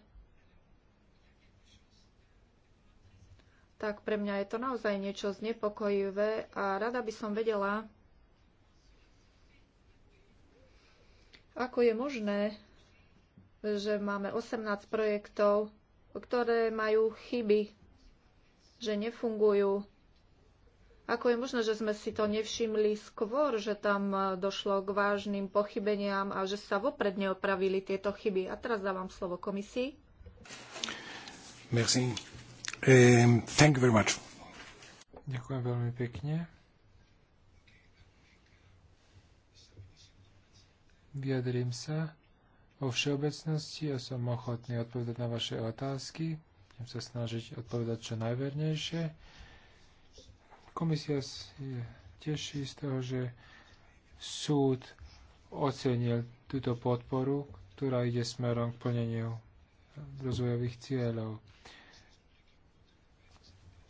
tak pre mňa je to naozaj niečo znepokojivé a rada by som vedela, ako je možné, že máme 18 projektov, ktoré majú chyby, že nefungujú. Ako je možné, že sme si to nevšimli skôr, že tam došlo k vážnym pochybeniam a že sa vopred neopravili tieto chyby? A teraz dávam slovo komisii. Merci. Um, thank you very much. Ďakujem veľmi pekne. Vyjadrím sa vo všeobecnosti a som ochotný odpovedať na vaše otázky. Budem sa snažiť odpovedať čo najvernejšie. Komisia je teší z toho, že súd ocenil túto podporu, ktorá ide smerom k plneniu rozvojových cieľov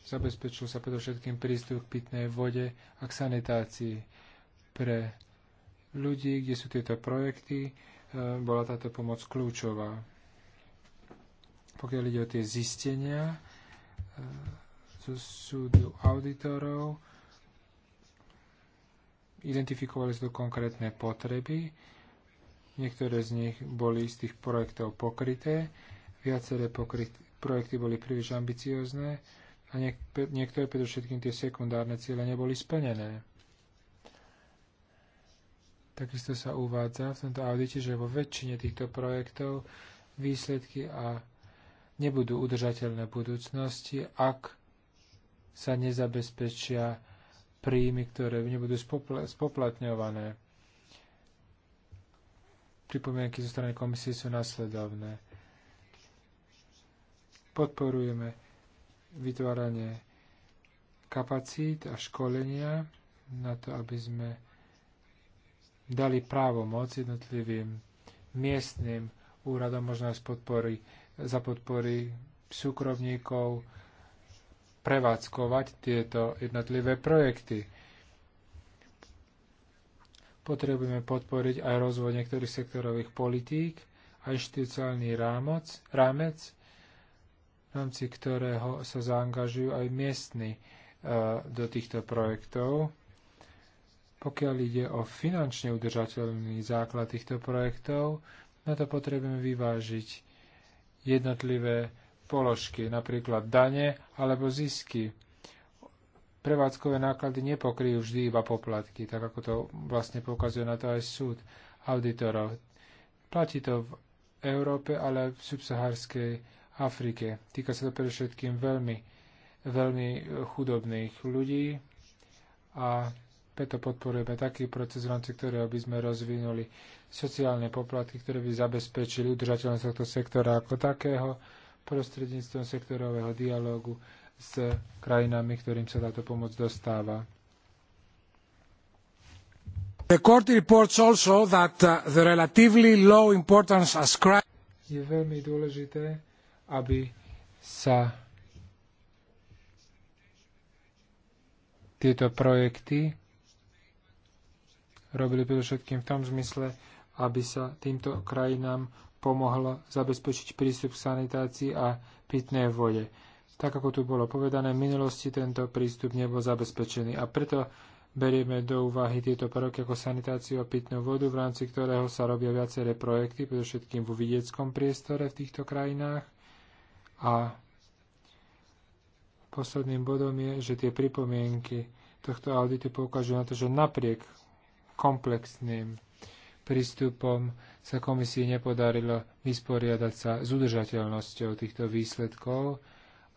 zabezpečil sa predovšetkým prístup k pitnej vode a k sanitácii pre ľudí, kde sú tieto projekty, e, bola táto pomoc kľúčová. Pokiaľ ide o tie zistenia e, zo súdu auditorov, identifikovali sa tu konkrétne potreby, Niektoré z nich boli z tých projektov pokryté, viaceré pokryt, projekty boli príliš ambiciozne a niek- niektoré predovšetkým tie sekundárne ciele neboli splnené. Takisto sa uvádza v tomto audite, že vo väčšine týchto projektov výsledky a nebudú udržateľné v budúcnosti, ak sa nezabezpečia príjmy, ktoré nebudú spopl- spoplatňované. Pripomienky zo strany komisie sú nasledovné. Podporujeme vytváranie kapacít a školenia na to, aby sme dali právomoc jednotlivým miestnym úradom, možno aj z podpory, za podpory súkromníkov, prevádzkovať tieto jednotlivé projekty. Potrebujeme podporiť aj rozvoj niektorých sektorových politík a inštitucionálny rámec, v rámci ktorého sa zaangažujú aj miestni e, do týchto projektov. Pokiaľ ide o finančne udržateľný základ týchto projektov, na to potrebujeme vyvážiť jednotlivé položky, napríklad dane alebo zisky. Prevádzkové náklady nepokryjú vždy iba poplatky, tak ako to vlastne pokazuje na to aj súd auditorov. Platí to v Európe, ale v subsahárskej Afrike. Týka sa to predovšetkým veľmi, veľmi chudobných ľudí a preto podporujeme taký proces, v rámci ktorého by sme rozvinuli sociálne poplatky, ktoré by zabezpečili udržateľnosť tohto sektora ako takého prostredníctvom sektorového dialógu s krajinami, ktorým sa táto pomoc dostáva. The court reports also that uh, the relatively low importance ascribed je veľmi dôležité, aby sa tieto projekty robili predovšetkým v tom zmysle, aby sa týmto krajinám pomohlo zabezpečiť prístup k sanitácii a pitnej vode. Tak ako tu bolo povedané, v minulosti tento prístup nebol zabezpečený a preto berieme do úvahy tieto prvky ako sanitáciu a pitnú vodu, v rámci ktorého sa robia viaceré projekty, predovšetkým vo vidieckom priestore v týchto krajinách. A posledným bodom je, že tie pripomienky tohto auditu poukážu na to, že napriek komplexným prístupom sa komisii nepodarilo vysporiadať sa s udržateľnosťou týchto výsledkov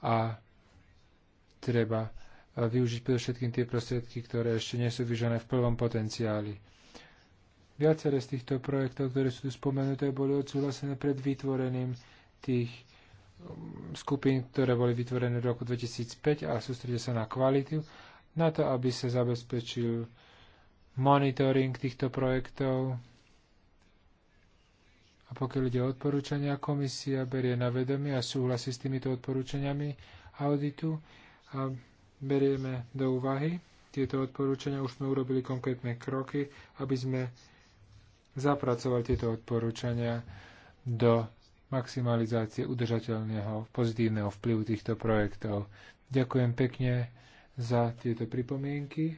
a treba využiť predovšetkým tie prostriedky, ktoré ešte nie sú vyžené v plnom potenciáli. Viaceré z týchto projektov, ktoré sú tu spomenuté, boli odsúhlasené pred vytvorením tých skupín, ktoré boli vytvorené v roku 2005 a sústredia sa na kvalitu, na to, aby sa zabezpečil monitoring týchto projektov. A pokiaľ ide o odporúčania, komisia berie na vedomie a súhlasí s týmito odporúčaniami auditu a berieme do úvahy tieto odporúčania. Už sme urobili konkrétne kroky, aby sme zapracovali tieto odporúčania do maximalizácie udržateľného pozitívneho vplyvu týchto projektov. Ďakujem pekne za tieto pripomienky.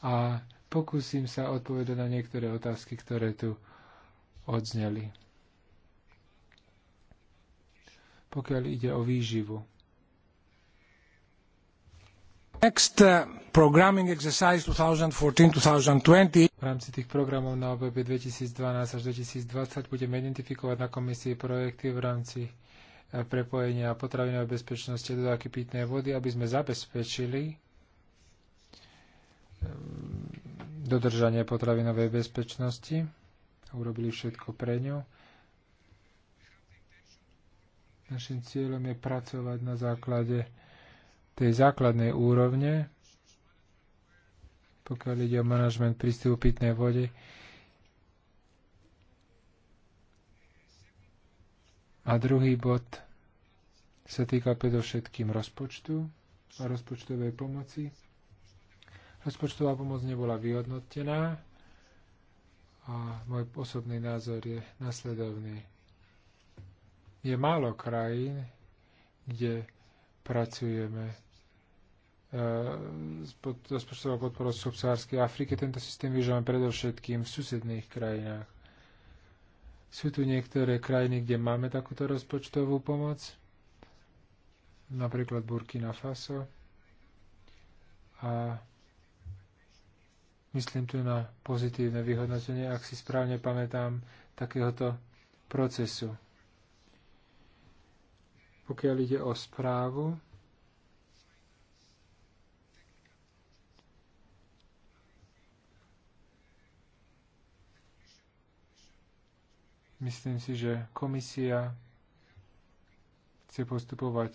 A pokúsim sa odpovedať na niektoré otázky, ktoré tu odzneli. Pokiaľ ide o výživu. Next uh, programming exercise 2014-2020 V rámci tých programov na obdobie 2012 až 2020 budeme identifikovať na komisii projekty v rámci eh, prepojenia potravinovej bezpečnosti do dodávky pitnej vody, aby sme zabezpečili ehm, dodržanie potravinovej bezpečnosti urobili všetko pre ňu. Našim cieľom je pracovať na základe tej základnej úrovne, pokiaľ ide o manažment prístupu pitnej vody. A druhý bod sa týka predovšetkým rozpočtu a rozpočtovej pomoci. Rozpočtová pomoc nebola vyhodnotená a môj osobný názor je nasledovný. Je málo krajín, kde pracujeme Ehm, rozpočtová podpora subsahárskej Afrike. Tento systém vyžívame predovšetkým v susedných krajinách. Sú tu niektoré krajiny, kde máme takúto rozpočtovú pomoc, napríklad Burkina Faso. A myslím tu na pozitívne vyhodnotenie, ak si správne pamätám, takéhoto procesu. Pokiaľ ide o správu, Myslím si, že komisia chce postupovať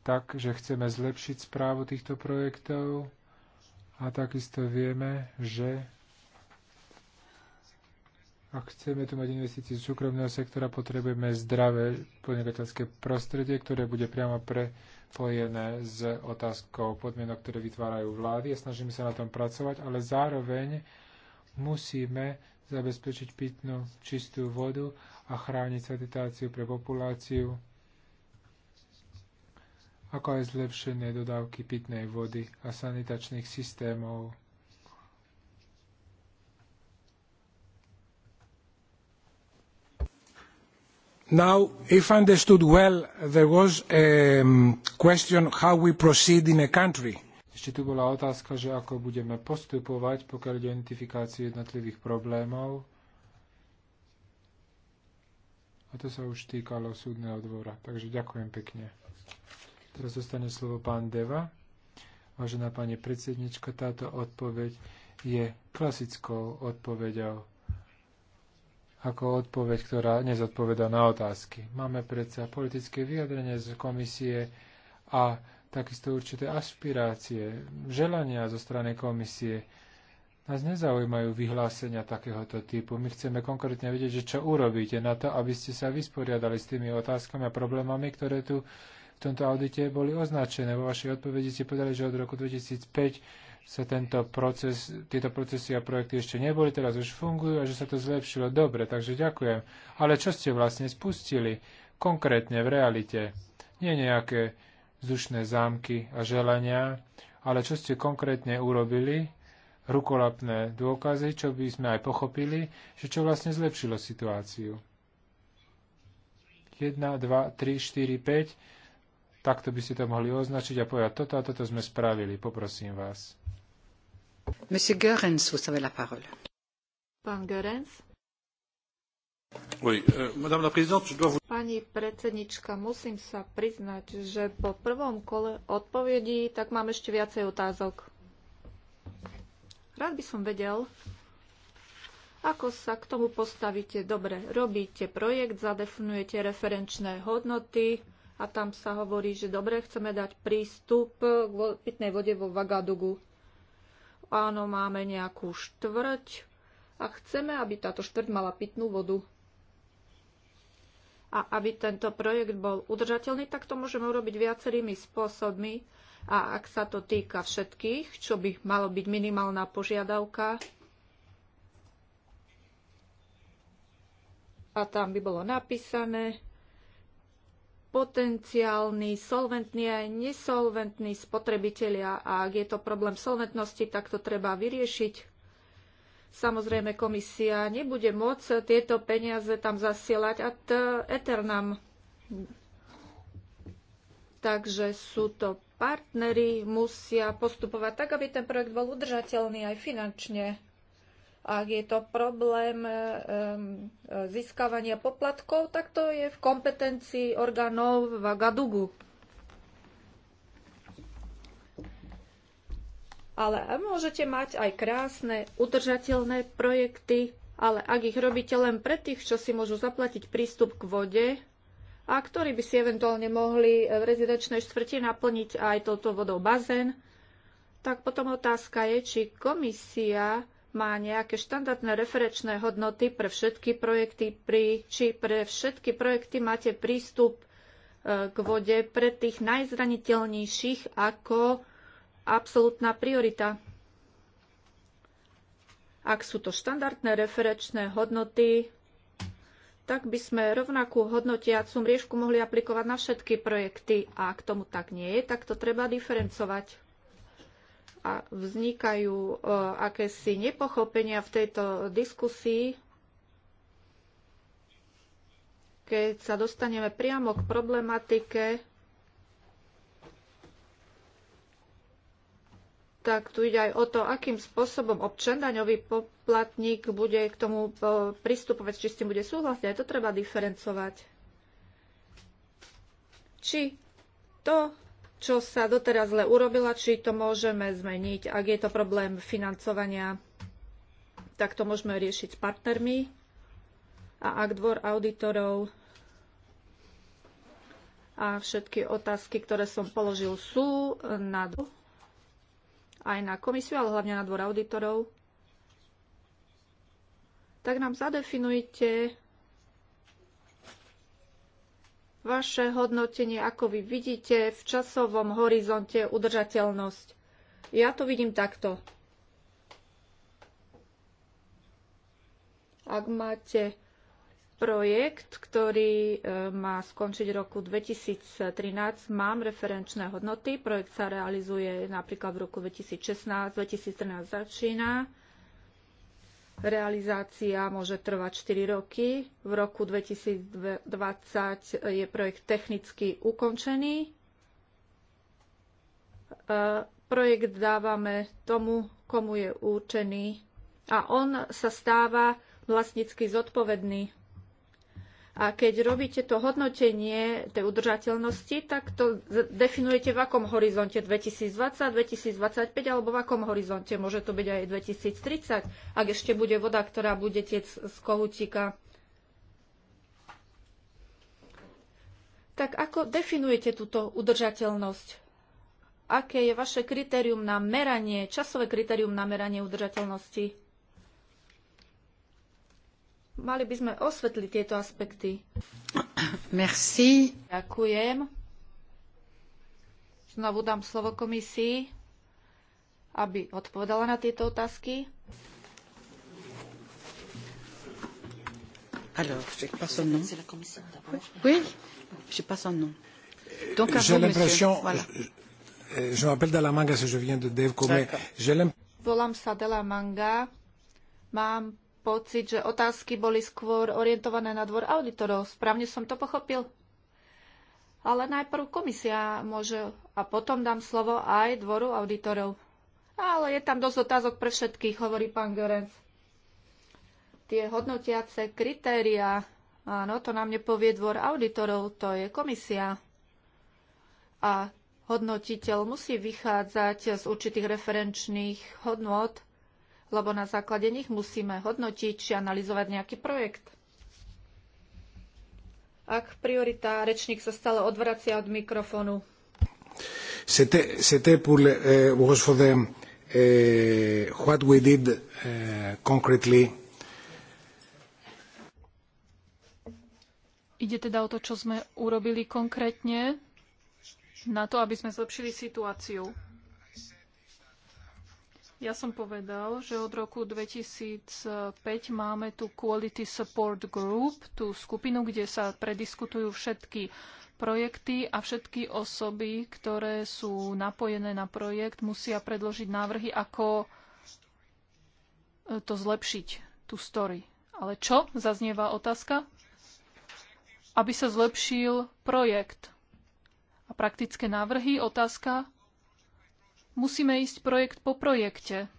tak, že chceme zlepšiť správu týchto projektov a takisto vieme, že ak chceme tu mať investície z súkromného sektora, potrebujeme zdravé podnikateľské prostredie, ktoré bude priamo prepojené s otázkou podmienok, ktoré vytvárajú vlády a snažíme sa na tom pracovať, ale zároveň musíme zabezpečiť pitnú čistú vodu a chrániť sanitáciu pre populáciu, ako aj zlepšené dodávky pitnej vody a sanitačných systémov. Now, if I understood well, there was a um, question how we proceed in a country. Ešte tu bola otázka, že ako budeme postupovať, pokiaľ ide identifikáciu jednotlivých problémov. A to sa už týkalo súdneho dvora. Takže ďakujem pekne. Teraz zostane slovo pán Deva. Vážená pani predsednička, táto odpoveď je klasickou odpoveďou ako odpoveď, ktorá nezodpoveda na otázky. Máme predsa politické vyjadrenie z komisie a takisto určité aspirácie, želania zo strany komisie. Nás nezaujímajú vyhlásenia takéhoto typu. My chceme konkrétne vedieť, že čo urobíte na to, aby ste sa vysporiadali s tými otázkami a problémami, ktoré tu v tomto audite boli označené. Vo vašej odpovedi ste povedali, že od roku 2005 sa tento proces, tieto procesy a projekty ešte neboli, teraz už fungujú a že sa to zlepšilo dobre, takže ďakujem. Ale čo ste vlastne spustili konkrétne v realite? Nie nejaké vzdušné zámky a želania, ale čo ste konkrétne urobili, rukolapné dôkazy, čo by sme aj pochopili, že čo vlastne zlepšilo situáciu. 1, 2, 3, 4, 5. Takto by ste to mohli označiť a povedať toto a toto sme spravili. Poprosím vás. Monsieur Görens, vous avez la parole. Pán Görens. Euh, Pani predsednička, musím sa priznať, že po prvom kole odpovedí, tak mám ešte viacej otázok. Rád by som vedel, ako sa k tomu postavíte. Dobre, robíte projekt, zadefinujete referenčné hodnoty a tam sa hovorí, že dobre, chceme dať prístup k pitnej vode vo Vagadugu. Áno, máme nejakú štvrť a chceme, aby táto štvrť mala pitnú vodu a aby tento projekt bol udržateľný, tak to môžeme urobiť viacerými spôsobmi. A ak sa to týka všetkých, čo by malo byť minimálna požiadavka, a tam by bolo napísané potenciálny, solventný a nesolventný spotrebitelia a ak je to problém solventnosti, tak to treba vyriešiť Samozrejme, komisia nebude môcť tieto peniaze tam zasielať a Ether nám. Takže sú to partnery, musia postupovať tak, aby ten projekt bol udržateľný aj finančne. Ak je to problém eh, získavania poplatkov, tak to je v kompetencii orgánov v Gadugu. ale môžete mať aj krásne, udržateľné projekty, ale ak ich robíte len pre tých, čo si môžu zaplatiť prístup k vode a ktorí by si eventuálne mohli v rezidenčnej štvrti naplniť aj touto vodou bazén, tak potom otázka je, či komisia má nejaké štandardné referečné hodnoty pre všetky projekty, pri, či pre všetky projekty máte prístup e, k vode pre tých najzraniteľnejších ako absolútna priorita. Ak sú to štandardné referečné hodnoty, tak by sme rovnakú hodnotiacu mriežku mohli aplikovať na všetky projekty. A ak tomu tak nie je, tak to treba diferencovať. A vznikajú e, akési nepochopenia v tejto diskusii, keď sa dostaneme priamo k problematike tak tu ide aj o to, akým spôsobom občan, daňový poplatník bude k tomu e, pristupovať, či s tým bude súhlasiť. Aj to treba diferencovať. Či to, čo sa doteraz zle urobila, či to môžeme zmeniť. Ak je to problém financovania, tak to môžeme riešiť s partnermi. A ak dvor auditorov a všetky otázky, ktoré som položil, sú na dvoch aj na komisiu, ale hlavne na dvor auditorov, tak nám zadefinujte vaše hodnotenie, ako vy vidíte v časovom horizonte udržateľnosť. Ja to vidím takto. Ak máte projekt, ktorý e, má skončiť roku 2013, mám referenčné hodnoty. Projekt sa realizuje napríklad v roku 2016, 2013 začína. Realizácia môže trvať 4 roky. V roku 2020 je projekt technicky ukončený. E, projekt dávame tomu, komu je určený a on sa stáva vlastnícky zodpovedný a keď robíte to hodnotenie tej udržateľnosti, tak to definujete v akom horizonte 2020, 2025 alebo v akom horizonte. Môže to byť aj 2030, ak ešte bude voda, ktorá bude tiec z kohútika. Tak ako definujete túto udržateľnosť? Aké je vaše kritérium na meranie, časové kritérium na meranie udržateľnosti? Mali by sme osvetliť tieto aspekty. Merci. Ďakujem. Znovu dám slovo komisii, aby odpovedala na tieto otázky. Volám sa Dela Manga, mám pocit, že otázky boli skôr orientované na dvor auditorov. Správne som to pochopil? Ale najprv komisia môže a potom dám slovo aj dvoru auditorov. Ale je tam dosť otázok pre všetkých, hovorí pán Görenc. Tie hodnotiace kritéria, áno, to nám nepovie dvor auditorov, to je komisia. A hodnotiteľ musí vychádzať z určitých referenčných hodnot, lebo na základe nich musíme hodnotiť či analyzovať nejaký projekt. Ak priorita, rečník sa stále odvracia od mikrofónu. C'était, pour le, euh, was for the, what we did euh, concretely. Ide teda o to, čo sme urobili konkrétne na to, aby sme zlepšili situáciu. Ja som povedal, že od roku 2005 máme tu Quality Support Group, tú skupinu, kde sa prediskutujú všetky projekty a všetky osoby, ktoré sú napojené na projekt, musia predložiť návrhy, ako e, to zlepšiť, tú story. Ale čo? Zaznieva otázka. Aby sa zlepšil projekt. A praktické návrhy, otázka, Musíme ísť projekt po projekte.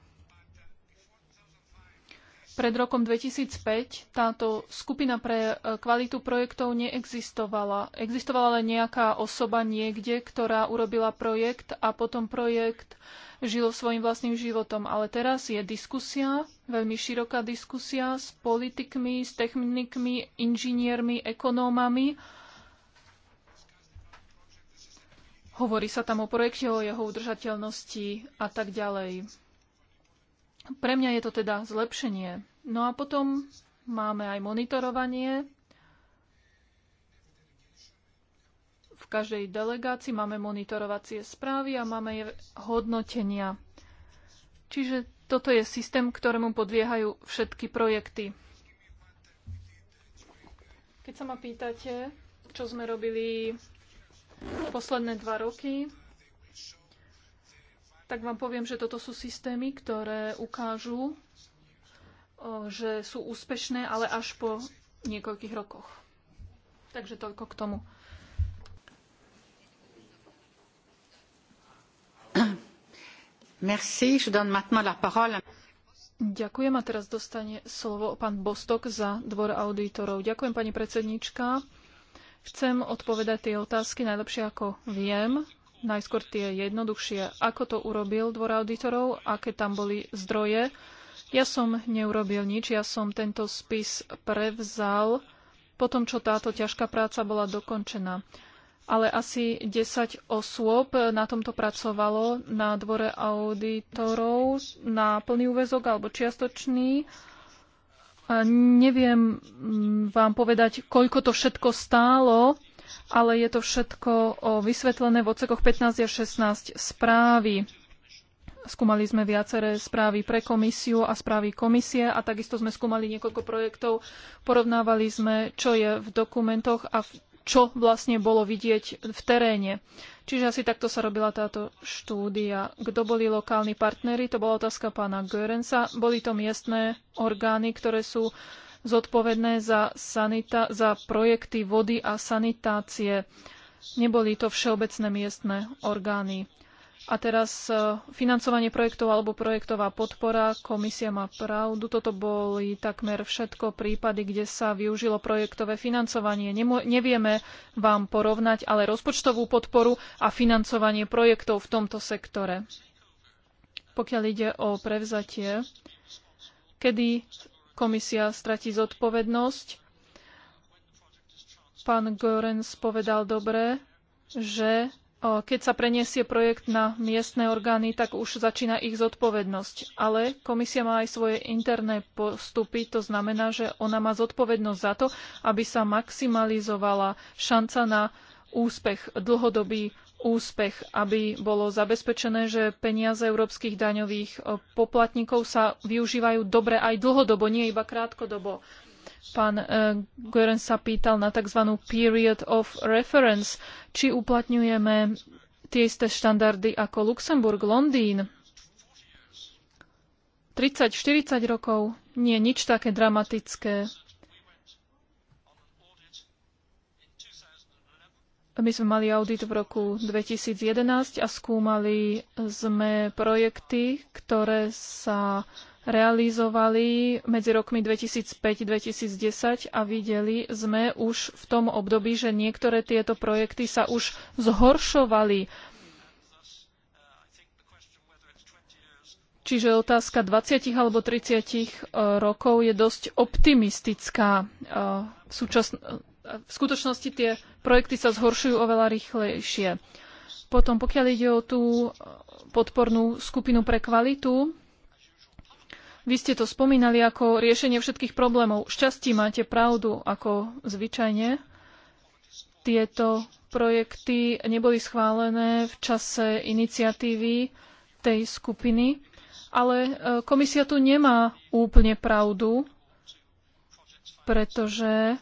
Pred rokom 2005 táto skupina pre e, kvalitu projektov neexistovala. Existovala len nejaká osoba niekde, ktorá urobila projekt a potom projekt žil svojim vlastným životom. Ale teraz je diskusia, veľmi široká diskusia s politikmi, s technikmi, inžiniermi, ekonómami Hovorí sa tam o projekte, o jeho udržateľnosti a tak ďalej. Pre mňa je to teda zlepšenie. No a potom máme aj monitorovanie. V každej delegácii máme monitorovacie správy a máme hodnotenia. Čiže toto je systém, ktorému podviehajú všetky projekty. Keď sa ma pýtate, čo sme robili posledné dva roky, tak vám poviem, že toto sú systémy, ktoré ukážu, že sú úspešné, ale až po niekoľkých rokoch. Takže toľko k tomu. Merci, je donne maintenant la parole. Ďakujem a teraz dostane slovo pán Bostok za dvor auditorov. Ďakujem pani predsednička. Chcem odpovedať tie otázky najlepšie, ako viem. Najskôr tie jednoduchšie. Ako to urobil dvor auditorov? Aké tam boli zdroje? Ja som neurobil nič. Ja som tento spis prevzal po tom, čo táto ťažká práca bola dokončená. Ale asi 10 osôb na tomto pracovalo na dvore auditorov na plný úvezok alebo čiastočný. Neviem mm, vám povedať, koľko to všetko stálo, ale je to všetko vysvetlené v odsekoch 15 a 16 správy. Skúmali sme viaceré správy pre komisiu a správy komisie a takisto sme skúmali niekoľko projektov. Porovnávali sme, čo je v dokumentoch a čo vlastne bolo vidieť v teréne. Čiže asi takto sa robila táto štúdia. Kto boli lokálni partnery? To bola otázka pána Görensa. Boli to miestne orgány, ktoré sú zodpovedné za, sanita- za projekty vody a sanitácie. Neboli to všeobecné miestne orgány. A teraz e, financovanie projektov alebo projektová podpora. Komisia má pravdu. Toto boli takmer všetko prípady, kde sa využilo projektové financovanie. Nemo nevieme vám porovnať, ale rozpočtovú podporu a financovanie projektov v tomto sektore. Pokiaľ ide o prevzatie, kedy komisia stratí zodpovednosť, pán Goerens povedal dobre, že keď sa preniesie projekt na miestne orgány, tak už začína ich zodpovednosť. Ale komisia má aj svoje interné postupy, to znamená, že ona má zodpovednosť za to, aby sa maximalizovala šanca na úspech, dlhodobý úspech, aby bolo zabezpečené, že peniaze európskych daňových poplatníkov sa využívajú dobre aj dlhodobo, nie iba krátkodobo. Pán eh, Gören sa pýtal na tzv. period of reference, či uplatňujeme tie isté štandardy ako Luxemburg, Londýn. 30-40 rokov nie nič také dramatické. My sme mali audit v roku 2011 a skúmali sme projekty, ktoré sa uh, realizovali medzi rokmi 2005-2010 a videli sme už v tom období, že niektoré tieto projekty sa už zhoršovali. Čiže otázka 20 alebo 30 e, rokov je dosť optimistická. E, v, súčasn- e, v skutočnosti tie projekty sa zhoršujú oveľa rýchlejšie. Potom, pokiaľ ide o tú podpornú skupinu pre kvalitu, vy ste to spomínali ako riešenie všetkých problémov. Šťastí máte pravdu, ako zvyčajne. Tieto projekty neboli schválené v čase iniciatívy tej skupiny, ale e, komisia tu nemá úplne pravdu, pretože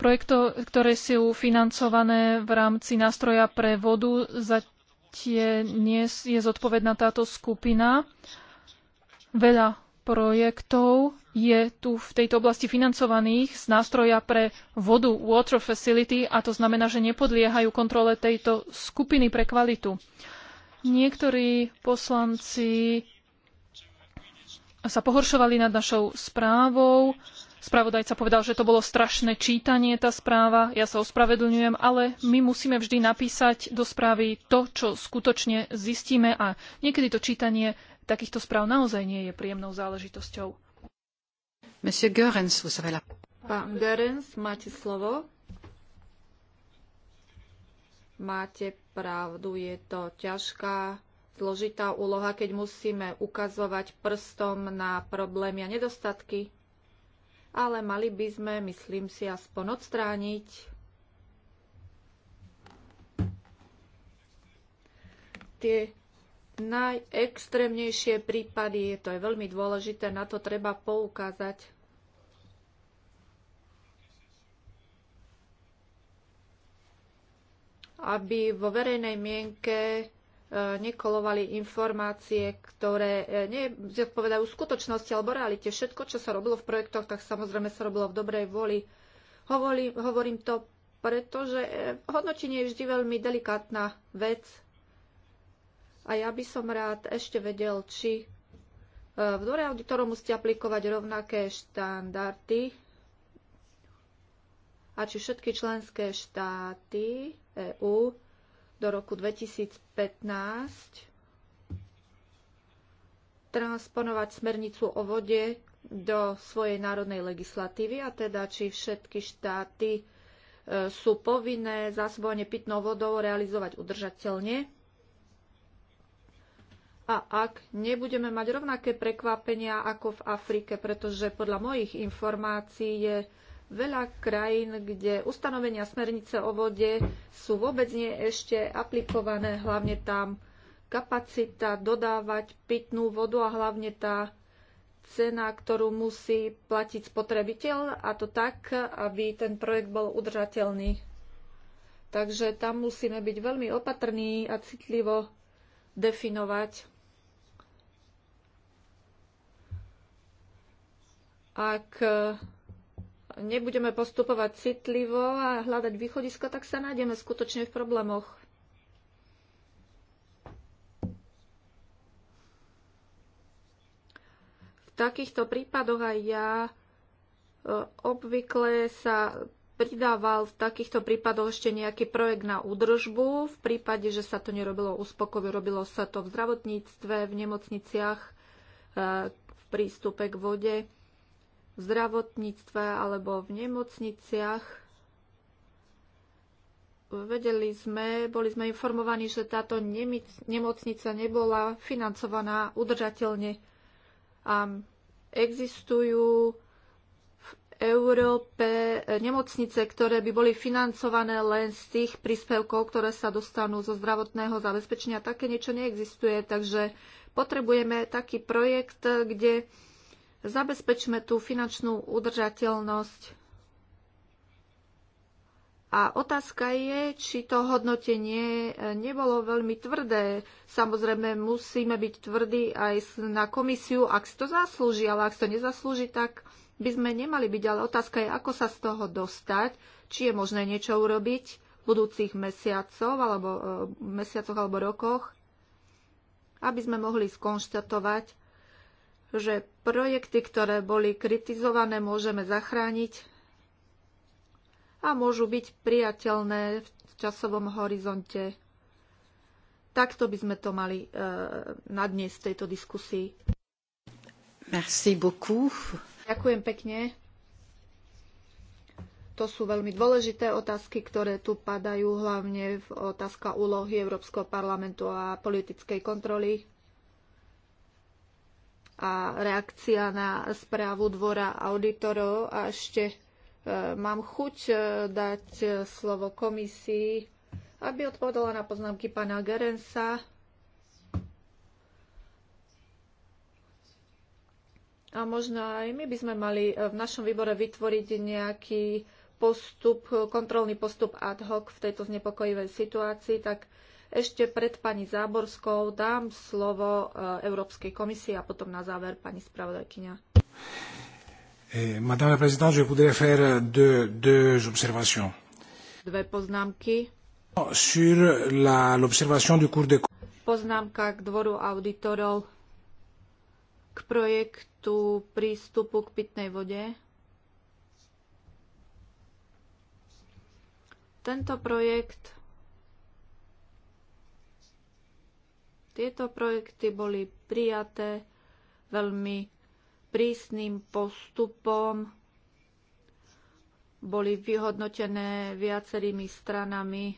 projekty, ktoré sú financované v rámci nástroja pre vodu, za tie nie je zodpovedná táto skupina. Veľa projektov je tu v tejto oblasti financovaných z nástroja pre vodu Water Facility a to znamená, že nepodliehajú kontrole tejto skupiny pre kvalitu. Niektorí poslanci sa pohoršovali nad našou správou. Spravodajca povedal, že to bolo strašné čítanie, tá správa. Ja sa ospravedlňujem, ale my musíme vždy napísať do správy to, čo skutočne zistíme a niekedy to čítanie takýchto správ naozaj nie je príjemnou záležitosťou. Monsieur Görens, vous avez la... Pán Görens, máte slovo. Máte pravdu, je to ťažká, zložitá úloha, keď musíme ukazovať prstom na problémy a nedostatky. Ale mali by sme, myslím si, aspoň odstrániť tie najextrémnejšie prípady, to je veľmi dôležité, na to treba poukázať. aby vo verejnej mienke e, nekolovali informácie, ktoré e, nezodpovedajú skutočnosti alebo realite. Všetko, čo sa robilo v projektoch, tak samozrejme sa robilo v dobrej voli. hovorím to, pretože e, hodnotenie je vždy veľmi delikátna vec a ja by som rád ešte vedel, či e, v dvore auditorov musíte aplikovať rovnaké štandardy a či všetky členské štáty EÚ do roku 2015 transponovať smernicu o vode do svojej národnej legislatívy a teda či všetky štáty e, sú povinné zásobovanie pitnou vodou realizovať udržateľne a ak nebudeme mať rovnaké prekvapenia ako v Afrike, pretože podľa mojich informácií je veľa krajín, kde ustanovenia smernice o vode sú vôbec nie ešte aplikované, hlavne tam kapacita dodávať pitnú vodu a hlavne tá cena, ktorú musí platiť spotrebiteľ a to tak, aby ten projekt bol udržateľný. Takže tam musíme byť veľmi opatrní a citlivo definovať Ak e, nebudeme postupovať citlivo a hľadať východisko, tak sa nájdeme skutočne v problémoch. V takýchto prípadoch aj ja e, obvykle sa pridával v takýchto prípadoch ešte nejaký projekt na údržbu. V prípade, že sa to nerobilo uspokojivo, robilo sa to v zdravotníctve, v nemocniciach, e, v prístupe k vode v zdravotníctve alebo v nemocniciach vedeli sme, boli sme informovaní, že táto nemocnica nebola financovaná udržateľne. A existujú v Európe nemocnice, ktoré by boli financované len z tých príspevkov, ktoré sa dostanú zo zdravotného zabezpečenia. Také niečo neexistuje, takže potrebujeme taký projekt, kde Zabezpečme tú finančnú udržateľnosť. A otázka je, či to hodnotenie nebolo veľmi tvrdé. Samozrejme, musíme byť tvrdí aj na komisiu, ak si to zaslúži, ale ak si to nezaslúži, tak by sme nemali byť. Ale otázka je, ako sa z toho dostať, či je možné niečo urobiť v budúcich mesiacov alebo, e, mesiacoch alebo rokoch, aby sme mohli skonštatovať, že projekty, ktoré boli kritizované, môžeme zachrániť a môžu byť priateľné v časovom horizonte. Takto by sme to mali e, dnes v tejto diskusii. Merci beaucoup. Ďakujem pekne. To sú veľmi dôležité otázky, ktoré tu padajú, hlavne v otázka úlohy Európskeho parlamentu a politickej kontroly a reakcia na správu dvora auditorov a ešte e, mám chuť e, dať e, slovo komisii, aby odpovedala na poznámky pána Gerensa. A možno aj my by sme mali v našom výbore vytvoriť nejaký postup, kontrolný postup ad hoc v tejto znepokojivej situácii, tak ešte pred pani Záborskou dám slovo e, Európskej komisii a potom na záver pani spravodajkyňa. E, madame la Présidente, je voudrais faire deux, deux observations. Dve poznámky. Sur l'observation du cours de... Poznámka k dvoru auditorov k projektu prístupu k pitnej vode. Tento projekt Tieto projekty boli prijaté veľmi prísnym postupom, boli vyhodnotené viacerými stranami,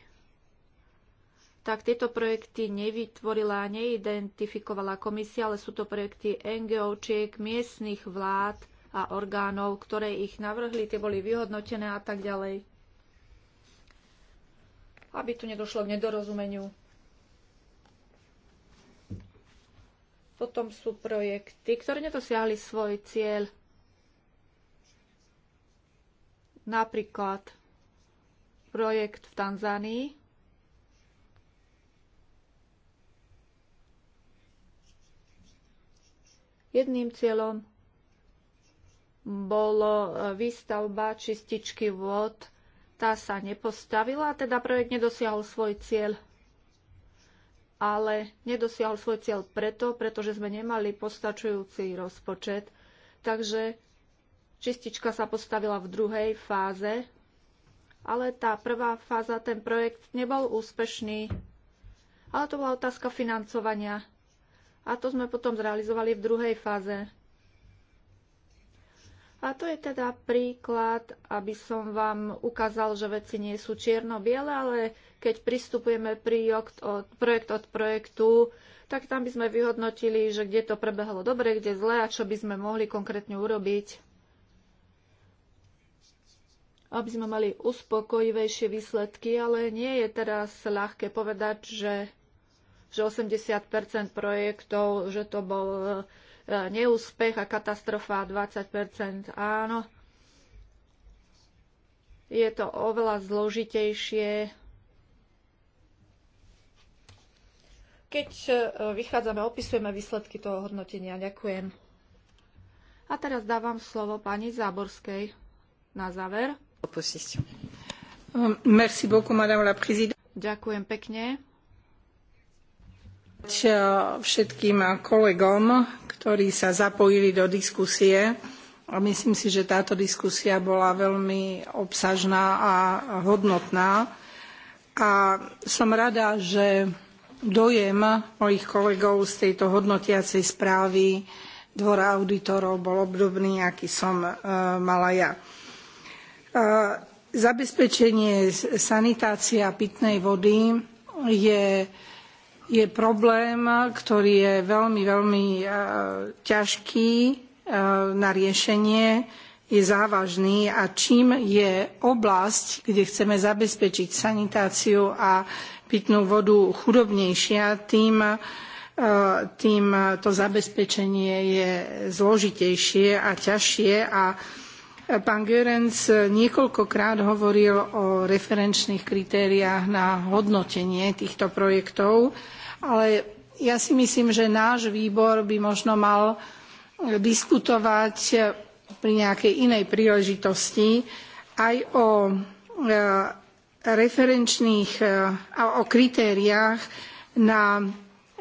tak tieto projekty nevytvorila a neidentifikovala komisia, ale sú to projekty NGOčiek, miestnych vlád a orgánov, ktoré ich navrhli, tie boli vyhodnotené a tak ďalej. Aby tu nedošlo k nedorozumeniu. Potom sú projekty, ktoré nedosiahli svoj cieľ. Napríklad projekt v Tanzánii, Jedným cieľom bolo e, výstavba čističky vôd. Tá sa nepostavila, teda projekt nedosiahol svoj cieľ ale nedosiahol svoj cieľ preto, pretože sme nemali postačujúci rozpočet. Takže čistička sa postavila v druhej fáze, ale tá prvá fáza, ten projekt nebol úspešný, ale to bola otázka financovania. A to sme potom zrealizovali v druhej fáze. A to je teda príklad, aby som vám ukázal, že veci nie sú čierno-biele, ale keď pristupujeme projekt od, projekt od projektu, tak tam by sme vyhodnotili, že kde to prebehlo dobre, kde zle a čo by sme mohli konkrétne urobiť, aby sme mali uspokojivejšie výsledky, ale nie je teraz ľahké povedať, že, že 80 projektov, že to bol e, neúspech a katastrofa 20 Áno, je to oveľa zložitejšie keď e, vychádzame, opisujeme výsledky toho hodnotenia. Ďakujem. A teraz dávam slovo pani Záborskej na záver. Um, merci beaucoup, madame la présidente. Ďakujem pekne. Všetkým kolegom, ktorí sa zapojili do diskusie. A myslím si, že táto diskusia bola veľmi obsažná a hodnotná. A som rada, že dojem mojich kolegov z tejto hodnotiacej správy dvora auditorov bol obdobný, aký som e, mala ja. E, zabezpečenie a pitnej vody je, je problém, ktorý je veľmi, veľmi e, ťažký na riešenie, je závažný a čím je oblasť, kde chceme zabezpečiť sanitáciu a pitnú vodu chudobnejšia, tým, e, tým to zabezpečenie je zložitejšie a ťažšie a Pán Goerens niekoľkokrát hovoril o referenčných kritériách na hodnotenie týchto projektov, ale ja si myslím, že náš výbor by možno mal diskutovať pri nejakej inej príležitosti aj o e, referenčných e, a o kritériách na,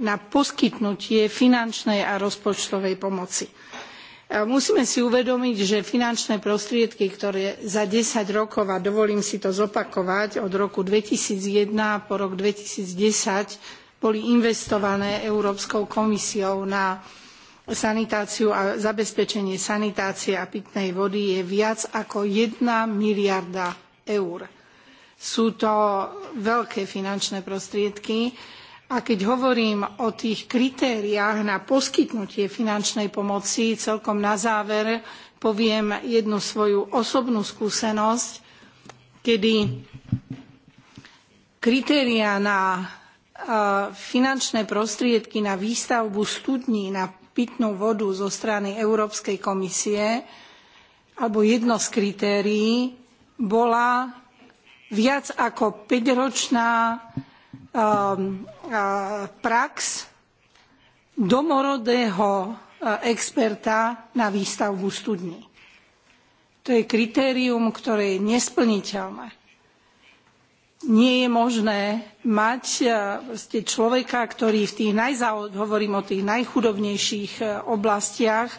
na poskytnutie finančnej a rozpočtovej pomoci. E, musíme si uvedomiť, že finančné prostriedky, ktoré za 10 rokov, a dovolím si to zopakovať, od roku 2001 po rok 2010 boli investované Európskou komisiou na sanitáciu a zabezpečenie sanitácie a pitnej vody je viac ako jedna miliarda eur sú to veľké finančné prostriedky a keď hovorím o tých kritériách na poskytnutie finančnej pomoci, celkom na záver poviem jednu svoju osobnú skúsenosť, kedy kritériá na e, finančné prostriedky na výstavbu studní na pitnú vodu zo strany Európskej komisie alebo jedno z kritérií bola viac ako päťročná um, prax domorodého experta na výstavbu studní. To je kritérium, ktoré je nesplniteľné. Nie je možné mať človeka, ktorý v tých hovorím o tých najchudobnejších oblastiach,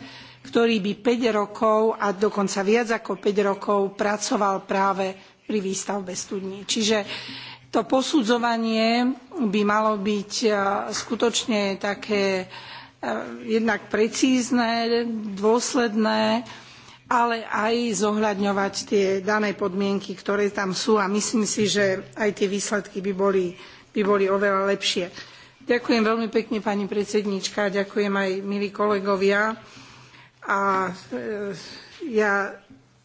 ktorý by 5 rokov a dokonca viac ako 5 rokov pracoval práve pri výstavbe studní. Čiže to posudzovanie by malo byť e, skutočne také e, jednak precízne, dôsledné, ale aj zohľadňovať tie dané podmienky, ktoré tam sú a myslím si, že aj tie výsledky by boli, by boli oveľa lepšie. Ďakujem veľmi pekne pani predsedníčka, ďakujem aj milí kolegovia a e, ja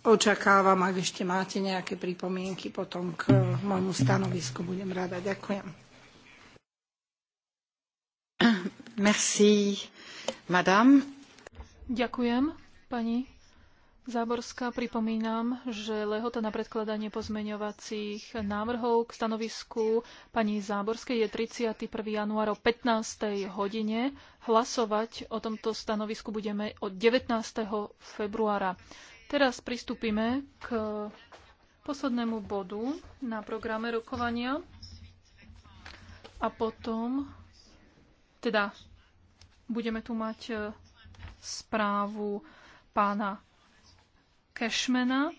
očakávam, ak ešte máte nejaké pripomienky potom k eh, môjmu stanovisku, budem rada. Ďakujem. Merci, madame. Ďakujem, pani Záborská. Pripomínam, že lehota na predkladanie pozmeňovacích návrhov k stanovisku pani Záborskej je 31. január o 15. hodine. Hlasovať o tomto stanovisku budeme od 19. februára. Teraz pristúpime k poslednému bodu na programe rokovania a potom teda budeme tu mať e, správu pána Cashmana,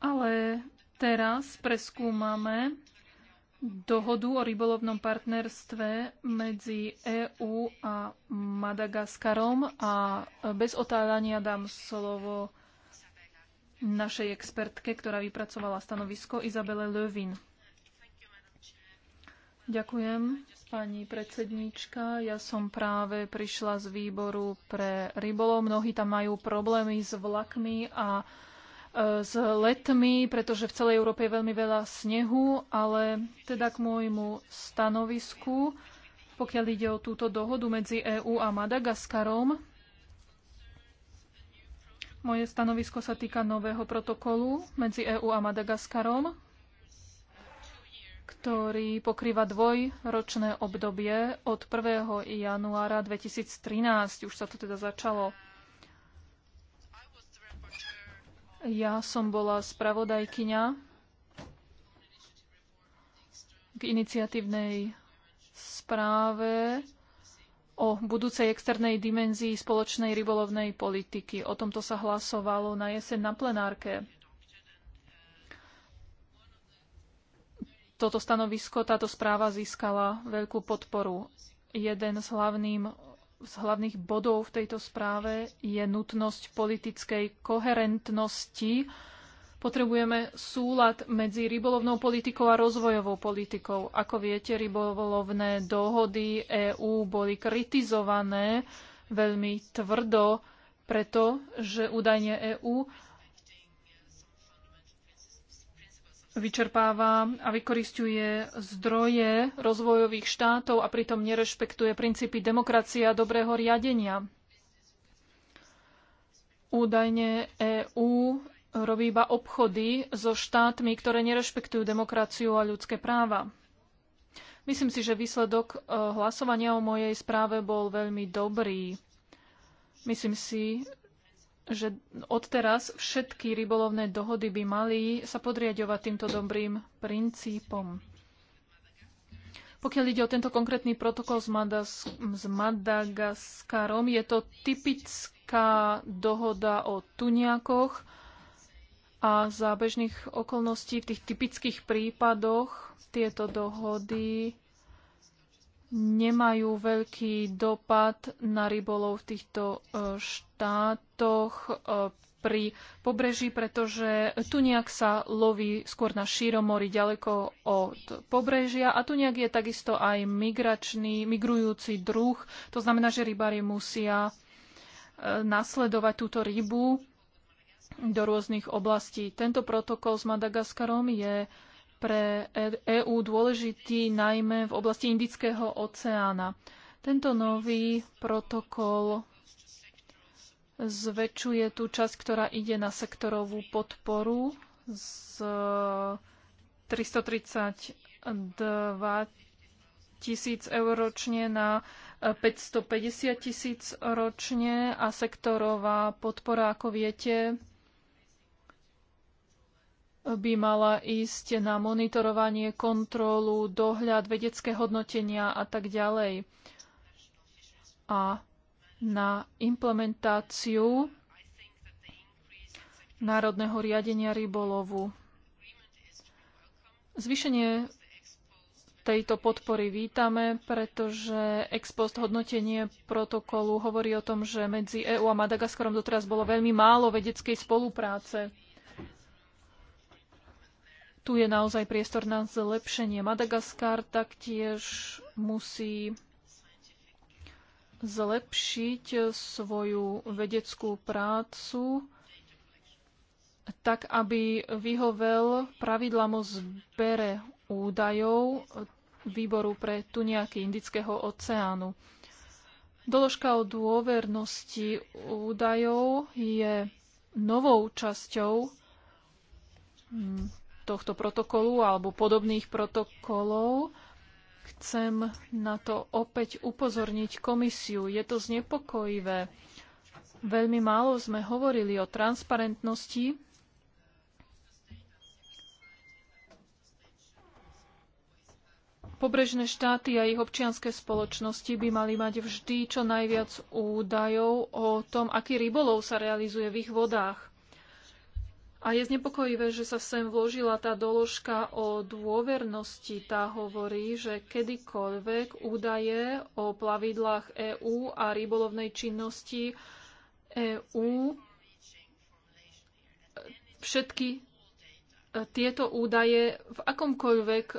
ale teraz preskúmame dohodu o rybolovnom partnerstve medzi EÚ a Madagaskarom a bez otáľania dám slovo našej expertke, ktorá vypracovala stanovisko Izabele Lövin. Ďakujem, pani predsedníčka. Ja som práve prišla z výboru pre rybolov. Mnohí tam majú problémy s vlakmi a s letmi, pretože v celej Európe je veľmi veľa snehu, ale teda k môjmu stanovisku, pokiaľ ide o túto dohodu medzi EÚ a Madagaskarom, moje stanovisko sa týka nového protokolu medzi EÚ a Madagaskarom, ktorý pokrýva dvojročné obdobie od 1. januára 2013. Už sa to teda začalo. Ja som bola spravodajkyňa k iniciatívnej správe o budúcej externej dimenzii spoločnej rybolovnej politiky. O tomto sa hlasovalo na jeseň na plenárke. Toto stanovisko, táto správa získala veľkú podporu. Jeden z hlavným z hlavných bodov v tejto správe je nutnosť politickej koherentnosti. Potrebujeme súlad medzi rybolovnou politikou a rozvojovou politikou. Ako viete, rybolovné dohody EÚ boli kritizované veľmi tvrdo, pretože údajne EÚ vyčerpáva a vykoristuje zdroje rozvojových štátov a pritom nerešpektuje princípy demokracie a dobrého riadenia. Údajne EÚ robí iba obchody so štátmi, ktoré nerešpektujú demokraciu a ľudské práva. Myslím si, že výsledok eh, hlasovania o mojej správe bol veľmi dobrý. Myslím si, že odteraz všetky rybolovné dohody by mali sa podriadovať týmto dobrým princípom. Pokiaľ ide o tento konkrétny protokol s, Madagaskarom, je to typická dohoda o tuniakoch a za bežných okolností v tých typických prípadoch tieto dohody nemajú veľký dopad na rybolov v týchto e, štátoch e, pri pobreží, pretože tu nejak sa loví skôr na šíromori ďaleko od pobrežia a tu nejak je takisto aj migračný, migrujúci druh. To znamená, že rybári musia e, nasledovať túto rybu do rôznych oblastí. Tento protokol s Madagaskarom je pre EÚ e dôležitý najmä v oblasti Indického oceána. Tento nový protokol zväčšuje tú časť, ktorá ide na sektorovú podporu z 332 tisíc eur ročne na 550 tisíc ročne a sektorová podpora, ako viete, by mala ísť na monitorovanie, kontrolu, dohľad, vedecké hodnotenia a tak ďalej. A na implementáciu národného riadenia rybolovu. Zvýšenie tejto podpory vítame, pretože ex post hodnotenie protokolu hovorí o tom, že medzi EÚ a Madagaskarom doteraz bolo veľmi málo vedeckej spolupráce. Tu je naozaj priestor na zlepšenie. Madagaskar taktiež musí zlepšiť svoju vedeckú prácu tak, aby vyhovel pravidlám o zbere údajov výboru pre tuniaky Indického oceánu. Doložka o dôvernosti údajov je novou časťou hm, tohto protokolu alebo podobných protokolov. Chcem na to opäť upozorniť komisiu. Je to znepokojivé. Veľmi málo sme hovorili o transparentnosti Pobrežné štáty a ich občianske spoločnosti by mali mať vždy čo najviac údajov o tom, aký rybolov sa realizuje v ich vodách. A je znepokojivé, že sa sem vložila tá doložka o dôvernosti. Tá hovorí, že kedykoľvek údaje o plavidlách EÚ a rybolovnej činnosti EÚ všetky e, tieto údaje v akomkoľvek e,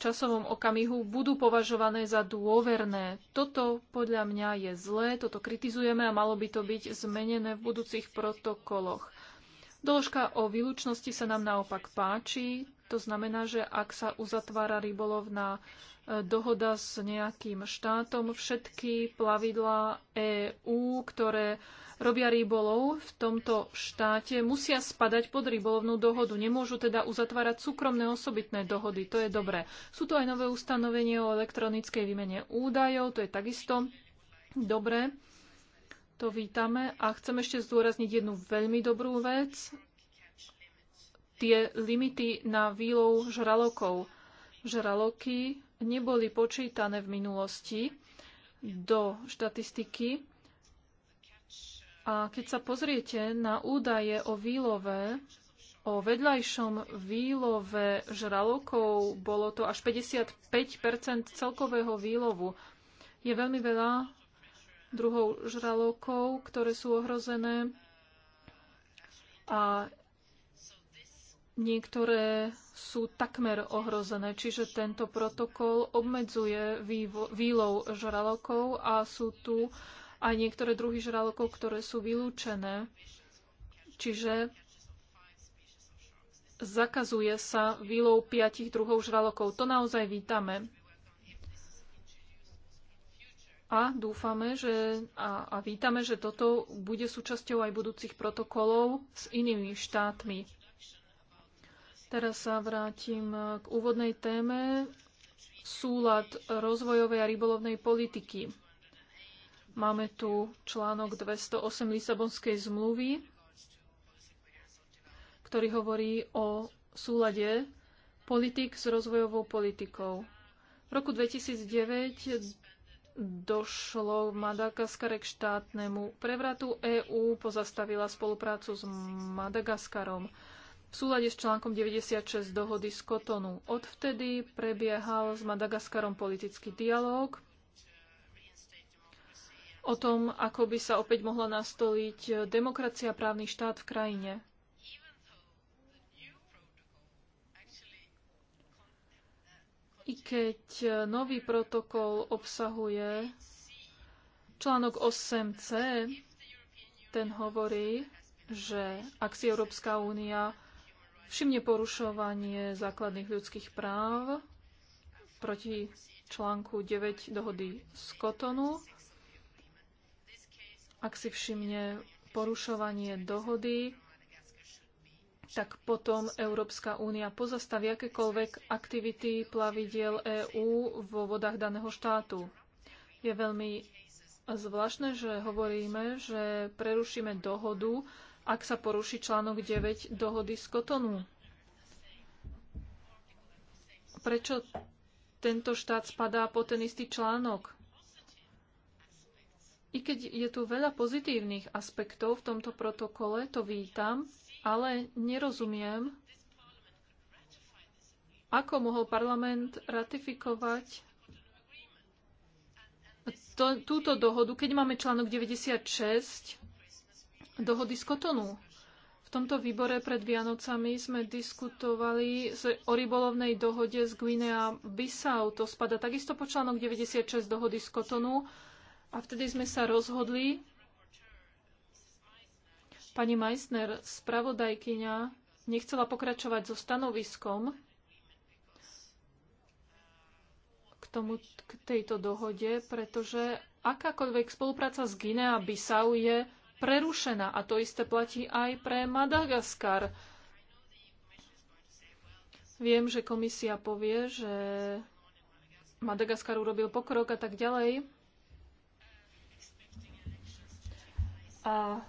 časovom okamihu budú považované za dôverné. Toto podľa mňa je zlé, toto kritizujeme a malo by to byť zmenené v budúcich protokoloch. Doložka o výlučnosti sa nám naopak páči. To znamená, že ak sa uzatvára rybolovná e, dohoda s nejakým štátom, všetky plavidlá EÚ, ktoré robia rybolov v tomto štáte, musia spadať pod rybolovnú dohodu. Nemôžu teda uzatvárať súkromné osobitné dohody. To je dobré. Sú to aj nové ustanovenie o elektronickej výmene údajov. To je takisto dobré. To vítame a chcem ešte zdôrazniť jednu veľmi dobrú vec. Tie limity na výlov žralokov. Žraloky neboli počítané v minulosti do štatistiky. A keď sa pozriete na údaje o výlove, o vedľajšom výlove žralokov, bolo to až 55 celkového výlovu. Je veľmi veľa druhou žralokov, ktoré sú ohrozené a niektoré sú takmer ohrozené, čiže tento protokol obmedzuje vývo- výlov žralokov a sú tu aj niektoré druhy žralokov, ktoré sú vylúčené. Čiže zakazuje sa výlov piatich druhov žralokov. To naozaj vítame a dúfame, že, a, a vítame, že toto bude súčasťou aj budúcich protokolov s inými štátmi. Teraz sa vrátim k úvodnej téme súlad rozvojovej a rybolovnej politiky. Máme tu článok 208 Lisabonskej zmluvy, ktorý hovorí o súlade politik s rozvojovou politikou. V roku 2009 došlo v Madagaskare k štátnemu prevratu. EÚ pozastavila spoluprácu s Madagaskarom v súlade s článkom 96 dohody z Kotonu. Odvtedy prebiehal s Madagaskarom politický dialog o tom, ako by sa opäť mohla nastoliť demokracia a právny štát v krajine. i keď e, nový protokol obsahuje článok 8c, ten hovorí, že ak si Európska únia všimne porušovanie základných ľudských práv proti článku 9 dohody z Kotonu, ak si všimne porušovanie dohody tak potom Európska únia pozastaví akékoľvek aktivity plavidiel EÚ vo vodách daného štátu. Je veľmi zvláštne, že hovoríme, že prerušíme dohodu, ak sa poruší článok 9 dohody z Kotonu. Prečo tento štát spadá po ten istý článok? I keď je tu veľa pozitívnych aspektov v tomto protokole, to vítam, ale nerozumiem, ako mohol parlament ratifikovať to, túto dohodu, keď máme článok 96 dohody z Kotonu. V tomto výbore pred Vianocami sme diskutovali o rybolovnej dohode z Guinea Bissau. To spada takisto po článok 96 dohody z Kotonu. A vtedy sme sa rozhodli, Pani Meissner, spravodajkyňa, nechcela pokračovať so stanoviskom k, tomu, k tejto dohode, pretože akákoľvek spolupráca s Guinea Bissau je prerušená a to isté platí aj pre Madagaskar. Viem, že komisia povie, že Madagaskar urobil pokrok a tak ďalej. A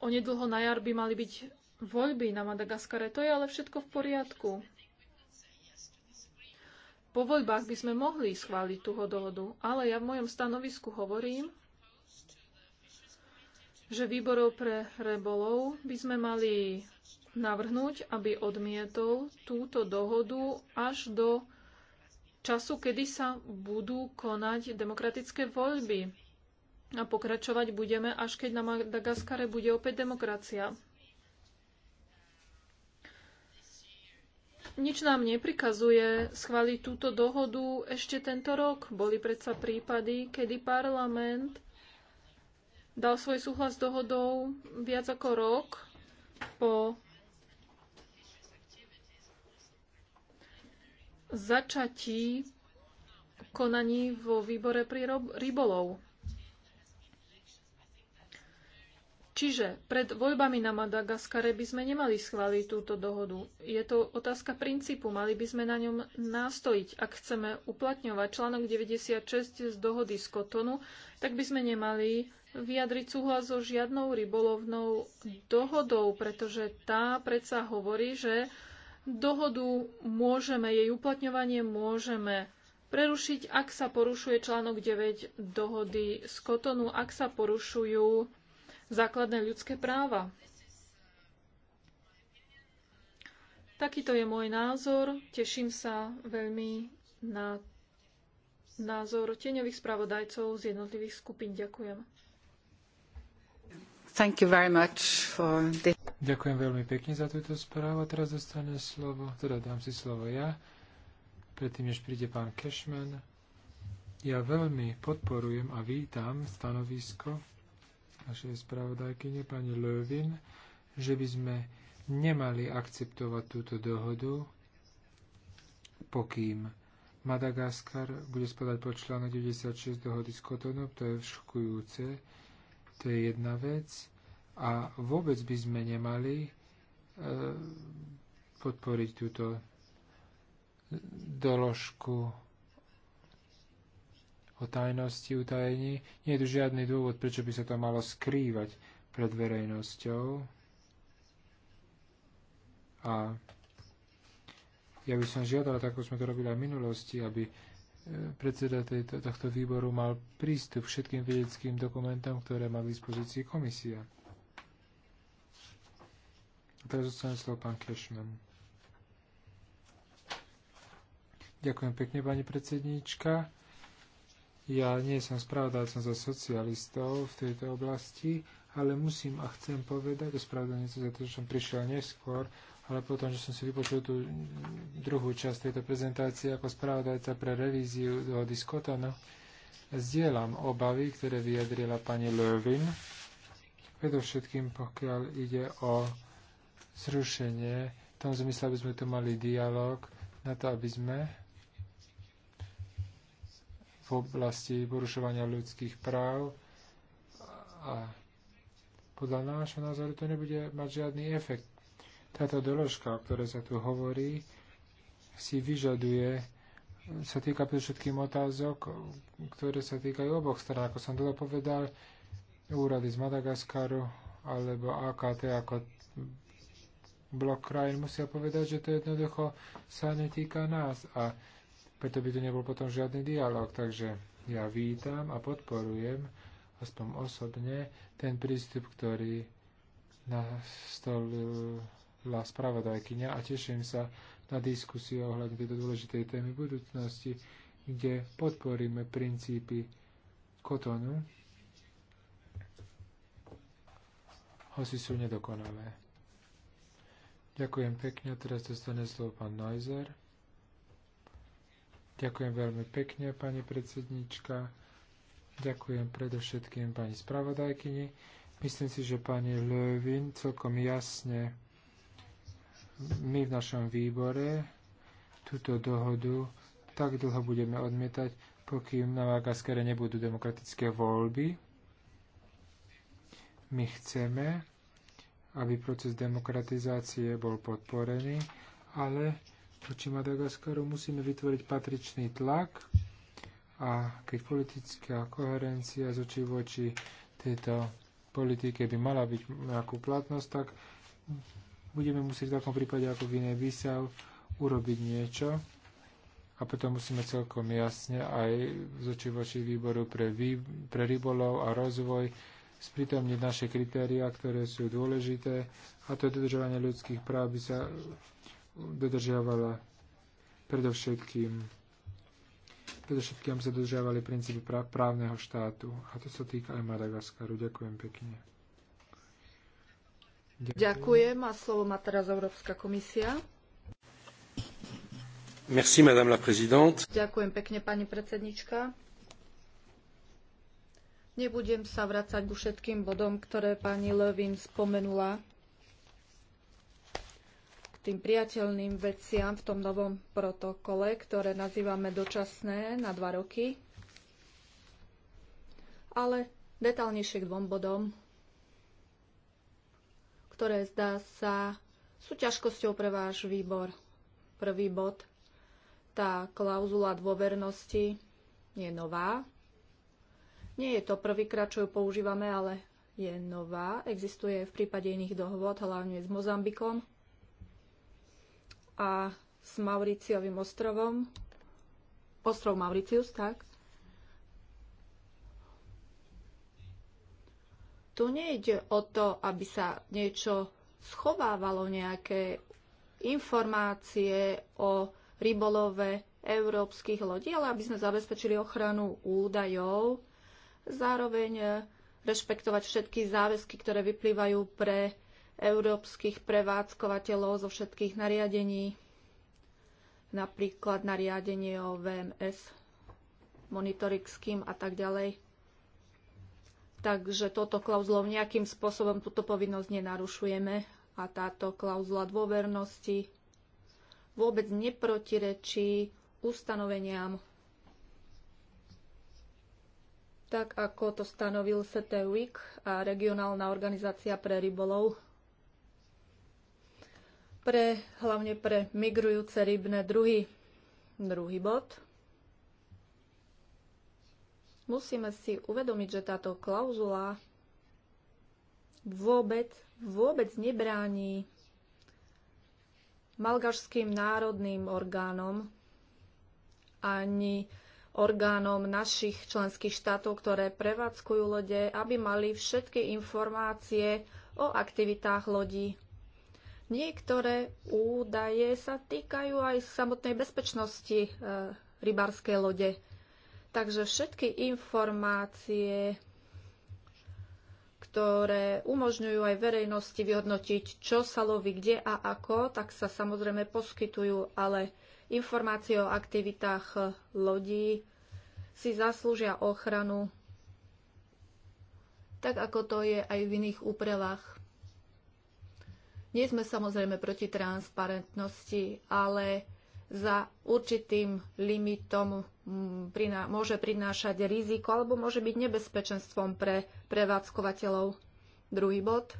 Onedlho na jar by mali byť voľby na Madagaskare. To je ale všetko v poriadku. Po voľbách by sme mohli schváliť túho dohodu, ale ja v mojom stanovisku hovorím, že výborov pre rebolov by sme mali navrhnúť, aby odmietol túto dohodu až do času, kedy sa budú konať demokratické voľby. A pokračovať budeme, až keď na Madagaskare bude opäť demokracia. Nič nám neprikazuje schváliť túto dohodu ešte tento rok. Boli predsa prípady, kedy parlament dal svoj súhlas s dohodou viac ako rok po začatí konaní vo výbore pri rybolov. Čiže pred voľbami na Madagaskare by sme nemali schváliť túto dohodu. Je to otázka princípu, mali by sme na ňom nástojiť. Ak chceme uplatňovať článok 96 z dohody z Kotonu, tak by sme nemali vyjadriť súhlas so žiadnou rybolovnou dohodou, pretože tá predsa hovorí, že dohodu môžeme, jej uplatňovanie môžeme prerušiť, ak sa porušuje článok 9 dohody z Kotonu, ak sa porušujú základné ľudské práva. Takýto je môj názor. Teším sa veľmi na názor tieňových spravodajcov z jednotlivých skupín. Ďakujem. Thank you very much for this. Ďakujem veľmi pekne za túto správu. Teraz dostane slovo, teda dám si slovo ja, predtým, než príde pán Cashman. Ja veľmi podporujem a vítam stanovisko našej spravodajkyne pani Lövin, že by sme nemali akceptovať túto dohodu, pokým Madagaskar bude spadať pod článok 96 dohody s Kotonom, to je šokujúce, to je jedna vec. A vôbec by sme nemali e, podporiť túto doložku o tajnosti utajení, nie je tu žiadny dôvod, prečo by sa to malo skrývať pred verejnosťou. A ja by som žiadala, tak ako sme to robili aj v minulosti, aby e, predseda tejto, tohto výboru mal prístup k všetkým vedeckým dokumentom, ktoré má k dispozícii komisia. A teraz zostane slovo pán Kešman. Ďakujem pekne, pani predsedníčka. Ja nie som spravodajcom za socialistov v tejto oblasti, ale musím a chcem povedať, ospravedlňujem sa za to, že som prišiel neskôr, ale potom, že som si vypočul tú druhú časť tejto prezentácie ako spravodajca pre revíziu dohody z Kotonu, zdieľam obavy, ktoré vyjadrila pani Lövin, predovšetkým pokiaľ ide o zrušenie, v tom zmysle, aby sme tu mali dialog na to, aby sme v oblasti porušovania ľudských práv a podľa nášho názoru to nebude mať žiadny efekt. Táto doložka, o ktorej sa tu hovorí, si vyžaduje, sa týka všetkým otázok, ktoré sa týkajú oboch stran, Ako som dlho povedal, úrady z Madagaskaru alebo AKT ako blok krajín musia povedať, že to jednoducho sa netýka nás. A preto by tu nebol potom žiadny dialog. Takže ja vítam a podporujem, aspoň osobne, ten prístup, ktorý nastolila spravodajkynia a teším sa na diskusiu ohľadne tejto dôležitej témy budúcnosti, kde podporíme princípy kotonu, hoci sú nedokonalé. Ďakujem pekne, teraz dostane slovo pán Neuser. Ďakujem veľmi pekne, pani predsednička. Ďakujem predovšetkým pani spravodajkyni. Myslím si, že pani Lövin celkom jasne my v našom výbore túto dohodu tak dlho budeme odmietať, pokým na Madagaskare nebudú demokratické voľby. My chceme, aby proces demokratizácie bol podporený, ale voči Madagaskaru, musíme vytvoriť patričný tlak a keď politická koherencia z oči voči tejto politike by mala byť nejakú platnosť, tak budeme musieť v takom prípade ako v výsav urobiť niečo a potom musíme celkom jasne aj z oči voči výboru pre, vý, pre rybolov a rozvoj sprítomniť naše kritériá, ktoré sú dôležité a to je dodržovanie ľudských práv by sa dodržiavala predovšetkým predovšetkým sa dodržiavali princípy právneho štátu. A to sa týka aj Madagaskaru. Ďakujem pekne. Ďakujem. Ďakujem a slovo má teraz Európska komisia. Merci, madame la présidente. Ďakujem pekne, pani predsednička. Nebudem sa vracať ku všetkým bodom, ktoré pani Levin spomenula tým priateľným veciam v tom novom protokole, ktoré nazývame dočasné na dva roky, ale detálnejšie k dvom bodom, ktoré zdá sa sú ťažkosťou pre váš výbor. Prvý bod, tá klauzula dôvernosti je nová. Nie je to prvýkrát, čo ju používame, ale je nová. Existuje v prípade iných dohôd, hlavne s Mozambikom a s Mauriciovým ostrovom. Ostrov Mauricius, tak. Tu nejde o to, aby sa niečo schovávalo, nejaké informácie o rybolove európskych lodí, ale aby sme zabezpečili ochranu údajov, zároveň rešpektovať všetky záväzky, ktoré vyplývajú pre európskych prevádzkovateľov zo všetkých nariadení, napríklad nariadenie o VMS, monitoring a tak ďalej. Takže toto klauzulou nejakým spôsobom túto povinnosť nenarušujeme a táto klauzula dôvernosti vôbec neprotirečí ustanoveniam tak ako to stanovil CTWIC a regionálna organizácia pre rybolov pre, hlavne pre migrujúce rybné druhy. Druhý bod. Musíme si uvedomiť, že táto klauzula vôbec, vôbec nebráni malgašským národným orgánom ani orgánom našich členských štátov, ktoré prevádzkujú lode, aby mali všetky informácie o aktivitách lodí Niektoré údaje sa týkajú aj samotnej bezpečnosti e, rybárskej lode. Takže všetky informácie, ktoré umožňujú aj verejnosti vyhodnotiť, čo sa loví, kde a ako, tak sa samozrejme poskytujú, ale informácie o aktivitách lodí si zaslúžia ochranu, tak ako to je aj v iných úprelách. Nie sme samozrejme proti transparentnosti, ale za určitým limitom mm, môže prinášať riziko alebo môže byť nebezpečenstvom pre prevádzkovateľov. Druhý bod.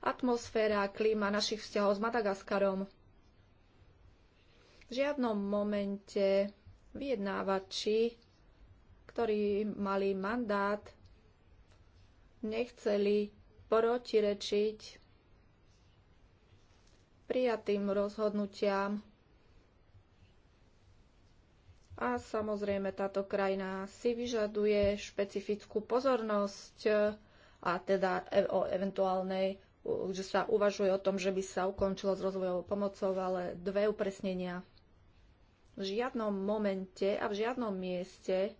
Atmosféra klíma našich vzťahov s Madagaskarom. V žiadnom momente vyjednávači, ktorí mali mandát nechceli protirečiť prijatým rozhodnutiam. A samozrejme táto krajina si vyžaduje špecifickú pozornosť a teda o eventuálnej, že sa uvažuje o tom, že by sa ukončilo s rozvojovou pomocou, ale dve upresnenia. V žiadnom momente a v žiadnom mieste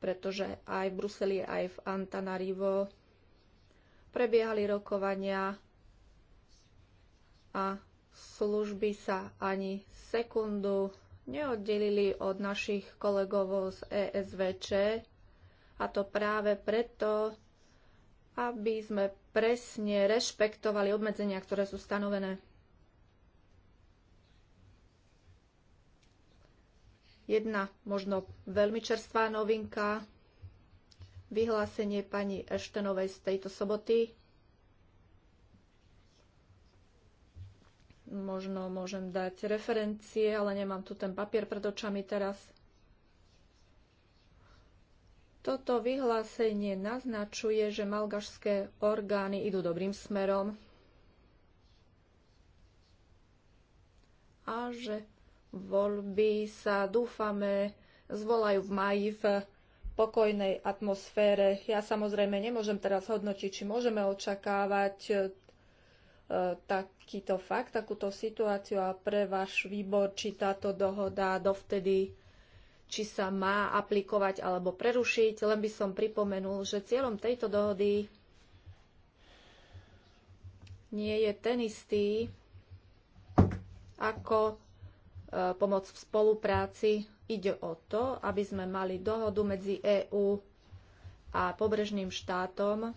pretože aj v Bruseli, aj v Antanarivo prebiehali rokovania a služby sa ani sekundu neoddelili od našich kolegov z ESVČ a to práve preto, aby sme presne rešpektovali obmedzenia, ktoré sú stanovené. Jedna možno veľmi čerstvá novinka, vyhlásenie pani Eštenovej z tejto soboty. Možno môžem dať referencie, ale nemám tu ten papier pred očami teraz. Toto vyhlásenie naznačuje, že malgašské orgány idú dobrým smerom a že Voľby sa, dúfame, zvolajú v maji v pokojnej atmosfére. Ja samozrejme nemôžem teraz hodnotiť, či môžeme očakávať e, takýto fakt, takúto situáciu a pre váš výbor, či táto dohoda dovtedy či sa má aplikovať alebo prerušiť. Len by som pripomenul, že cieľom tejto dohody nie je ten istý ako pomoc v spolupráci. Ide o to, aby sme mali dohodu medzi EÚ a pobrežným štátom,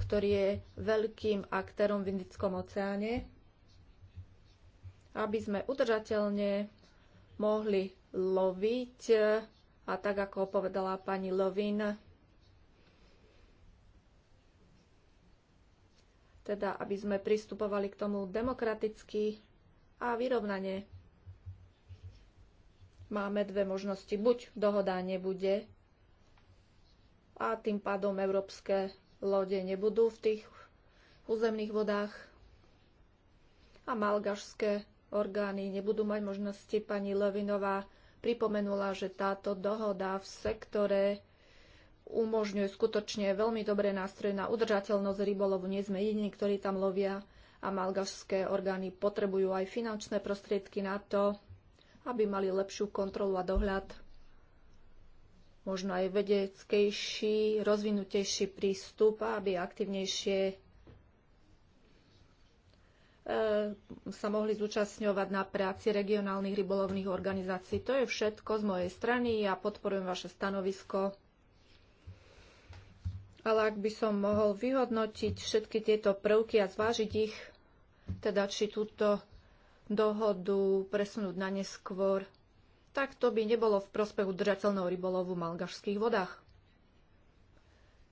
ktorý je veľkým aktérom v Indickom oceáne, aby sme udržateľne mohli loviť a tak, ako povedala pani Lovin, teda aby sme pristupovali k tomu demokraticky a vyrovnanie. Máme dve možnosti. Buď dohoda nebude a tým pádom európske lode nebudú v tých územných vodách a malgašské orgány nebudú mať možnosti. Pani Levinová pripomenula, že táto dohoda v sektore umožňuje skutočne veľmi dobré nástroje na udržateľnosť rybolovu. Nie sme jediní, ktorí tam lovia a malgašské orgány potrebujú aj finančné prostriedky na to, aby mali lepšiu kontrolu a dohľad, možno aj vedeckejší, rozvinutejší prístup, aby aktivnejšie e, sa mohli zúčastňovať na práci regionálnych rybolovných organizácií. To je všetko z mojej strany. Ja podporujem vaše stanovisko. Ale ak by som mohol vyhodnotiť všetky tieto prvky a zvážiť ich, teda či túto dohodu presunúť na neskôr, tak to by nebolo v prospech udržateľného rybolovu v malgašských vodách.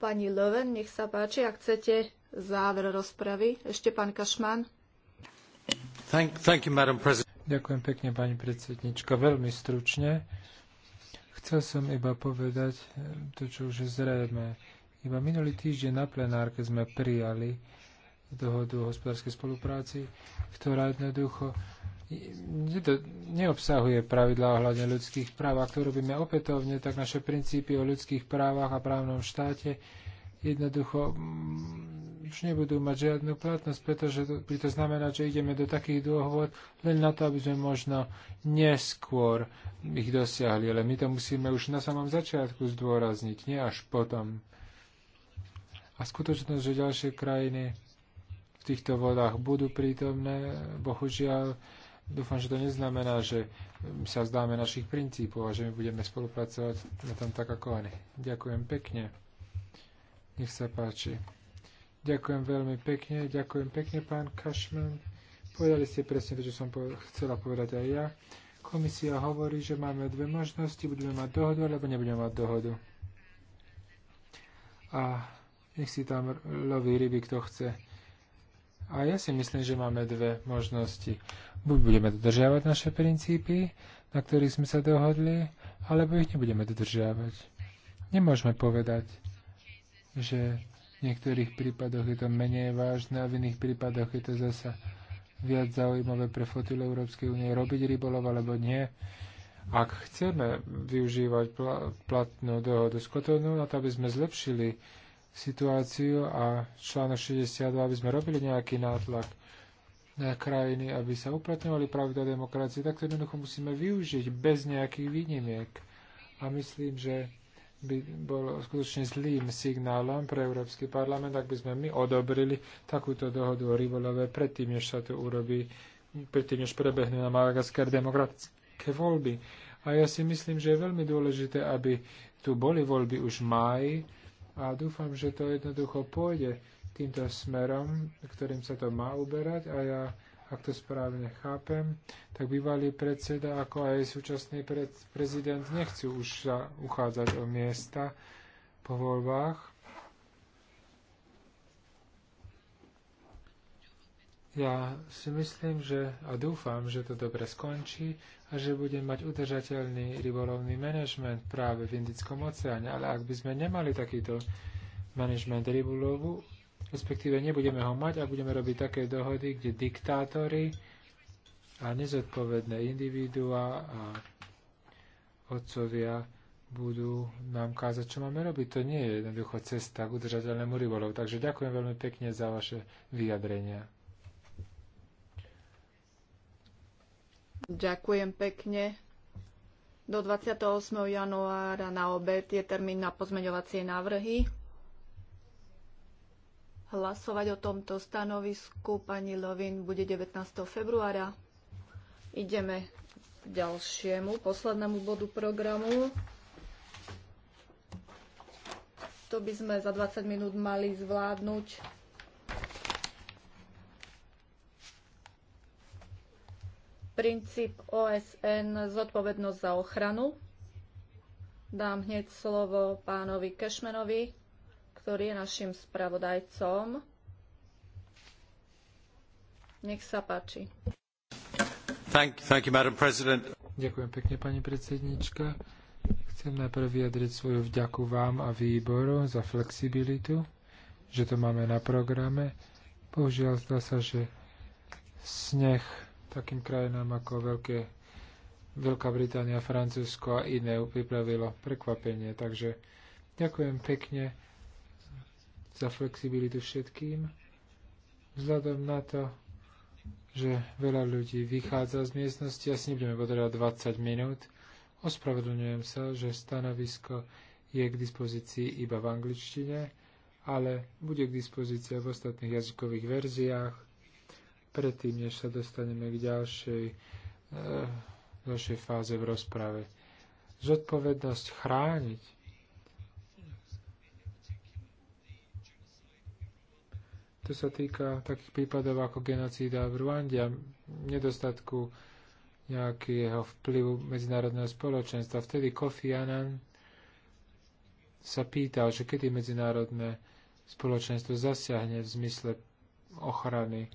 Pani Leven, nech sa páči, ak chcete záver rozpravy. Ešte pán Kašman. Thank, thank you, Madam President. Ďakujem pekne, pani predsednička. Veľmi stručne. Chcel som iba povedať to, čo už je zrejme. Iba minulý týždeň na plenárke sme prijali dohodu o hospodárskej spolupráci, ktorá jednoducho neobsahuje pravidlá ohľadne ľudských práv. Ak to robíme opätovne, tak naše princípy o ľudských právach a právnom štáte jednoducho mm, už nebudú mať žiadnu platnosť, pretože to, to znamená, že ideme do takých dôvod len na to, aby sme možno neskôr ich dosiahli. Ale my to musíme už na samom začiatku zdôrazniť, nie až potom. A skutočnosť, že ďalšie krajiny v týchto vodách budú prítomné. Bohužiaľ, dúfam, že to neznamená, že sa zdáme našich princípov a že my budeme spolupracovať na tom tak ako oni. Ďakujem pekne. Nech sa páči. Ďakujem veľmi pekne. Ďakujem pekne, pán Kašman. Povedali ste presne to, čo som chcela povedať aj ja. Komisia hovorí, že máme dve možnosti, budeme mať dohodu alebo nebudeme mať dohodu. A nech si tam loví ryby, kto chce. A ja si myslím, že máme dve možnosti. Buď budeme dodržiavať naše princípy, na ktorých sme sa dohodli, alebo ich nebudeme dodržiavať. Nemôžeme povedať, že v niektorých prípadoch je to menej vážne a v iných prípadoch je to zasa viac zaujímavé pre flotilu Európskej únie robiť rybolov alebo nie. Ak chceme využívať platnú dohodu s Kotonou na to, aby sme zlepšili situáciu a článok 62, aby sme robili nejaký nátlak na krajiny, aby sa uplatňovali pravidla demokracie, tak to jednoducho musíme využiť bez nejakých výnimiek. A myslím, že by bol skutočne zlým signálom pre Európsky parlament, ak by sme my odobrili takúto dohodu o Rivolove predtým, než sa to urobí, predtým, než prebehnú na Madagaskar demokratické voľby. A ja si myslím, že je veľmi dôležité, aby tu boli voľby už v máji, a dúfam, že to jednoducho pôjde týmto smerom, ktorým sa to má uberať a ja, ak to správne chápem, tak bývalý predseda ako aj súčasný prezident nechcú už sa uchádzať o miesta po voľbách Ja si myslím, že a dúfam, že to dobre skončí a že budem mať udržateľný rybolovný manažment práve v Indickom oceáne. Ale ak by sme nemali takýto manažment rybolovu, respektíve nebudeme ho mať a budeme robiť také dohody, kde diktátory a nezodpovedné individuá a otcovia budú nám kázať, čo máme robiť. To nie je jednoducho cesta k udržateľnému rybolovu. Takže ďakujem veľmi pekne za vaše vyjadrenia. Ďakujem pekne. Do 28. januára na obed je termín na pozmeňovacie návrhy. Hlasovať o tomto stanovisku pani Lovin bude 19. februára. Ideme k ďalšiemu, poslednému bodu programu. To by sme za 20 minút mali zvládnuť. princíp OSN zodpovednosť za ochranu. Dám hneď slovo pánovi Kešmenovi, ktorý je našim spravodajcom. Nech sa páči. Thank, thank you, Madam President. Ďakujem pekne, pani predsednička. Chcem najprv vyjadriť svoju vďaku vám a výboru za flexibilitu, že to máme na programe. Bohužiaľ zdá sa, že sneh takým krajinám ako Veľké, Veľká Británia, Francúzsko a iné pripravilo prekvapenie. Takže ďakujem pekne za flexibilitu všetkým. Vzhľadom na to, že veľa ľudí vychádza z miestnosti, asi nebudeme potrebovať 20 minút. Ospravedlňujem sa, že stanovisko je k dispozícii iba v angličtine, ale bude k dispozícii v ostatných jazykových verziách predtým, než sa dostaneme k ďalšej, e, ďalšej fáze v rozprave. Zodpovednosť chrániť To sa týka takých prípadov ako genocída v Rwande a nedostatku nejakého vplyvu medzinárodného spoločenstva. Vtedy Kofi Annan sa pýtal, že kedy medzinárodné spoločenstvo zasiahne v zmysle ochrany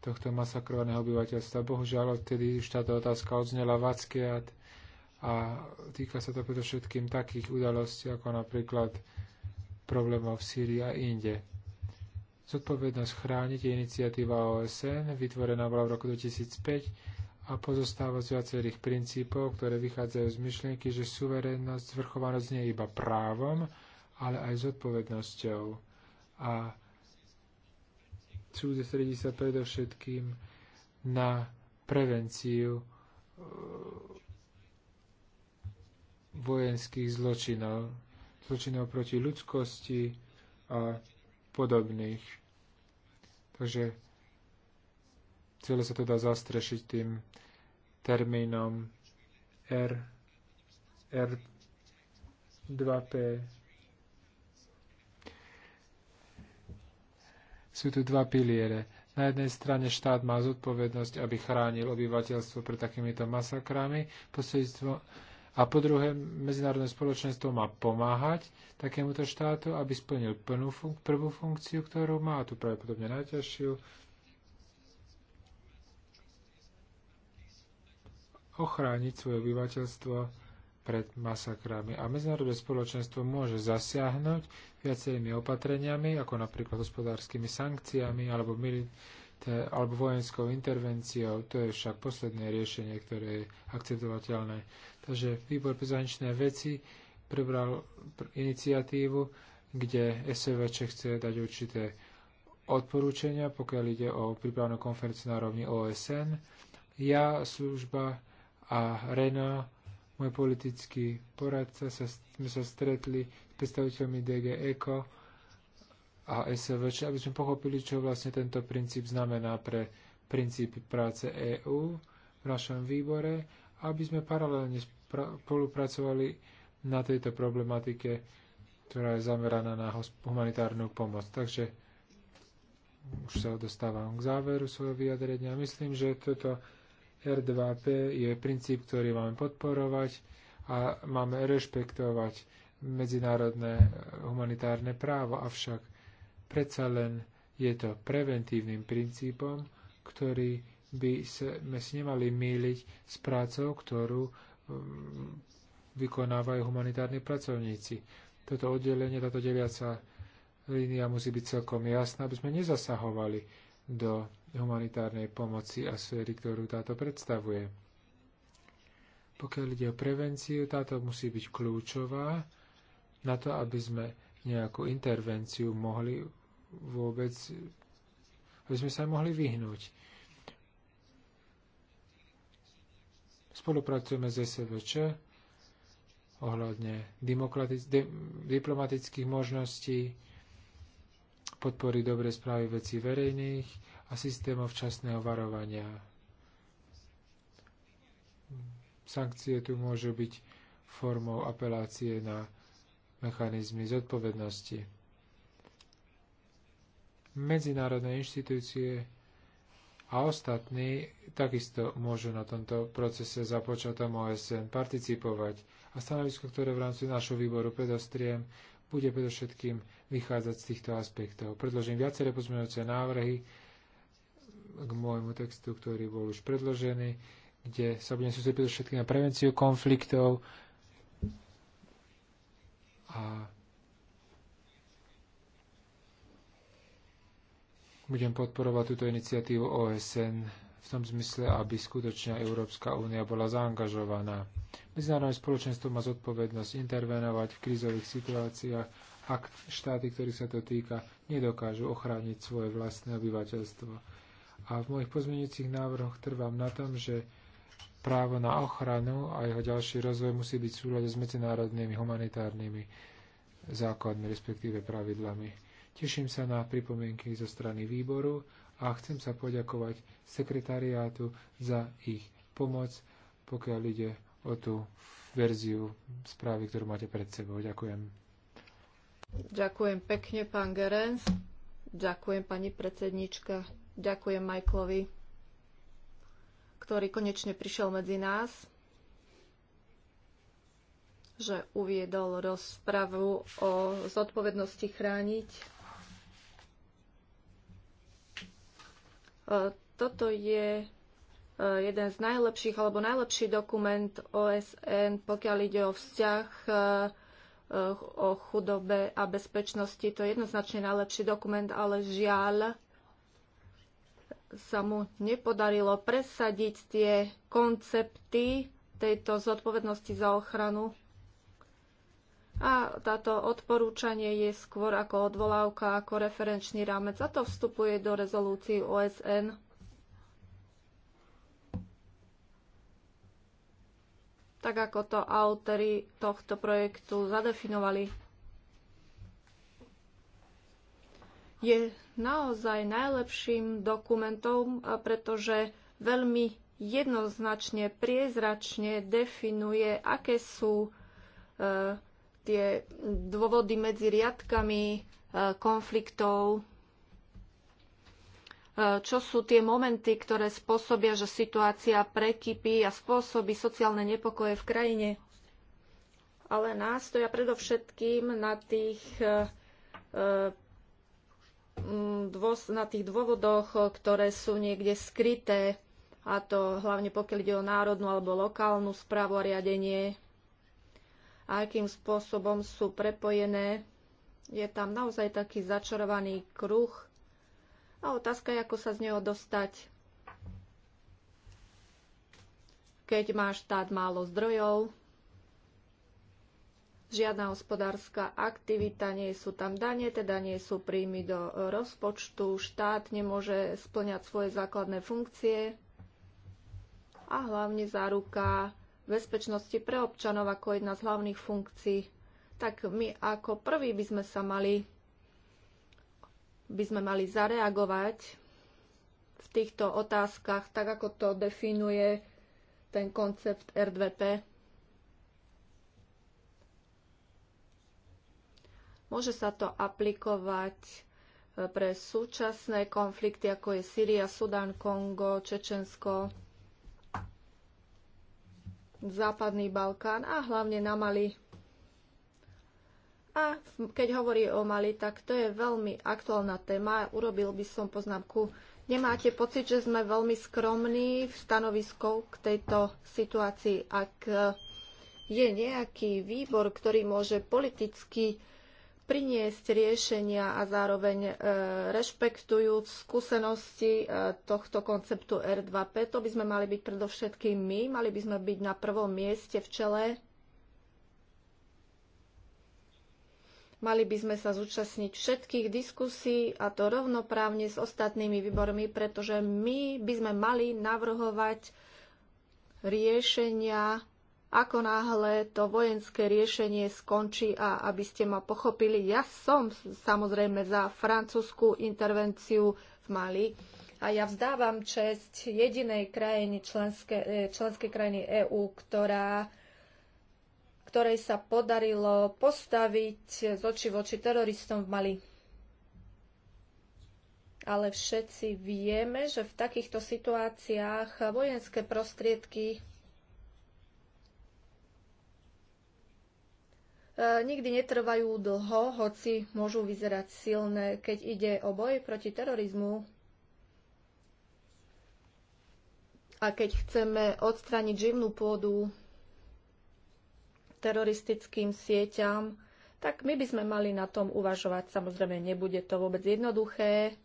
tohto masakrovaného obyvateľstva. Bohužiaľ, odtedy už táto otázka odznela vackiat a týka sa to predovšetkým takých udalostí, ako napríklad problémov v Sýrii a inde. Zodpovednosť chrániť je iniciatíva OSN, vytvorená bola v roku 2005 a pozostáva z viacerých princípov, ktoré vychádzajú z myšlienky, že suverénnosť, zvrchovanosť nie je iba právom, ale aj zodpovednosťou. A sústredí sa predovšetkým na prevenciu e, vojenských zločinov, zločinov proti ľudskosti a podobných. Takže celé sa to dá zastrešiť tým termínom R, R2P sú tu dva piliere. Na jednej strane štát má zodpovednosť, aby chránil obyvateľstvo pred takýmito masakrami, posledstvo, a po druhé, medzinárodné spoločenstvo má pomáhať takémuto štátu, aby splnil plnú fun- prvú funkciu, ktorú má, a tu pravdepodobne najťažšiu, ochrániť svoje obyvateľstvo pred masakrami. A medzinárodné spoločenstvo môže zasiahnuť viacerými opatreniami, ako napríklad hospodárskymi sankciami alebo, alebo vojenskou intervenciou. To je však posledné riešenie, ktoré je akceptovateľné. Takže výbor pre zahraničné veci prebral iniciatívu, kde SVČ chce dať určité odporúčania, pokiaľ ide o prípravnú konferenciu na rovni OSN. Ja, služba a Renault môj politický poradca, sa, sme sa stretli s predstaviteľmi DG ECO a SVČ, aby sme pochopili, čo vlastne tento princíp znamená pre princíp práce EÚ v našom výbore, aby sme paralelne spolupracovali na tejto problematike, ktorá je zameraná na humanitárnu pomoc. Takže už sa dostávam k záveru svojho vyjadrenia. Myslím, že toto R2P je princíp, ktorý máme podporovať a máme rešpektovať medzinárodné eh, humanitárne právo, avšak predsa len je to preventívnym princípom, ktorý by sme si nemali míliť s prácou, ktorú mm, vykonávajú humanitárni pracovníci. Toto oddelenie, táto deliaca línia musí byť celkom jasná, aby sme nezasahovali do humanitárnej pomoci a sféry, ktorú táto predstavuje. Pokiaľ ide o prevenciu, táto musí byť kľúčová na to, aby sme nejakú intervenciu mohli vôbec, aby sme sa mohli vyhnúť. Spolupracujeme s SVČ ohľadne diplomatických možností, podpory dobrej správy vecí verejných a systémov včasného varovania. Sankcie tu môžu byť formou apelácie na mechanizmy zodpovednosti. Medzinárodné inštitúcie a ostatní takisto môžu na tomto procese započatom OSN participovať a stanovisko, ktoré v rámci našho výboru predostriem, bude predovšetkým vychádzať z týchto aspektov. Predložím viaceré pozmeňujúce návrhy, k môjmu textu, ktorý bol už predložený, kde sa budem sústrediť všetky na prevenciu konfliktov a budem podporovať túto iniciatívu OSN v tom zmysle, aby skutočne Európska únia bola zaangažovaná. Medzinárodné spoločenstvo má zodpovednosť intervenovať v krízových situáciách, ak štáty, ktorých sa to týka, nedokážu ochrániť svoje vlastné obyvateľstvo. A v mojich pozmeňujúcich návrhoch trvám na tom, že právo na ochranu a jeho ďalší rozvoj musí byť súľad s medzinárodnými humanitárnymi základmi, respektíve pravidlami. Teším sa na pripomienky zo strany výboru a chcem sa poďakovať sekretariátu za ich pomoc, pokiaľ ide o tú verziu správy, ktorú máte pred sebou. Ďakujem. Ďakujem pekne, pán Gerenc. Ďakujem, pani predsednička. Ďakujem Michaelovi, ktorý konečne prišiel medzi nás, že uviedol rozpravu o zodpovednosti chrániť. E, toto je e, jeden z najlepších alebo najlepší dokument OSN, pokiaľ ide o vzťah e, o chudobe a bezpečnosti. To je jednoznačne najlepší dokument, ale žiaľ, sa mu nepodarilo presadiť tie koncepty tejto zodpovednosti za ochranu. A táto odporúčanie je skôr ako odvolávka, ako referenčný rámec a to vstupuje do rezolúcií OSN. tak ako to autory tohto projektu zadefinovali. je naozaj najlepším dokumentom, pretože veľmi jednoznačne, priezračne definuje, aké sú e, tie dôvody medzi riadkami e, konfliktov, e, čo sú tie momenty, ktoré spôsobia, že situácia prekypí a spôsobí sociálne nepokoje v krajine. Ale nástoja predovšetkým na tých Mm, na tých dôvodoch, eh, ktoré sú niekde skryté, a to hlavne pokiaľ ide o národnú alebo lokálnu správu a riadenie, a akým spôsobom sú prepojené. Je tam naozaj taký začarovaný kruh a otázka je, ako sa z neho dostať. Keď má štát málo zdrojov, žiadna hospodárska aktivita, nie sú tam dane, teda nie sú príjmy do e, rozpočtu, štát nemôže splňať svoje základné funkcie a hlavne záruka bezpečnosti pre občanov ako jedna z hlavných funkcií, tak my ako prví by sme sa mali by sme mali zareagovať v týchto otázkach, tak ako to definuje ten koncept R2P. Môže sa to aplikovať e, pre súčasné konflikty, ako je Syria, Sudan, Kongo, Čečensko, Západný Balkán a hlavne na Mali. A keď hovorí o Mali, tak to je veľmi aktuálna téma. Urobil by som poznámku. Nemáte pocit, že sme veľmi skromní v stanovisku k tejto situácii? Ak e, je nejaký výbor, ktorý môže politicky priniesť riešenia a zároveň e, rešpektujúc skúsenosti e, tohto konceptu R2P. To by sme mali byť predovšetkým my, mali by sme byť na prvom mieste v čele. Mali by sme sa zúčastniť všetkých diskusí a to rovnoprávne s ostatnými výbormi, pretože my by sme mali navrhovať riešenia ako náhle to vojenské riešenie skončí a aby ste ma pochopili, ja som samozrejme za francúzskú intervenciu v Mali a ja vzdávam čest jedinej krajiny členské, e, členské krajiny EÚ, ktorá ktorej sa podarilo postaviť z oči voči teroristom v Mali. Ale všetci vieme, že v takýchto situáciách vojenské prostriedky E, nikdy netrvajú dlho, hoci môžu vyzerať silné, keď ide o boj proti terorizmu a keď chceme odstrániť živnú pôdu teroristickým sieťam, tak my by sme mali na tom uvažovať. Samozrejme, nebude to vôbec jednoduché,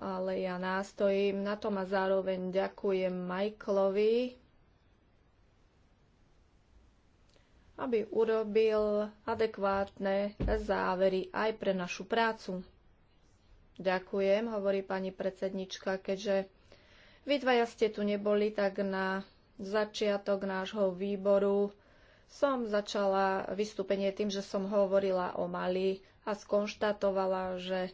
ale ja nástojím na tom a zároveň ďakujem Michaelovi, aby urobil adekvátne závery aj pre našu prácu. Ďakujem, hovorí pani predsednička, keďže vy dvaja ste tu neboli, tak na začiatok nášho výboru som začala vystúpenie tým, že som hovorila o Mali a skonštatovala, že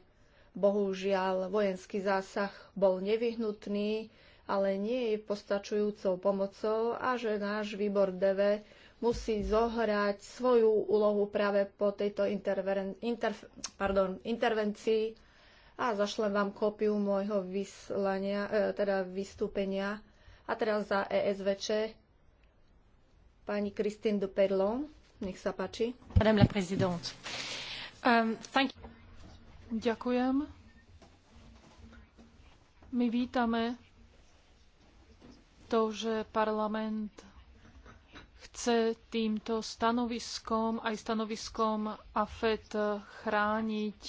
bohužiaľ vojenský zásah bol nevyhnutný, ale nie je postačujúcou pomocou a že náš výbor DV musí zohrať svoju úlohu práve po tejto interveren- interf- pardon, intervencii a zašlem vám kópiu môjho vyslania, e, teda vystúpenia. A teraz za ESVČ pani Christine de Perlon. Nech sa páči. Madame la présidente. Um, thank Ďakujem. My vítame to, že parlament chce týmto stanoviskom aj stanoviskom AFET chrániť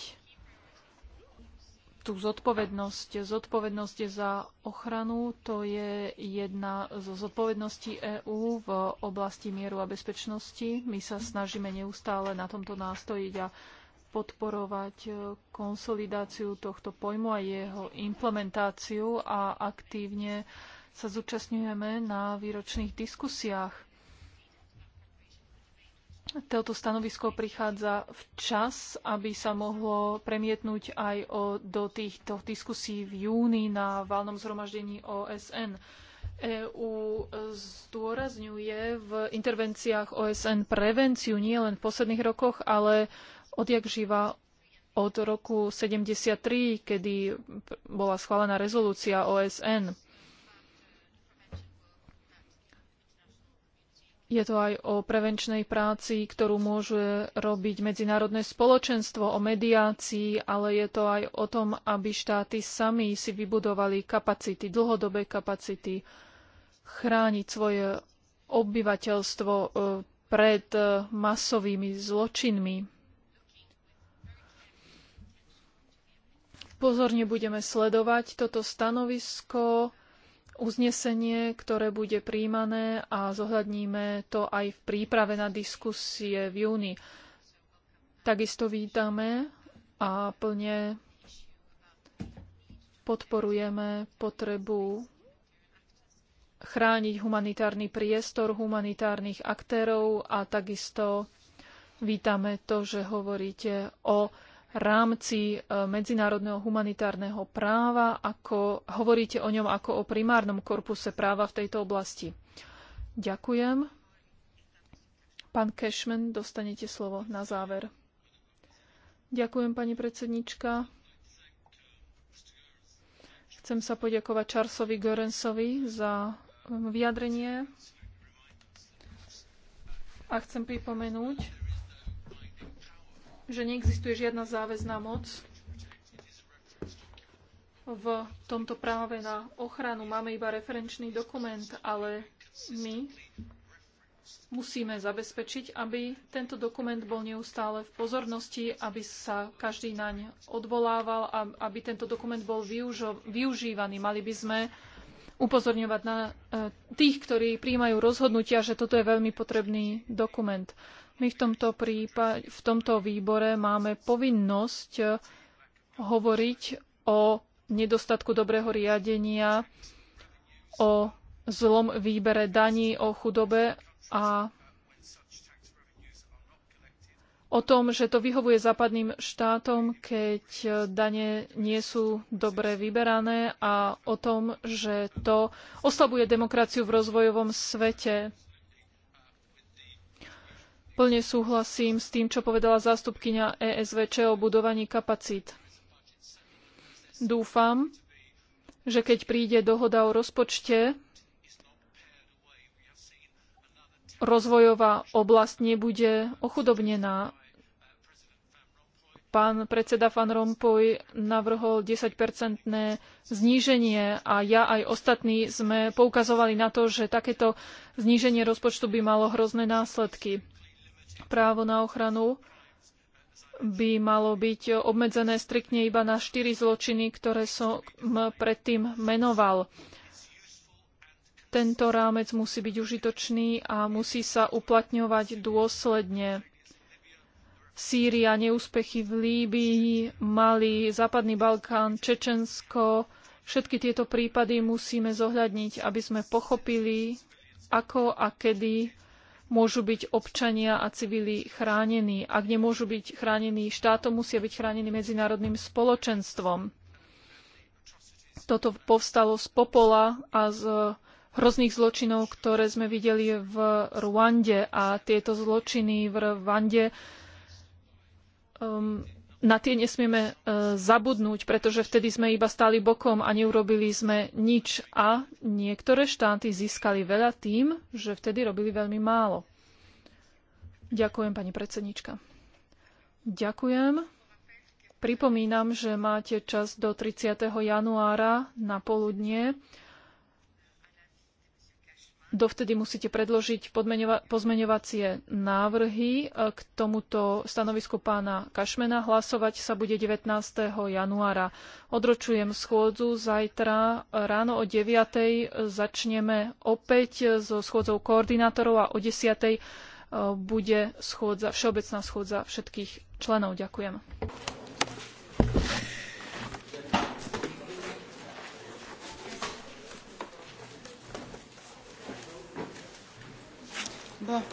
tú zodpovednosť. Zodpovednosť za ochranu, to je jedna zo zodpovedností EÚ v oblasti mieru a bezpečnosti. My sa snažíme neustále na tomto nástojiť a podporovať eh, konsolidáciu tohto pojmu a jeho implementáciu a aktívne sa zúčastňujeme na výročných diskusiách toto stanovisko prichádza včas, aby sa mohlo premietnúť aj o, do týchto diskusí v júni na valnom zhromaždení OSN. EÚ zdôrazňuje v intervenciách OSN prevenciu nie len v posledných rokoch, ale odjak živa od roku 73, kedy bola schválená rezolúcia OSN. Je to aj o prevenčnej práci, ktorú môže robiť medzinárodné spoločenstvo, o mediácii, ale je to aj o tom, aby štáty sami si vybudovali kapacity, dlhodobé kapacity, chrániť svoje obyvateľstvo e, pred e, masovými zločinmi. Pozorne budeme sledovať toto stanovisko uznesenie, ktoré bude príjmané a zohľadníme to aj v príprave na diskusie v júni. Takisto vítame a plne podporujeme potrebu chrániť humanitárny priestor humanitárnych aktérov a takisto vítame to, že hovoríte o rámci e, medzinárodného humanitárneho práva, ako hovoríte o ňom ako o primárnom korpuse práva v tejto oblasti. Ďakujem. Pán Cashman, dostanete slovo na záver. Ďakujem, pani predsednička. Chcem sa poďakovať Charlesovi Gorensovi za um, vyjadrenie a chcem pripomenúť, že neexistuje žiadna záväzná moc v tomto práve na ochranu. Máme iba referenčný dokument, ale my musíme zabezpečiť, aby tento dokument bol neustále v pozornosti, aby sa každý naň odvolával, a aby tento dokument bol využívaný. Mali by sme upozorňovať na eh, tých, ktorí príjmajú rozhodnutia, že toto je veľmi potrebný dokument. My v tomto, prípade, v tomto výbore máme povinnosť eh, hovoriť o nedostatku dobrého riadenia, o zlom výbere daní, o chudobe a o tom, že to vyhovuje západným štátom, keď eh, dane nie sú dobre vyberané a o tom, že to oslabuje demokraciu v rozvojovom svete. Plne súhlasím s tým, čo povedala zástupkyňa ESVČ o budovaní kapacít. Dúfam, že keď príde dohoda o rozpočte, rozvojová oblasť nebude ochudobnená. Pán predseda Van Rompuy navrhol 10-percentné zníženie a ja aj ostatní sme poukazovali na to, že takéto zníženie rozpočtu by malo hrozné následky právo na ochranu by malo byť obmedzené striktne iba na štyri zločiny, ktoré som predtým menoval. Tento rámec musí byť užitočný a musí sa uplatňovať dôsledne. Sýria, neúspechy v Líbii, Mali, Západný Balkán, Čečensko, všetky tieto prípady musíme zohľadniť, aby sme pochopili, ako a kedy môžu byť občania a civili chránení. Ak nemôžu byť chránení štátom, musia byť chránení medzinárodným spoločenstvom. Toto povstalo z popola a z hrozných zločinov, ktoré sme videli v Ruande a tieto zločiny v Rwande um, na tie nesmieme e, zabudnúť, pretože vtedy sme iba stáli bokom a neurobili sme nič. A niektoré štáty získali veľa tým, že vtedy robili veľmi málo. Ďakujem, pani predsednička. Ďakujem. Pripomínam, že máte čas do 30. januára na poludnie Dovtedy musíte predložiť pozmeňovacie návrhy e, k tomuto stanovisku pána Kašmena. Hlasovať sa bude 19. januára. Odročujem schôdzu. Zajtra ráno o 9. začneme opäť so schôdzou koordinátorov a o 10. E, bude schôdza, všeobecná schôdza všetkých členov. Ďakujem. Bon.